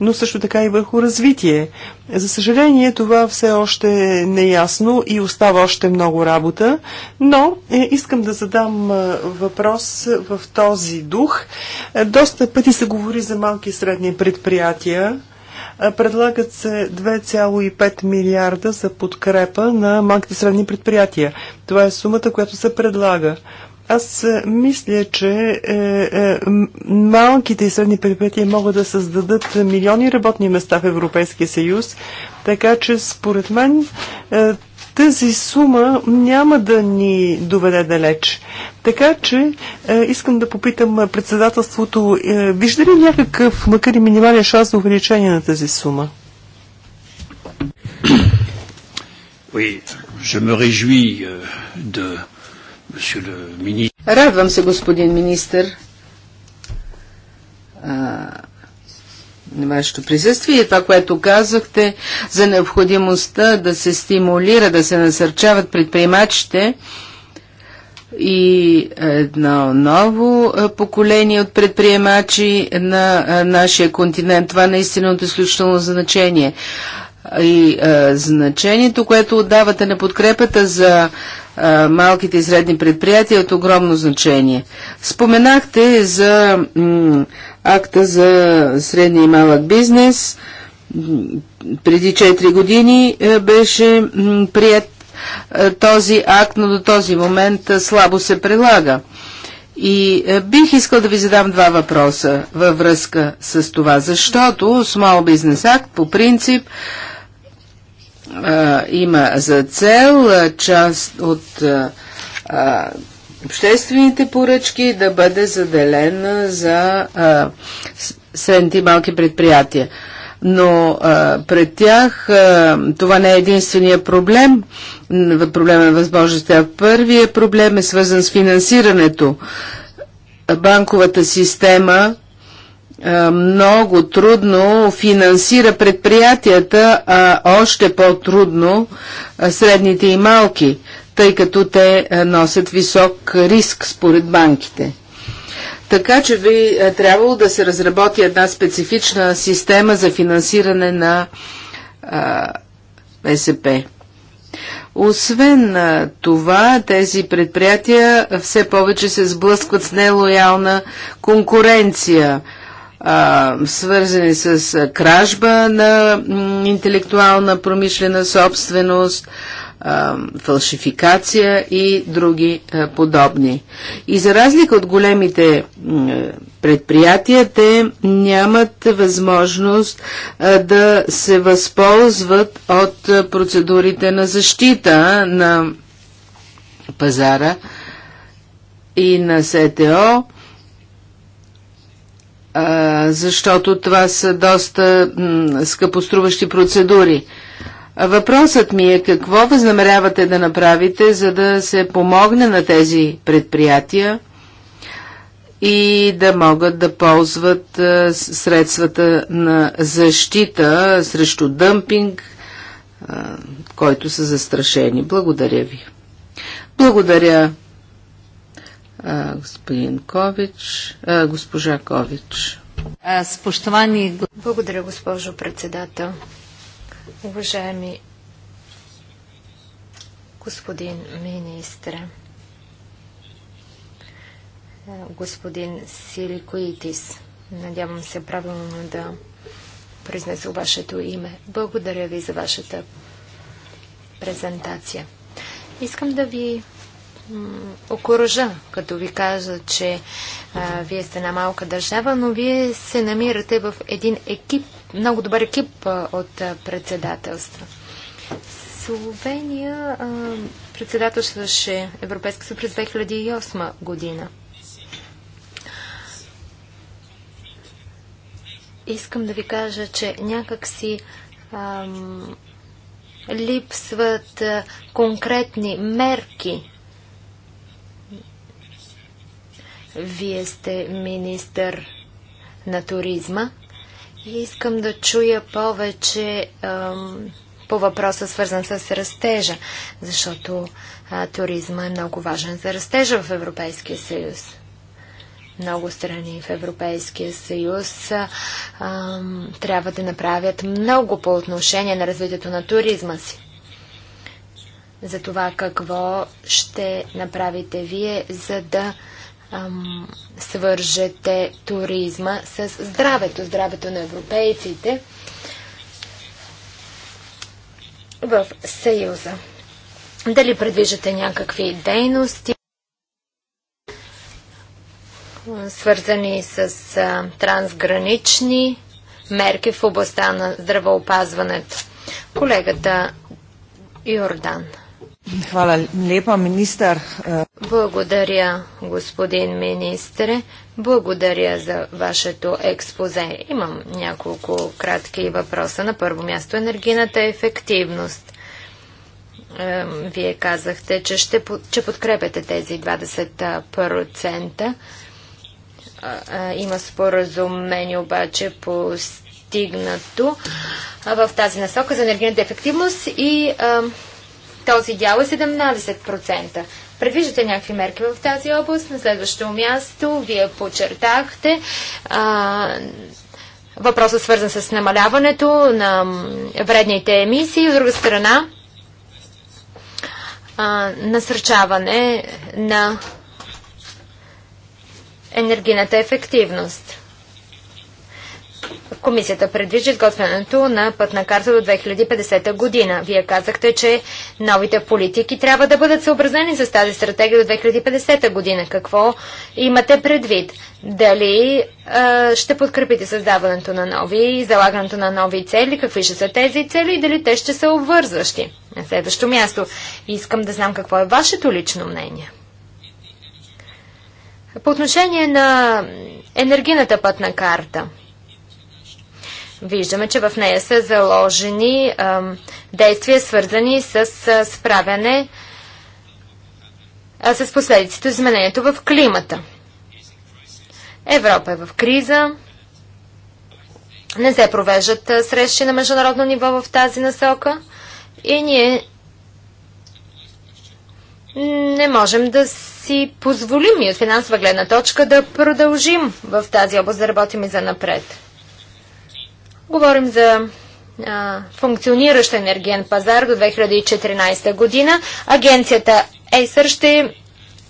но също така и върху развитие. За съжаление, това все още е неясно и остава още много работа, но искам да задам въпрос в този дух. Доста пъти се говори за малки и средни предприятия. Предлагат се 2,5 милиарда за подкрепа на малките средни предприятия. Това е сумата, която се предлага. Аз е, мисля, че е, е, малките и средни предприятия могат да създадат милиони работни места в Европейския съюз, така че според мен е, тази сума няма да ни доведе далеч. Така че е, искам да попитам е, председателството, е, вижда ли някакъв, макар и минимален шанс за увеличение на тази сума? Е, Радвам се, господин министр, вашето присъствие и това, което казахте за необходимостта да се стимулира, да се насърчават предприемачите и едно ново е, поколение от предприемачи на е, нашия континент. Това наистина е от изключително значение. И а, е, значението, което отдавате на подкрепата за а, малките и средни предприятия е от огромно значение. Споменахте за акта за средния и малък бизнес. Преди 4 години е, беше прият е, този акт, но до този момент е, слабо се прилага. И бих искал да ви задам два въпроса във връзка с това, защото Small Business Act по принцип има за цел част от обществените поръчки да бъде заделена за а, средните и малки предприятия. Но а, пред тях а, това не е единствения проблем. Проблема на е възможността. Първият проблем е свързан с финансирането. Банковата система много трудно финансира предприятията, а още по-трудно средните и малки тъй като те е, носят висок риск според банките. Така че би е, трябвало да се разработи една специфична система за финансиране на а, е, СП. Освен а, това, тези предприятия все повече се сблъскват с нелоялна конкуренция, а, свързани с кражба на интелектуална промишлена собственост, фалшификация и други подобни. И за разлика от големите предприятия, те нямат възможност да се възползват от процедурите на защита на пазара и на СТО, защото това са доста скъпоструващи процедури. Въпросът ми е какво възнамерявате да направите, за да се помогне на тези предприятия и да могат да ползват средствата на защита срещу дъмпинг, който са застрашени. Благодаря ви. Благодаря, господин Кович, госпожа Кович. Спощовани... Благодаря, госпожо председател. Уважаеми господин министре, господин Силикоитис, надявам се правилно да произнеса вашето име. Благодаря ви за вашата презентация. Искам да ви окоръжа, като ви кажа, че а, вие сте на малка държава, но вие се намирате в един екип, много добър екип а, от а, председателства. Словения а, председателстваше Европейска съюз през 2008 година. Искам да ви кажа, че някакси си липсват а, конкретни мерки Вие сте министър на туризма и искам да чуя повече по въпроса, свързан с растежа, защото туризма е много важен за растежа в Европейския съюз. Много страни в Европейския съюз а, а, трябва да направят много по отношение на развитието на туризма си. За това какво ще направите вие, за да ам, свържете туризма с здравето, здравето на европейците в Съюза. Дали предвиждате някакви дейности, свързани с а, трансгранични мерки в областта на здравеопазването? Колегата Йордан. Hvala lepa, Благодаря, господин министре. Благодаря за вашето експозе. Имам няколко кратки въпроса. На първо място енергийната ефективност. Вие казахте, че, ще, че подкрепяте тези 20%. Има споразумение обаче по стигнато в тази насока за енергийната ефективност и този дял е 17%. Предвиждате някакви мерки в тази област. На следващото място вие подчертахте а, въпросът свързан с намаляването на вредните емисии. От друга страна, а, насърчаване на енергийната ефективност. Комисията предвижда изготвянето на пътна карта до 2050 година. Вие казахте, че новите политики трябва да бъдат съобразени с тази стратегия до 2050 година. Какво имате предвид? Дали а, ще подкрепите създаването на нови и залагането на нови цели? Какви ще са тези цели и дали те ще са обвързващи? На следващо място искам да знам какво е вашето лично мнение. По отношение на енергийната пътна карта – Виждаме, че в нея са заложени а, действия, свързани с а, справяне а, с последиците от изменението в климата. Европа е в криза. Не се провеждат срещи на международно ниво в тази насока. И ние не можем да си позволим и от финансова гледна точка да продължим в тази област да работим и за напред. Говорим за а, функциониращ енергиен пазар до 2014 година. Агенцията ЕСР ще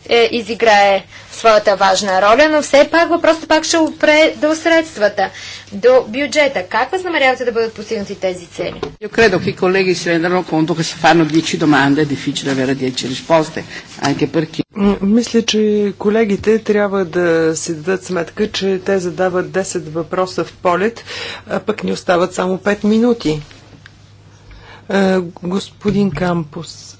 е, изиграе своята важна роля, но все пак въпросът пак ще опре до средствата, до бюджета. Как възнамерявате да бъдат постигнати тези цели? Io credo che i colleghi si rendano conto che se fanno 10 domande è difficile avere 10 risposte, anche perché... Мисля, че колегите трябва да си дадат сметка, че те задават 10 въпроса в полет, а пък ни остават само 5 минути. Е, господин Кампус.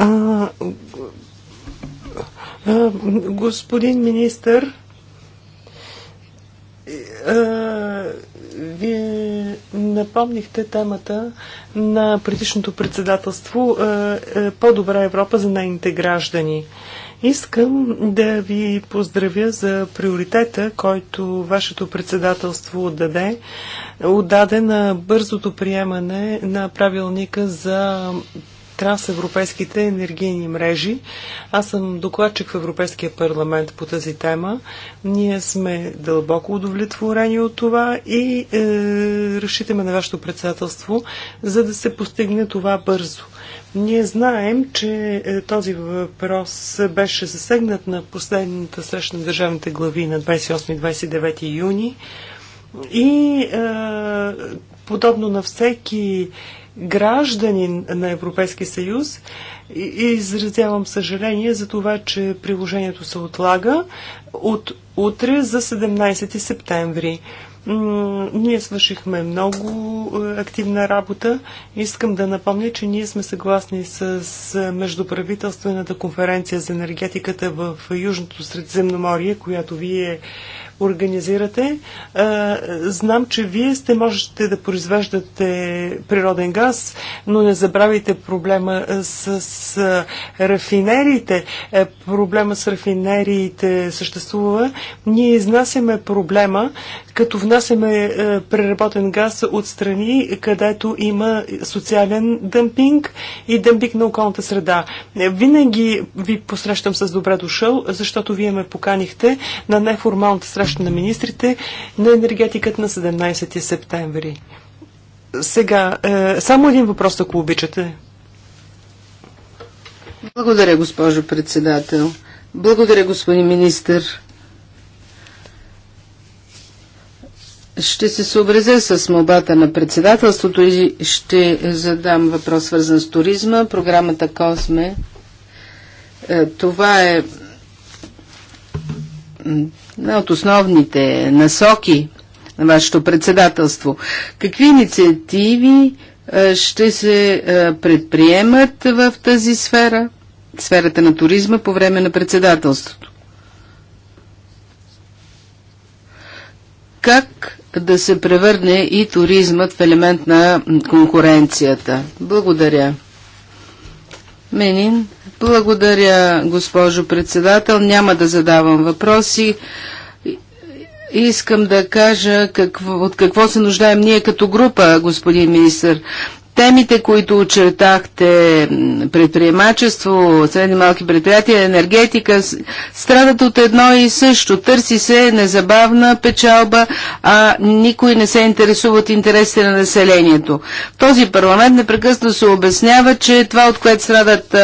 А, а, господин министър, а, вие напомнихте темата на предишното председателство е, По-добра Европа за нейните граждани. Искам да ви поздравя за приоритета, който вашето председателство отдаде, отдаде на бързото приемане на правилника за трансевропейските енергийни мрежи. Аз съм докладчик в Европейския парламент по тази тема. Ние сме дълбоко удовлетворени от това и е, разчитаме на вашето председателство, за да се постигне това бързо. Ние знаем, че е, този въпрос беше засегнат на последната среща на държавните глави на 28-29 юни и е, подобно на всеки гражданин на Европейски съюз и изразявам съжаление за това, че приложението се отлага от утре за 17 септември. Ние свършихме много е, активна работа. Искам да напомня, че ние сме съгласни с Междуправителствената конференция за енергетиката в Южното Средиземноморие, която вие организирате. Знам, че вие сте можете да произвеждате природен газ, но не забравяйте проблема с, с рафинериите. Е, проблема с рафинериите съществува. Ние изнасяме проблема, като внасяме е, преработен газ от страни, където има социален дъмпинг и дъмпинг на околната среда. Е, винаги ви посрещам с добре дошъл, защото вие ме поканихте на неформалната среща на министрите на енергетиката на 17 септември. Сега, е, само един въпрос, ако обичате. Благодаря, госпожо председател. Благодаря, господин министр. Ще се съобразя с молбата на председателството и ще задам въпрос свързан с туризма. Програмата Косме. Е, това е една от основните насоки на вашето председателство. Какви инициативи е, ще се е, предприемат в тази сфера, сферата на туризма по време на председателството? Как да се превърне и туризмът в елемент на конкуренцията. Благодаря. Менин. Благодаря, госпожо председател. Няма да задавам въпроси. Искам да кажа какво, от какво се нуждаем ние като група, господин министр. Темите, които очертахте, предприемачество, средни малки предприятия, енергетика, страдат от едно и също. Търси се незабавна печалба, а никой не се интересува от интересите на населението. В този парламент непрекъснато се обяснява, че това, от което страдат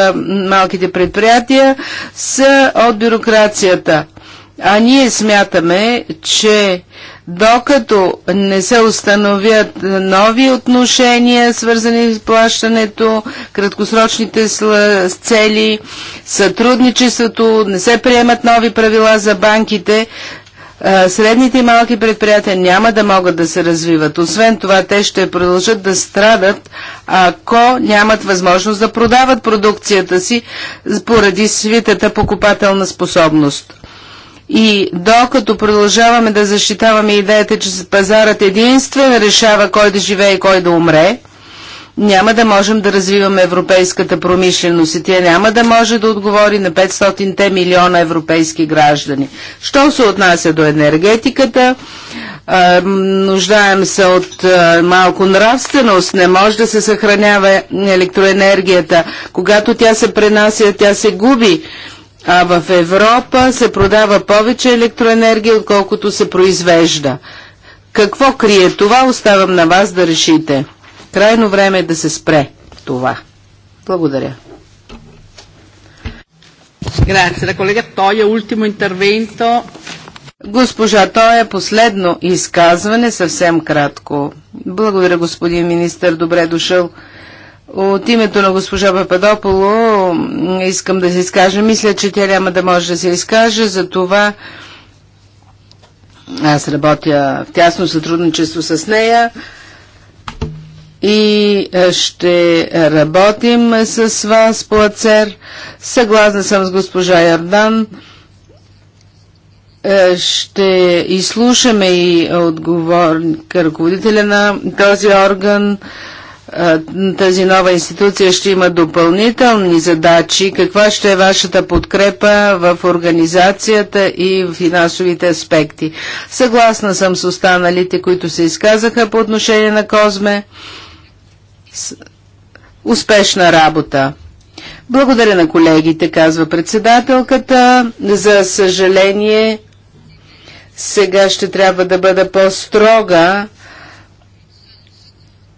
малките предприятия, са от бюрокрацията. А ние смятаме, че докато не се установят нови отношения, свързани с плащането, краткосрочните цели, сътрудничеството, не се приемат нови правила за банките, средните и малки предприятия няма да могат да се развиват. Освен това, те ще продължат да страдат, ако нямат възможност да продават продукцията си поради свитата покупателна способност. И докато продължаваме да защитаваме идеята, че пазарът единствен решава кой да живее и кой да умре, няма да можем да развиваме европейската промишленост и тя няма да може да отговори на 500-те милиона европейски граждани. Що се отнася до енергетиката, нуждаем се от малко нравственост. Не може да се съхранява електроенергията. Когато тя се пренася, тя се губи. А в Европа се продава повече електроенергия, отколкото се произвежда. Какво крие това, оставам на вас да решите. Крайно време е да се спре това. Благодаря. Grazie, la collega Тоя, ultimo intervento. Госпожа Тоя, последно изказване, съвсем кратко. Благодаря, господин министър, добре дошъл. От името на госпожа Пападополо искам да се изкажа. Мисля, че тя няма да може да се изкаже, затова аз работя в тясно сътрудничество с нея и е, ще работим с вас по АЦЕР. Съгласна съм с госпожа Ярдан. Е, ще изслушаме и отговор ръководителя на този орган тази нова институция ще има допълнителни задачи. Каква ще е вашата подкрепа в организацията и в финансовите аспекти? Съгласна съм с останалите, които се изказаха по отношение на Козме. Успешна работа! Благодаря на колегите, казва председателката. За съжаление, сега ще трябва да бъда по-строга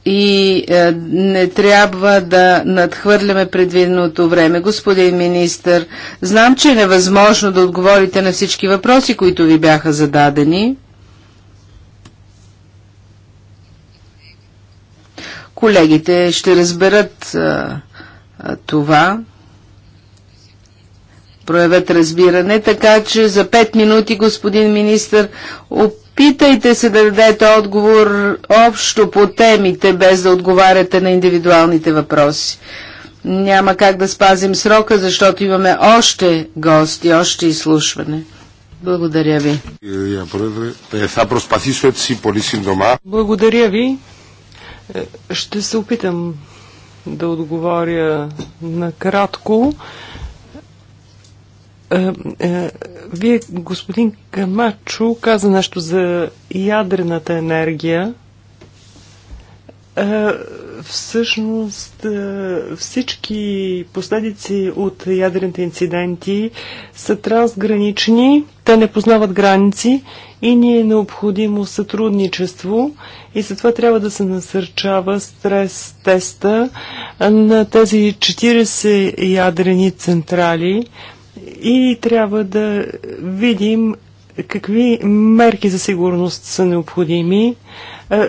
и е, не трябва да надхвърляме предвиденото време. Господин министр, знам, че е невъзможно да отговорите на всички въпроси, които ви бяха зададени. Колегите ще разберат а, е, а, е, това, проявят разбиране, така че за 5 минути, господин министр, Питайте се да дадете отговор общо по темите, без да отговаряте на индивидуалните въпроси. Няма как да спазим срока, защото имаме още гости, още изслушване. Благодаря ви. Благодаря ви. Е, ще се опитам да отговоря накратко. Е, е, вие, господин Камачо, каза нещо за ядрената енергия. Е, всъщност всички последици от ядрените инциденти са трансгранични, те не познават граници и ни е необходимо сътрудничество и затова трябва да се насърчава стрес теста на тези 40 ядрени централи, и трябва да видим какви мерки за сигурност са необходими. Е,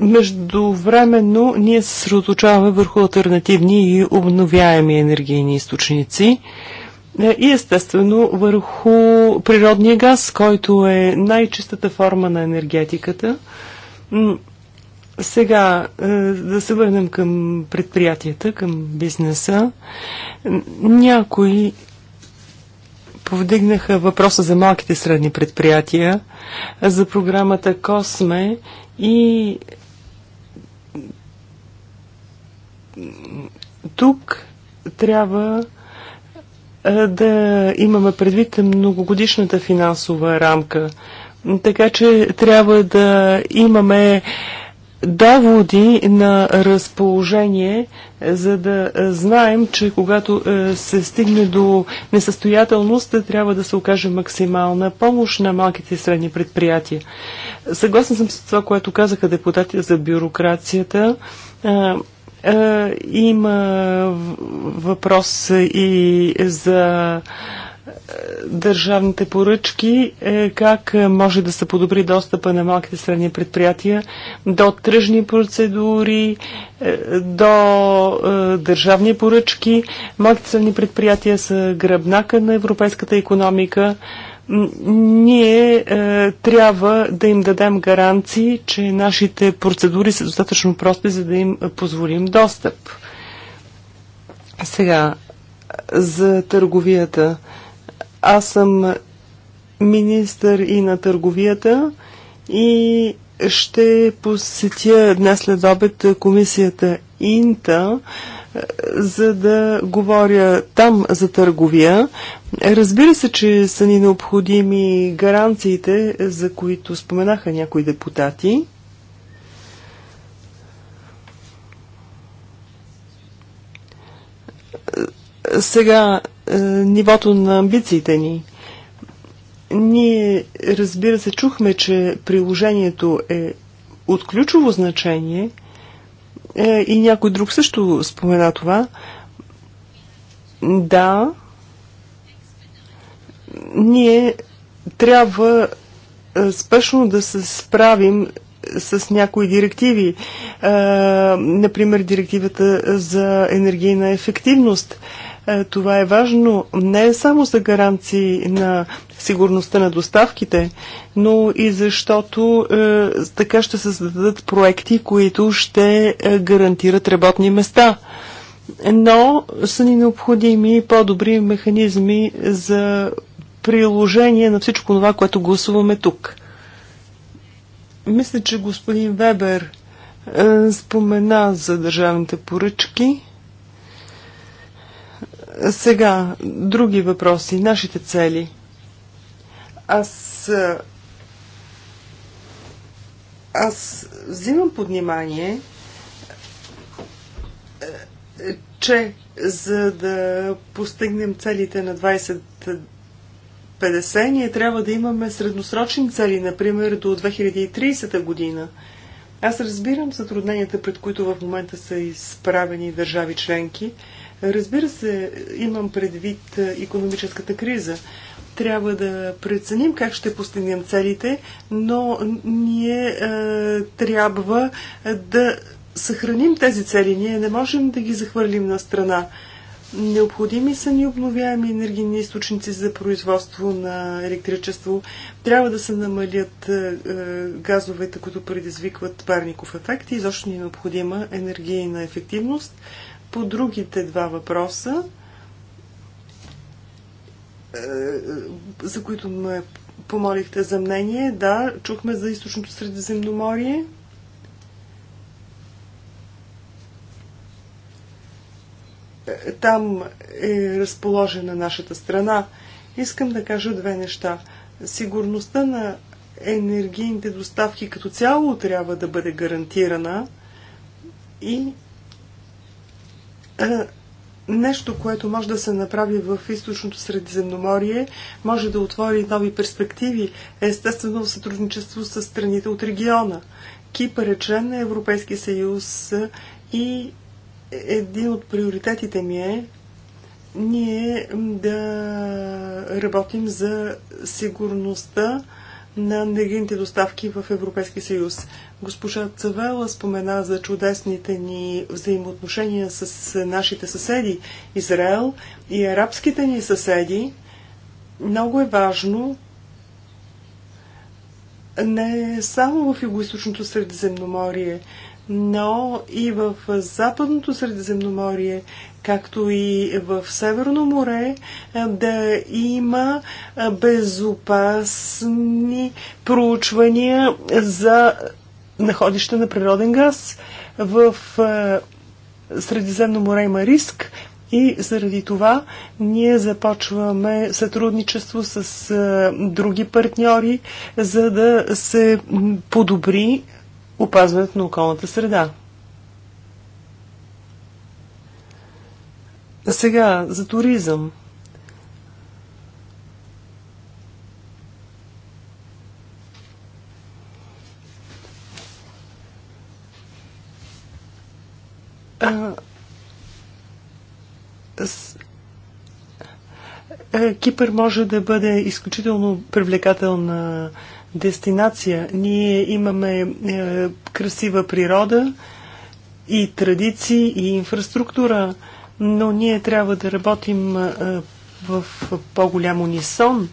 междувременно ние се съсредоточаваме върху альтернативни и обновяеми енергийни източници е, и естествено върху природния газ, който е най-чистата форма на енергетиката. Сега е, да се върнем към предприятията, към бизнеса. Някои повдигнаха въпроса за малките и средни предприятия, за програмата Косме и тук трябва да имаме предвид многогодишната финансова рамка. Така че трябва да имаме доводи на разположение, за да знаем, че когато е, се стигне до несъстоятелност, трябва да се окаже максимална помощ на малките и средни предприятия. Съгласна съм с това, което казаха депутатите за бюрокрацията. Е, е, има въпрос и за държавните поръчки, е, как е, може да се подобри достъпа на малките средни предприятия до тръжни процедури, е, до държавни поръчки. Малките средни предприятия са гръбнака на европейската економика. Ние трябва да им дадем гаранции, че нашите процедури са достатъчно прости, за да им позволим достъп. Сега, за търговията. Аз съм министър и на търговията и ще посетя днес след обед комисията Инта, е, за да говоря там за търговия. Разбира се, че са ни необходими гаранциите, за които споменаха някои депутати. Сега, е, нивото на амбициите ни. Ние, разбира се, чухме, че приложението е от ключово значение е, и някой друг също спомена това. Да, ние трябва е, спешно да се справим с някои директиви. Например, директивата за енергийна ефективност – е, това е важно не само за гаранции на сигурността на доставките, но и защото е, така ще се създадат проекти, които ще е, гарантират работни места. Но са ни необходими по-добри механизми за приложение на всичко това, което гласуваме тук. Мисля, че господин Вебер е, спомена за държавните поръчки. Сега, други въпроси. Нашите цели. Аз аз взимам под внимание, че за да постигнем целите на 2050, ние трябва да имаме средносрочни цели, например до 2030 година. Аз разбирам затрудненията, пред които в момента са изправени държави членки, Разбира се, имам предвид економическата криза. Трябва да преценим как ще постигнем целите, но ние е, трябва да съхраним тези цели. Ние не можем да ги захвърлим на страна. Необходими са ни обновяеми енергийни източници за производство на електричество. Трябва да се намалят е, е газовете, които предизвикват парников ефект и защо ни е необходима енергийна ефективност. По другите два въпроса, е, за които ме помолихте за мнение, да, чухме за източното средиземноморие. Е, там е разположена нашата страна. Искам да кажа две неща. Сигурността на енергийните доставки като цяло трябва да бъде гарантирана и нещо, което може да се направи в източното Средиземноморие, може да отвори нови перспективи, естествено в сътрудничество с страните от региона. Кипър е член на Европейския съюз и един от приоритетите ми е ние да работим за сигурността на енергийните доставки в Европейския съюз. Госпожа Цавела спомена за чудесните ни взаимоотношения с нашите съседи Израел и арабските ни съседи. Много е важно не само в Юго-Источното Средиземноморие, но и в Западното Средиземноморие както и в Северно море, е, да има е, безопасни проучвания за находище на природен газ. В е, Средиземно море има риск и заради това ние започваме сътрудничество с други партньори, за да се подобри опазването на околната среда. Сега, за туризъм. Е, Кипър може да бъде изключително привлекателна дестинация. Ние имаме е, красива природа и традиции и инфраструктура но ние трябва да работим в по-голям унисон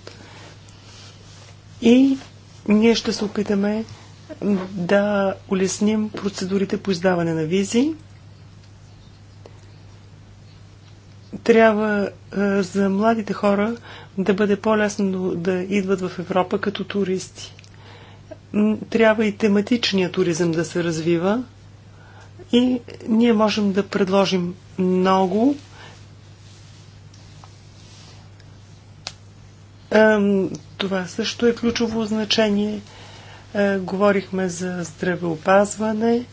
и ние ще се опитаме да улесним процедурите по издаване на визи. Трябва за младите хора да бъде по-лесно да идват в Европа като туристи. Трябва и тематичният туризъм да се развива и ние можем да предложим много. Това също е ключово значение. Говорихме за здравеопазване,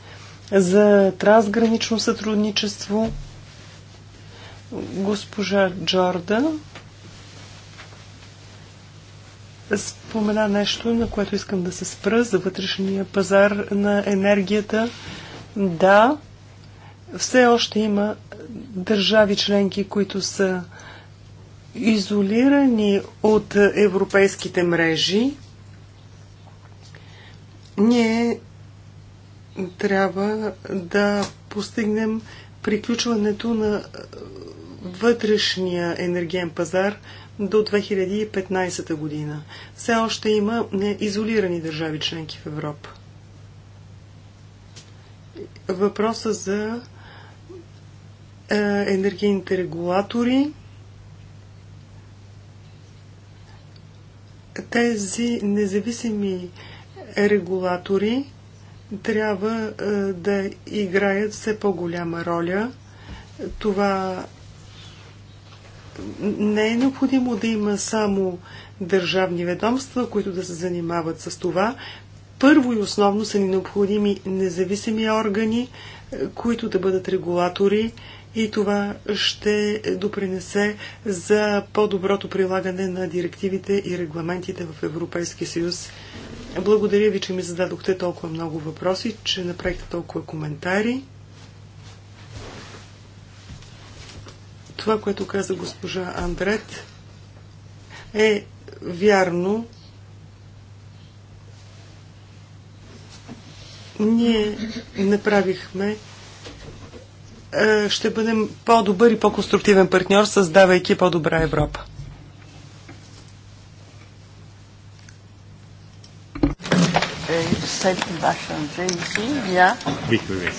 за трансгранично сътрудничество. Госпожа Джорда спомена нещо, на което искам да се спра за вътрешния пазар на енергията. Да, все още има държави членки, които са изолирани от европейските мрежи, ние трябва да постигнем приключването на вътрешния енергиен пазар до 2015 година. Все още има изолирани държави членки в Европа. Въпроса за е, енергийните регулатори. Тези независими регулатори трябва е, да играят все по-голяма роля. Това не е необходимо да има само държавни ведомства, които да се занимават с това. Първо и основно са ни необходими независими органи, е, които да бъдат регулатори и това ще допринесе за по-доброто прилагане на директивите и регламентите в Европейския съюз. Благодаря ви, че ми зададохте толкова много въпроси, че направихте толкова коментари. Това, което каза госпожа Андрет, е вярно. Ние направихме е, ще бъдем по-добър и по-конструктивен партньор, създавайки по-добра Европа. Saint Sebastian, JC, yeah. Oui, oui, oui.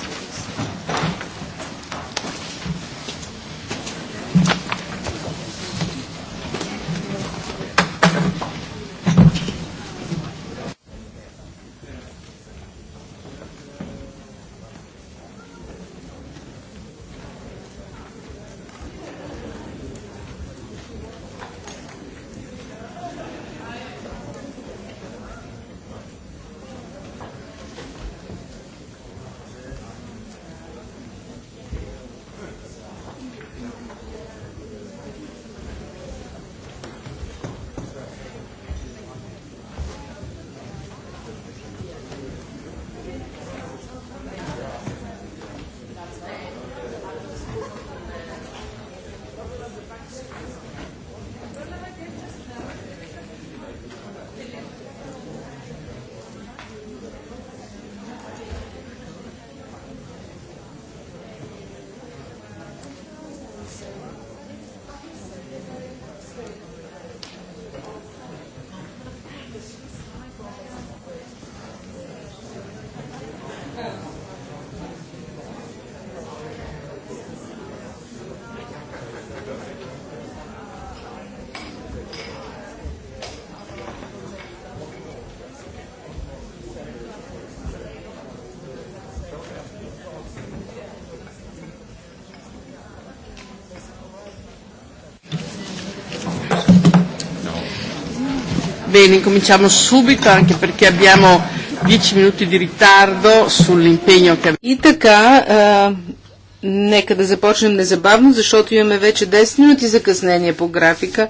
Bene, incominciamo subito anche perché abbiamo dieci minuti di ritardo sull'impegno che abbiamo. E така, е, нека да започнем незабавно, защото имаме вече 10 минути закъснение по графика.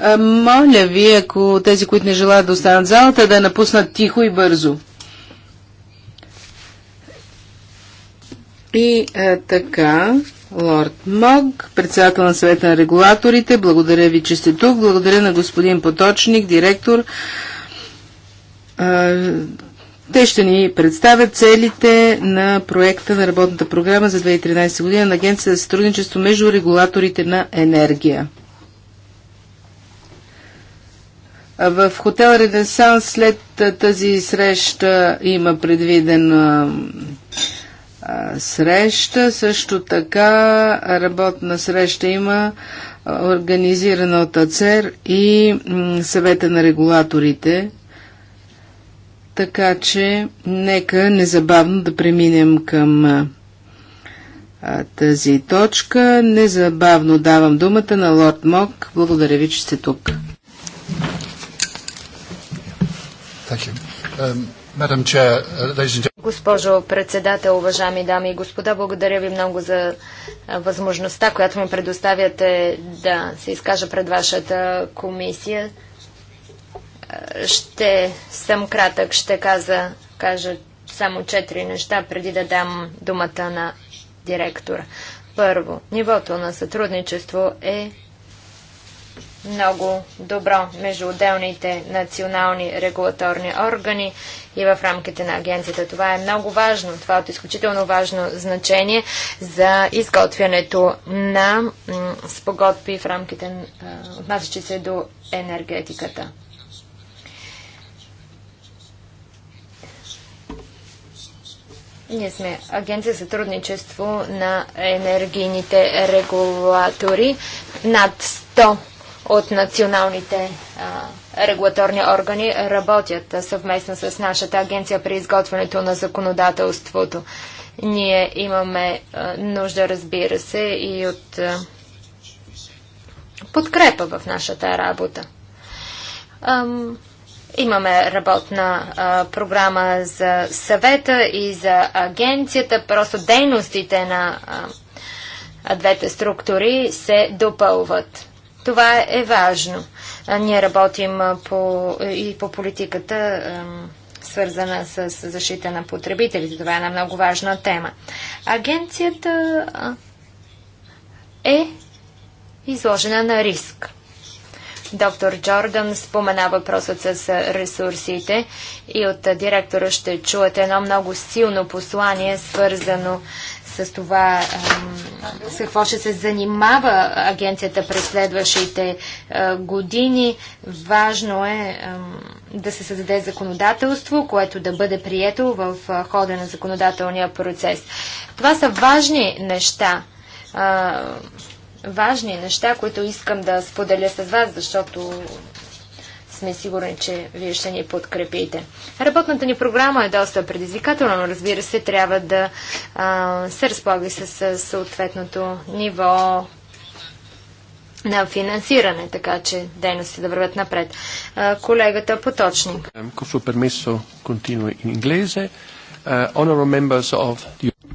Е, моля ви, ако тези, които не желаят да останат в залата, да напуснат тихо и бързо. И е, така, Лорд Мог, председател на съвета на регулаторите. Благодаря ви, че сте тук. Благодаря на господин Поточник, директор. Те ще ни представят целите на проекта на работната програма за 2013 година на Агенция за сътрудничество между регулаторите на енергия. В хотел Ренесанс след тази среща има предвиден среща. Също така работна среща има организирана от АЦЕР и съвета на регулаторите. Така че нека незабавно да преминем към тази точка. Незабавно давам думата на Лорд Мок. Благодаря ви, че сте тук. Thank you. Um... Uh, Госпожо председател, уважаеми дами и господа, благодаря ви много за възможността, която ми предоставяте да се изкажа пред вашата комисия. Ще съм кратък, ще каза, кажа само четири неща, преди да дам думата на директора. Първо, нивото на сътрудничество е много добро между отделните национални регулаторни органи и в рамките на агенцията. Това е много важно. Това е от изключително важно значение за изготвянето на спогодби в рамките, отнасящи се до енергетиката. Ние сме Агенция за сътрудничество на енергийните регулатори. Над 100 от националните а, регулаторни органи работят съвместно с нашата агенция при изготвянето на законодателството. Ние имаме а, нужда, разбира се, и от подкрепа в нашата работа. Ам, имаме работна а, програма за съвета и за агенцията. Просто дейностите на а, двете структури се допълват. Това е важно. Ние работим по, и по политиката, свързана с защита на потребителите. Това е една много важна тема. Агенцията е изложена на риск. Доктор Джордан спомена въпросът с ресурсите и от директора ще чуете едно много силно послание, свързано с това с какво ще се занимава агенцията през следващите години. Важно е да се създаде законодателство, което да бъде прието в хода на законодателния процес. Това са важни неща. Важни неща, които искам да споделя с вас, защото сме сигурни, че вие ще ни подкрепите. Работната ни програма е доста предизвикателна, но разбира се, трябва да а, се разполага с съответното ниво на финансиране, така че дейности да вървят напред. А, колегата Поточник. Uh,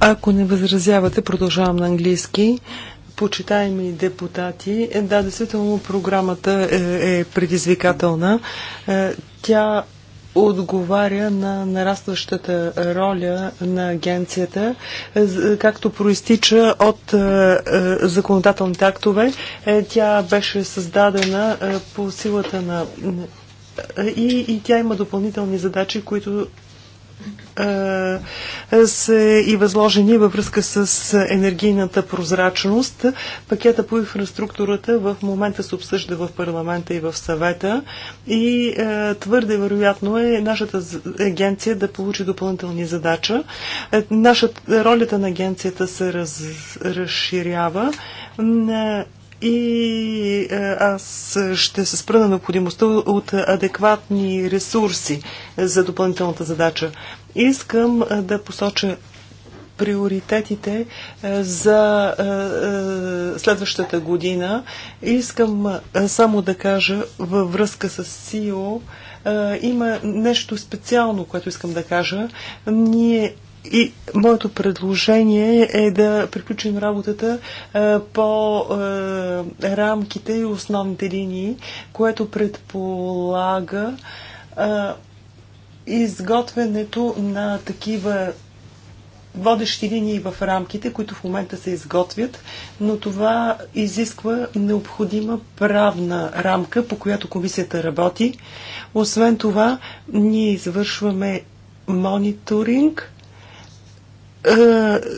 Ако не възразявате, продължавам на английски. Uh, почитаеми депутати, е, да, действително програмата е, е предизвикателна. Е, тя отговаря на нарастващата роля на агенцията, както проистича от законодателните актове. Тя беше създадена по силата на и, и тя има допълнителни задачи, които е, са и възложени във връзка с енергийната прозрачност. Пакета по инфраструктурата в момента се обсъжда в парламента и в съвета и е, твърде вероятно е нашата агенция да получи допълнителни задача. Е, нашата, ролята на агенцията се раз, разширява. И е, аз ще се спра на необходимостта от адекватни ресурси за допълнителната задача. Искам е, да посоча приоритетите е, за следващата година. Искам само да кажа във връзка с СИО. Има нещо специално, което искам да кажа. Ние и моето предложение е да приключим работата е, по е, рамките и основните линии, което предполага е, изготвянето на такива водещи линии в рамките, които в момента се изготвят, но това изисква необходима правна рамка, по която комисията работи. Освен това, ние извършваме мониторинг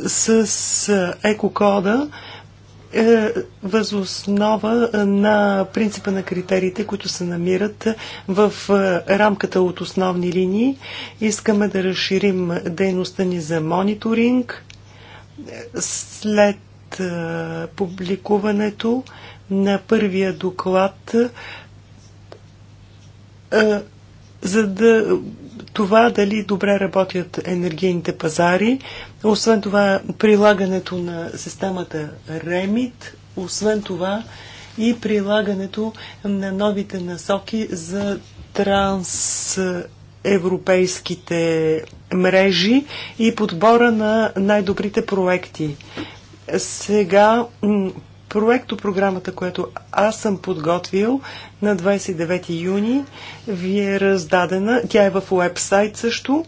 с екокода е, възоснова на принципа на критериите, които се намират в рамката от основни линии. Искаме да разширим дейността ни за мониторинг след публикуването на първия доклад, за да това дали добре работят енергийните пазари, освен това прилагането на системата REMIT, освен това и прилагането на новите насоки за трансевропейските мрежи и подбора на най-добрите проекти. Сега проекто програмата, която аз съм подготвил на 29 юни, ви е раздадена. Тя е в уебсайт също,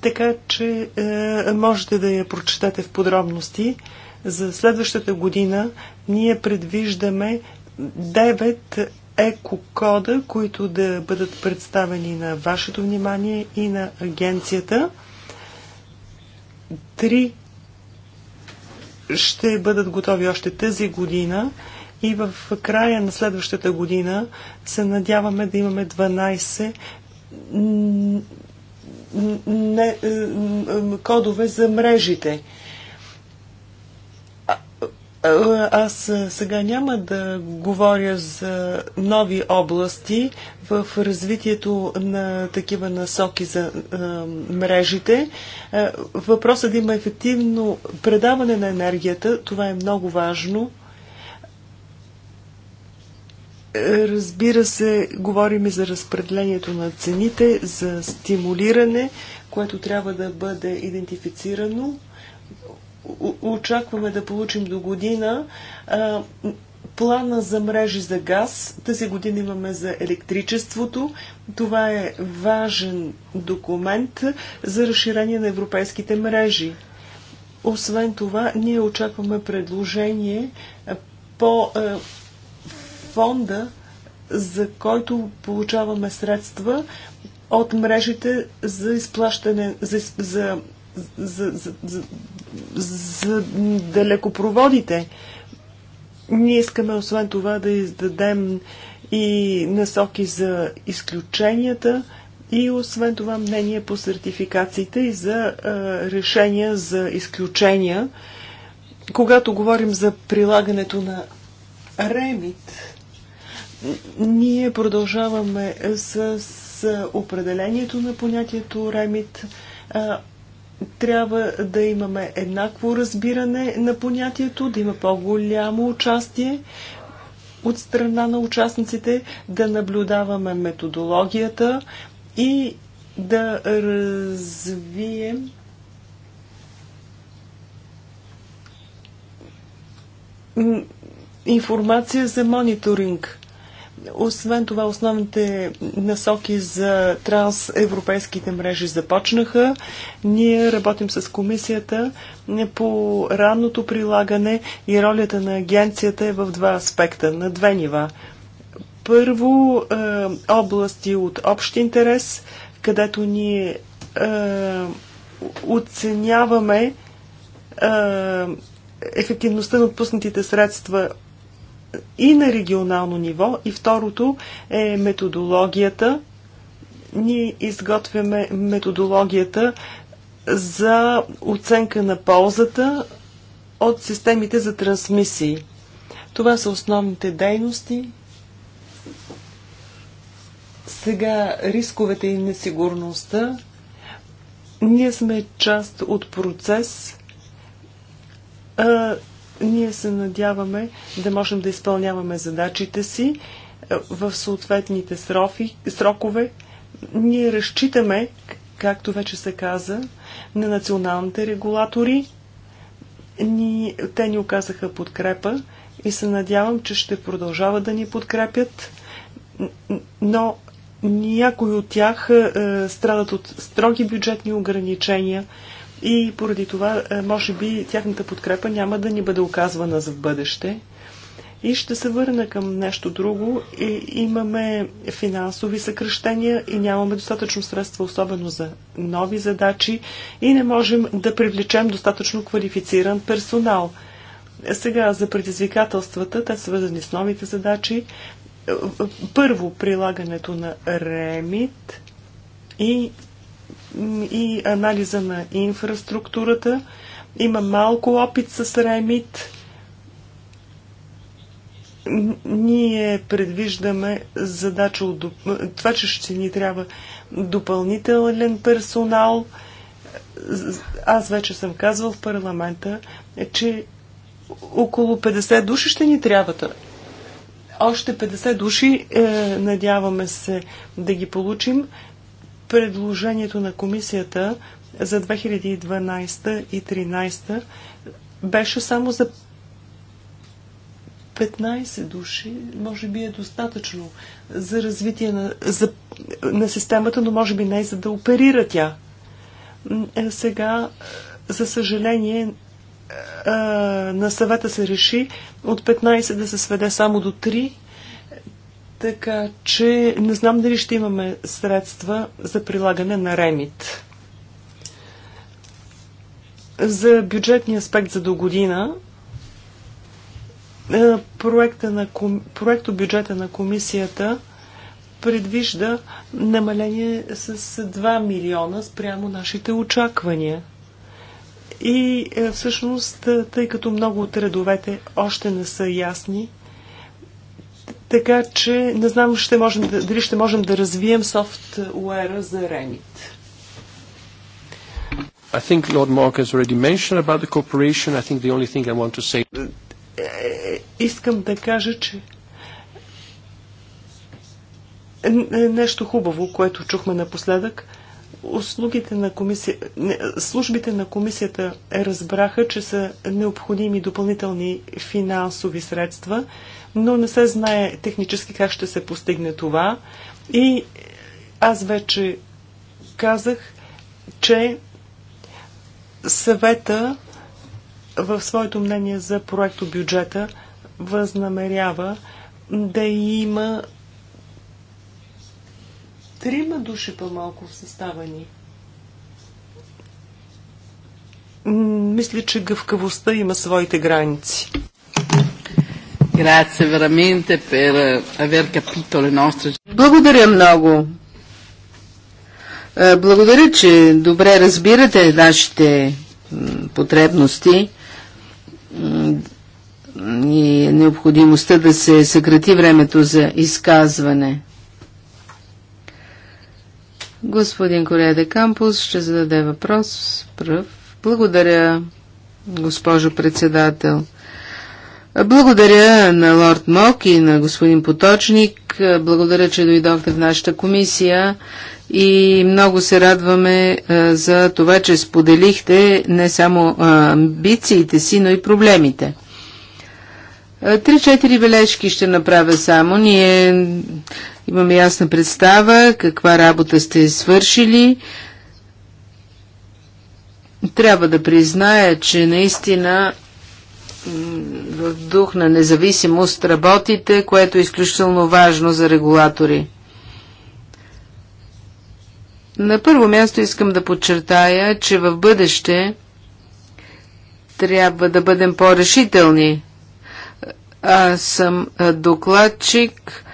така че е, можете да я прочетете в подробности. За следващата година ние предвиждаме 9 еко-кода, които да бъдат представени на вашето внимание и на агенцията. Три ще бъдат готови още тази година и в края на следващата година се надяваме да имаме 12 не, е, кодове за мрежите. Е, аз е, сега няма да говоря за нови области в развитието на такива насоки за е, мрежите. Въпросът да има ефективно предаване на енергията, това е много важно. Разбира се, говорим и за разпределението на цените, за стимулиране, което трябва да бъде идентифицирано очакваме да получим до година а, плана за мрежи за газ. Тази година имаме за електричеството. Това е важен документ за разширение на европейските мрежи. Освен това, ние очакваме предложение по а, фонда, за който получаваме средства от мрежите за изплащане, за, за за, за, за, за далекопроводите. Ние искаме освен това да издадем и насоки за изключенията и освен това мнение по сертификациите и за е, решения за изключения. Когато говорим за прилагането на ремит, ние продължаваме с, с определението на понятието ремит. Е, трябва да имаме еднакво разбиране на понятието, да има по-голямо участие от страна на участниците, да наблюдаваме методологията и да развием информация за мониторинг. Освен това, основните насоки за трансевропейските мрежи започнаха. Ние работим с комисията по ранното прилагане и ролята на агенцията е в два аспекта, на две нива. Първо, е, области от общ интерес, където ние е, оценяваме е, ефективността на отпуснатите средства и на регионално ниво. И второто е методологията. Ние изготвяме методологията за оценка на ползата от системите за трансмисии. Това са основните дейности. Сега рисковете и несигурността. Ние сме част от процес ние се надяваме да можем да изпълняваме задачите си е, в съответните срофи, срокове. Ние разчитаме, както вече се каза, на националните регулатори. Ни, те ни оказаха подкрепа и се надявам, че ще продължават да ни подкрепят, но някои от тях е, е страдат от строги бюджетни ограничения, и поради това, е, може би, тяхната подкрепа няма да ни бъде оказвана за бъдеще. И ще се върна към нещо друго. И имаме финансови съкръщения и нямаме достатъчно средства, особено за нови задачи и не можем да привлечем достатъчно квалифициран персонал. Сега за предизвикателствата, те свързани с новите задачи. Първо прилагането на ремит и и анализа на инфраструктурата. Има малко опит с Ремит. Ние предвиждаме задача от това, че ще ни трябва допълнителен персонал. Аз вече съм казвал в парламента, че около 50 души ще ни трябват още 50 души е, надяваме се да ги получим предложението на комисията за 2012 и 2013 беше само за 15 души, може би е достатъчно за развитие на, за, на системата, но може би не за да оперира тя. Е, сега, за съжаление, е, на съвета се реши от 15 да се сведе само до 3 така че не знам дали ще имаме средства за прилагане на ремит. За бюджетния аспект за до година е, проекта на, проекто бюджета на комисията предвижда намаление с 2 милиона спрямо нашите очаквания. И е, всъщност, е, тъй като много от редовете още не са ясни, така че не знам ще можем да, дали ще можем да развием софтуера за Remit. I think Lord Mark has already mentioned about the cooperation. I think the only thing I want to say... Е, е, искам да кажа, че е, нещо хубаво, което чухме напоследък. Услугите на комисия... Службите на комисията разбраха, че са необходими допълнителни финансови средства но не се знае технически как ще се постигне това. И аз вече казах, че съвета в своето мнение за проекто бюджета възнамерява да има трима души по-малко в състава ни. Мисля, че гъвкавостта има своите граници. Eh, благодаря много. Е, благодаря, че добре разбирате нашите потребности и необходимостта да се съкрати времето за изказване. Господин Корея де Кампус ще зададе въпрос пръв. Благодаря, госпожо председател. Благодаря на лорд Мок и на господин Поточник. Благодаря, че дойдохте в нашата комисия и много се радваме а, е, за това, че споделихте не само а, е, амбициите си, но и проблемите. Е, три-четири бележки ще направя само. Ние имаме ясна представа каква работа сте свършили. Трябва да призная, че наистина в дух на независимост работите, което е изключително важно за регулатори. На първо място искам да подчертая, че в бъдеще трябва да бъдем по-решителни. Аз съм докладчик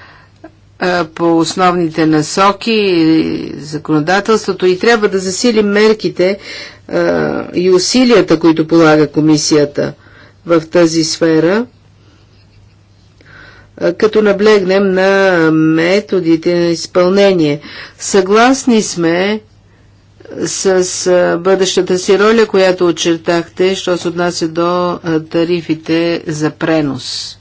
по основните насоки, и законодателството и трябва да засилим мерките и усилията, които полага комисията в тази сфера, като наблегнем на методите на изпълнение. Съгласни сме с бъдещата си роля, която очертахте, що се отнася до тарифите за пренос.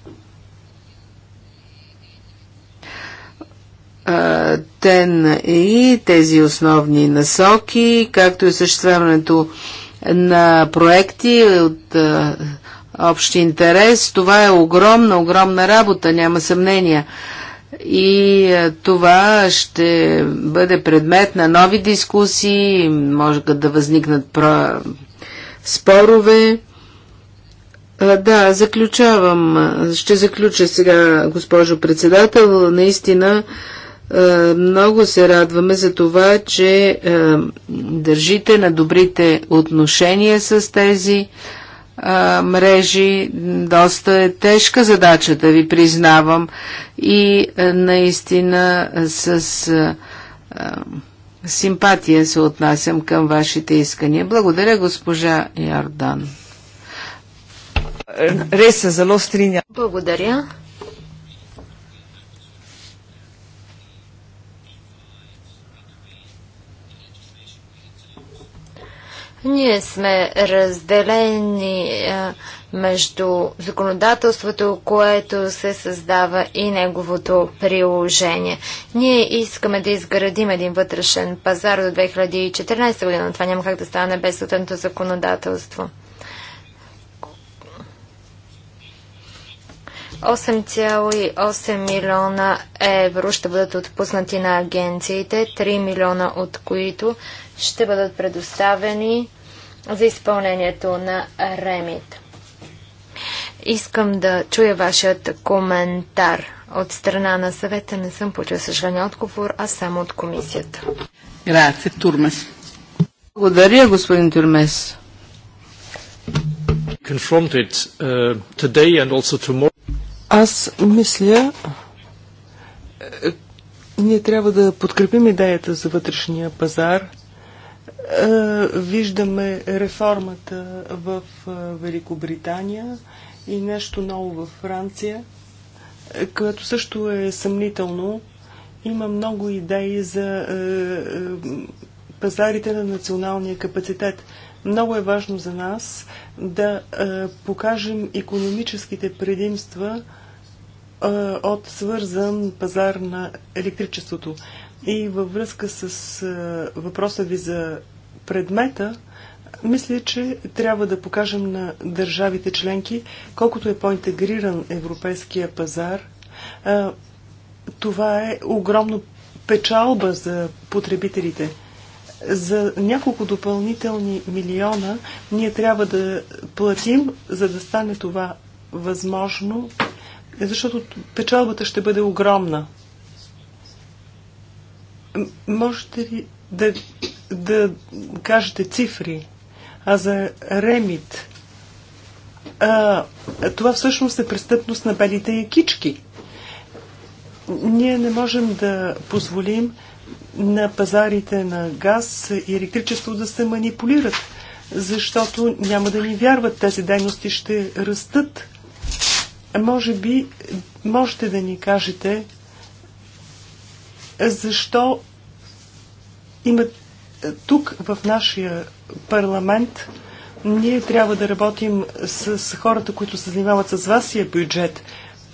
Тен и тези основни насоки, както и съществяването на проекти от общ интерес. Това е огромна, огромна работа, няма съмнение. И е, това ще бъде предмет на нови дискусии, може да възникнат про... спорове. Да, заключавам. Ще заключа сега, госпожо председател. Наистина е, много се радваме за това, че е, държите на добрите отношения с тези а, мрежи. Доста е тежка задачата, ви признавам. И а, наистина с а, симпатия се отнасям към вашите искания. Благодаря, госпожа Ярдан. Благодаря. Ние сме разделени между законодателството, което се създава и неговото приложение. Ние искаме да изградим един вътрешен пазар до 2014 година. Това няма как да стане без съответното законодателство. 8,8 милиона евро ще бъдат отпуснати на агенциите, 3 милиона от които ще бъдат предоставени за изпълнението на ремит. Искам да чуя вашият коментар от страна на съвета. Не съм почул съжален отговор, а само от комисията. Грация, Турмес. Благодаря, господин Турмес. Uh, Аз мисля, е, ние трябва да подкрепим идеята за вътрешния пазар – е, виждаме реформата в е, Великобритания и нещо ново във Франция, е, което също е съмнително. Има много идеи за пазарите на националния капацитет. Много е важно за нас да покажем економическите предимства от свързан пазар на електричеството. И във връзка с въпроса ви за предмета, мисля, че трябва да покажем на държавите членки, колкото е по-интегриран европейския пазар. Това е огромно печалба за потребителите. За няколко допълнителни милиона ние трябва да платим, за да стане това възможно, защото печалбата ще бъде огромна. Можете ли да, да кажете цифри, а за ремит. А, това всъщност е престъпност на белите якички. Ние не можем да позволим на пазарите на газ и електричество да се манипулират, защото няма да ни вярват. Тези дейности ще растат. Може би можете да ни кажете защо има, е, тук в нашия парламент ние трябва да работим с хората, които се занимават с вашия бюджет,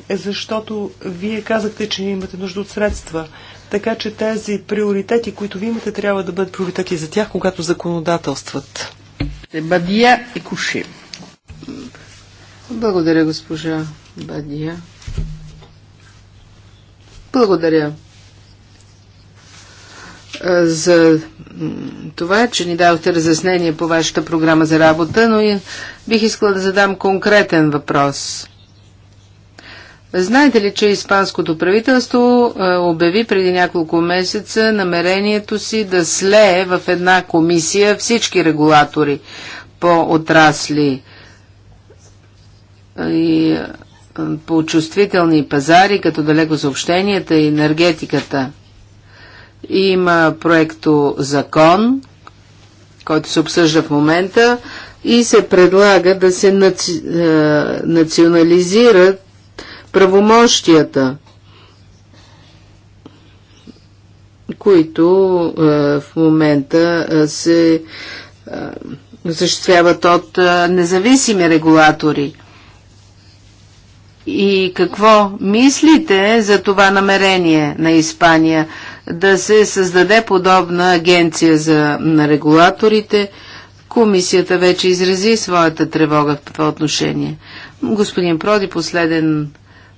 е, защото вие казахте, че имате нужда от средства. Така че тези приоритети, които ви имате, трябва да бъдат приоритети за тях, когато законодателстват. Бадия и Куши. Благодаря, госпожа Бадия. Благодаря за това, че ни дадохте разяснение по вашата програма за работа, но и бих искала да задам конкретен въпрос. Знаете ли, че Испанското правителство обяви преди няколко месеца намерението си да слее в една комисия всички регулатори по отрасли и по чувствителни пазари, като далеко съобщенията и енергетиката – има проекто закон, който се обсъжда в момента и се предлага да се наци... Е, национализират правомощията, които е, в момента е, се осъществяват от независими регулатори. И какво мислите за това намерение на Испания? да се създаде подобна агенция за, на регулаторите. Комисията вече изрази своята тревога в това отношение. Господин Проди, последен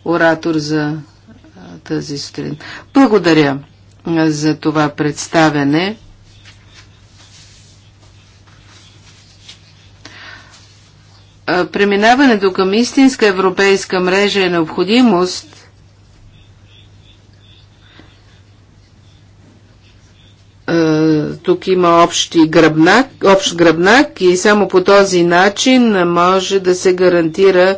оратор за тази сутрин. Благодаря за това представяне. Преминаването към истинска европейска мрежа е необходимост – тук има общи гръбнак, общ гръбнак и само по този начин може да се гарантира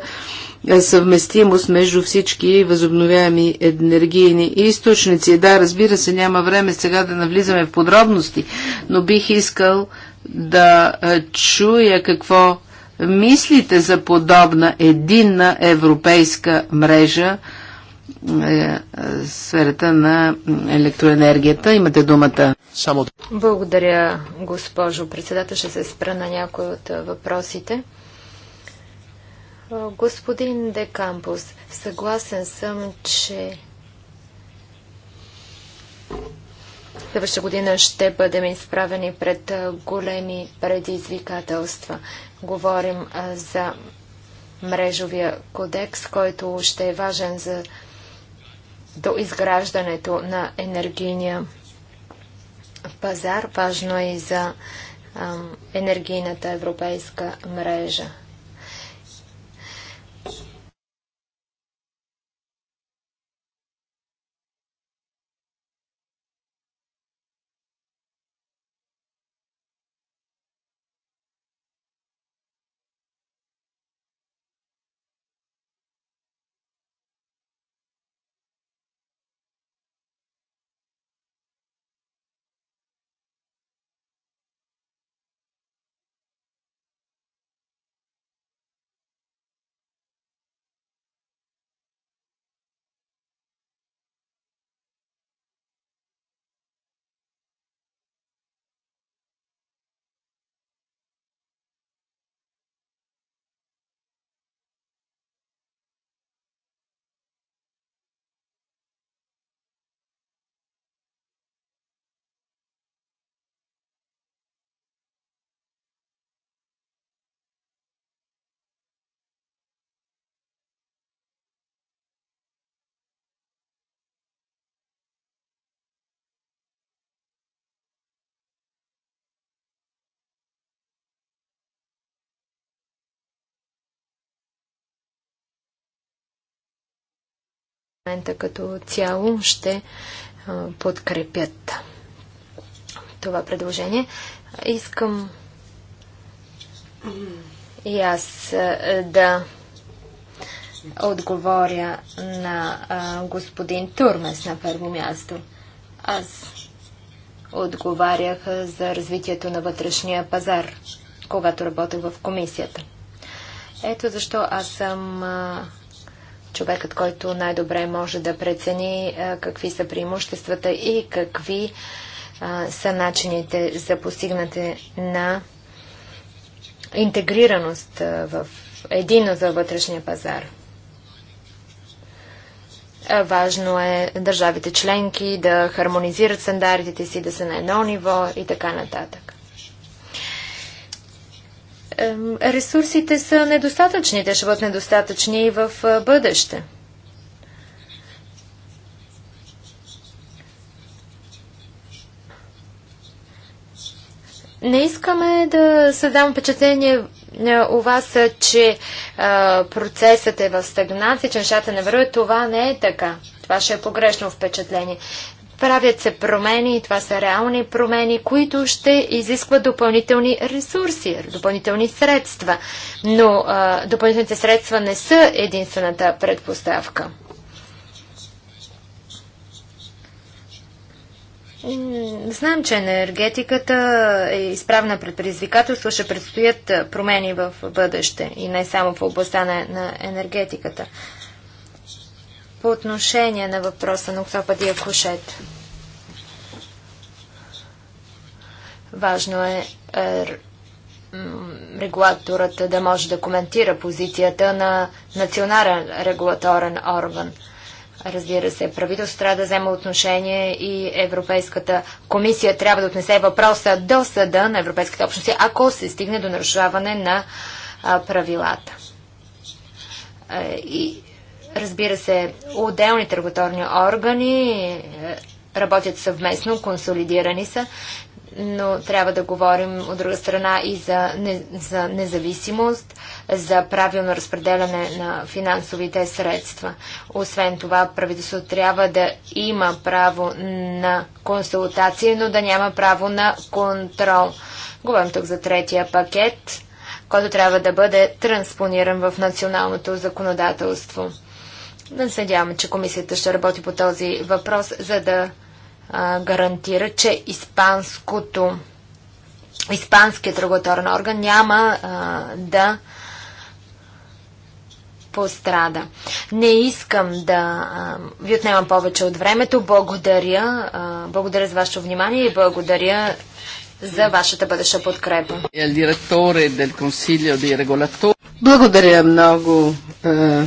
съвместимост между всички възобновяеми енергийни източници. Да, разбира се, няма време сега да навлизаме в подробности, но бих искал да чуя какво мислите за подобна единна европейска мрежа в сферата на електроенергията. Имате думата. Само... Благодаря, госпожо председател. Ще се спра на някои от въпросите. Господин Декампус, съгласен съм, че следваща година ще бъдем изправени пред големи предизвикателства. Говорим за мрежовия кодекс, който ще е важен за до изграждането на енергийния пазар, важно е и за енергийната европейска мрежа. момента като цяло ще подкрепят това предложение. Искам и аз да отговоря на господин Турмес на първо място. Аз отговарях за развитието на вътрешния пазар, когато работех в комисията. Ето защо аз съм човекът, който най-добре може да прецени какви са преимуществата и какви са начините за постигнате на интегрираност в едино за вътрешния пазар. Важно е държавите членки да хармонизират стандартите си, да са на едно ниво и така нататък ресурсите са недостатъчни, те ще бъдат недостатъчни и в е, бъдеще. Не искаме да създам впечатление е, у вас, е, че а, процесът е в стагнация, че нещата не върват. Това не е така. Това ще е погрешно впечатление. Правят се промени, това са реални промени, които ще изискват допълнителни ресурси, допълнителни средства. Но а, допълнителните средства не са единствената предпоставка. Знам, че енергетиката е изправна пред предизвикателство. Ще предстоят промени в бъдеще и не само в областта на, на енергетиката по отношение на въпроса на Октопади Акушет. Важно е, е регулаторът да може да коментира позицията на национален регулаторен орган. Разбира се, правителството трябва да взема отношение и Европейската комисия трябва да отнесе въпроса до съда на Европейската общност, ако се стигне до нарушаване на а, правилата. А, е, и Разбира се, отделни регулаторни органи е, работят съвместно, консолидирани са, но трябва да говорим от друга страна и за, не, за независимост, за правилно разпределяне на финансовите средства. Освен това, правителството трябва да има право на консултации, но да няма право на контрол. Говорим тук за третия пакет, който трябва да бъде транспониран в националното законодателство. Да се надяваме, че комисията ще работи по този въпрос, за да а, гарантира, че испанското, испанският регулаторен орган няма а, да пострада. Не искам да а, ви отнемам повече от времето. Благодаря. А, благодаря за вашето внимание и благодаря за вашата бъдеща подкрепа. Благодаря много е,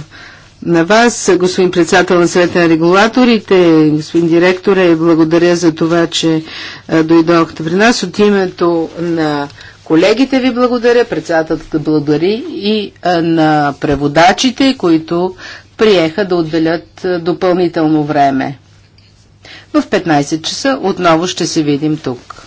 на вас, господин председател на съвета на регулаторите, господин директора и благодаря за това, че дойдохте при нас. От името на колегите ви благодаря, председателката благодари и на преводачите, които приеха да отделят допълнително време. В 15 часа отново ще се видим тук.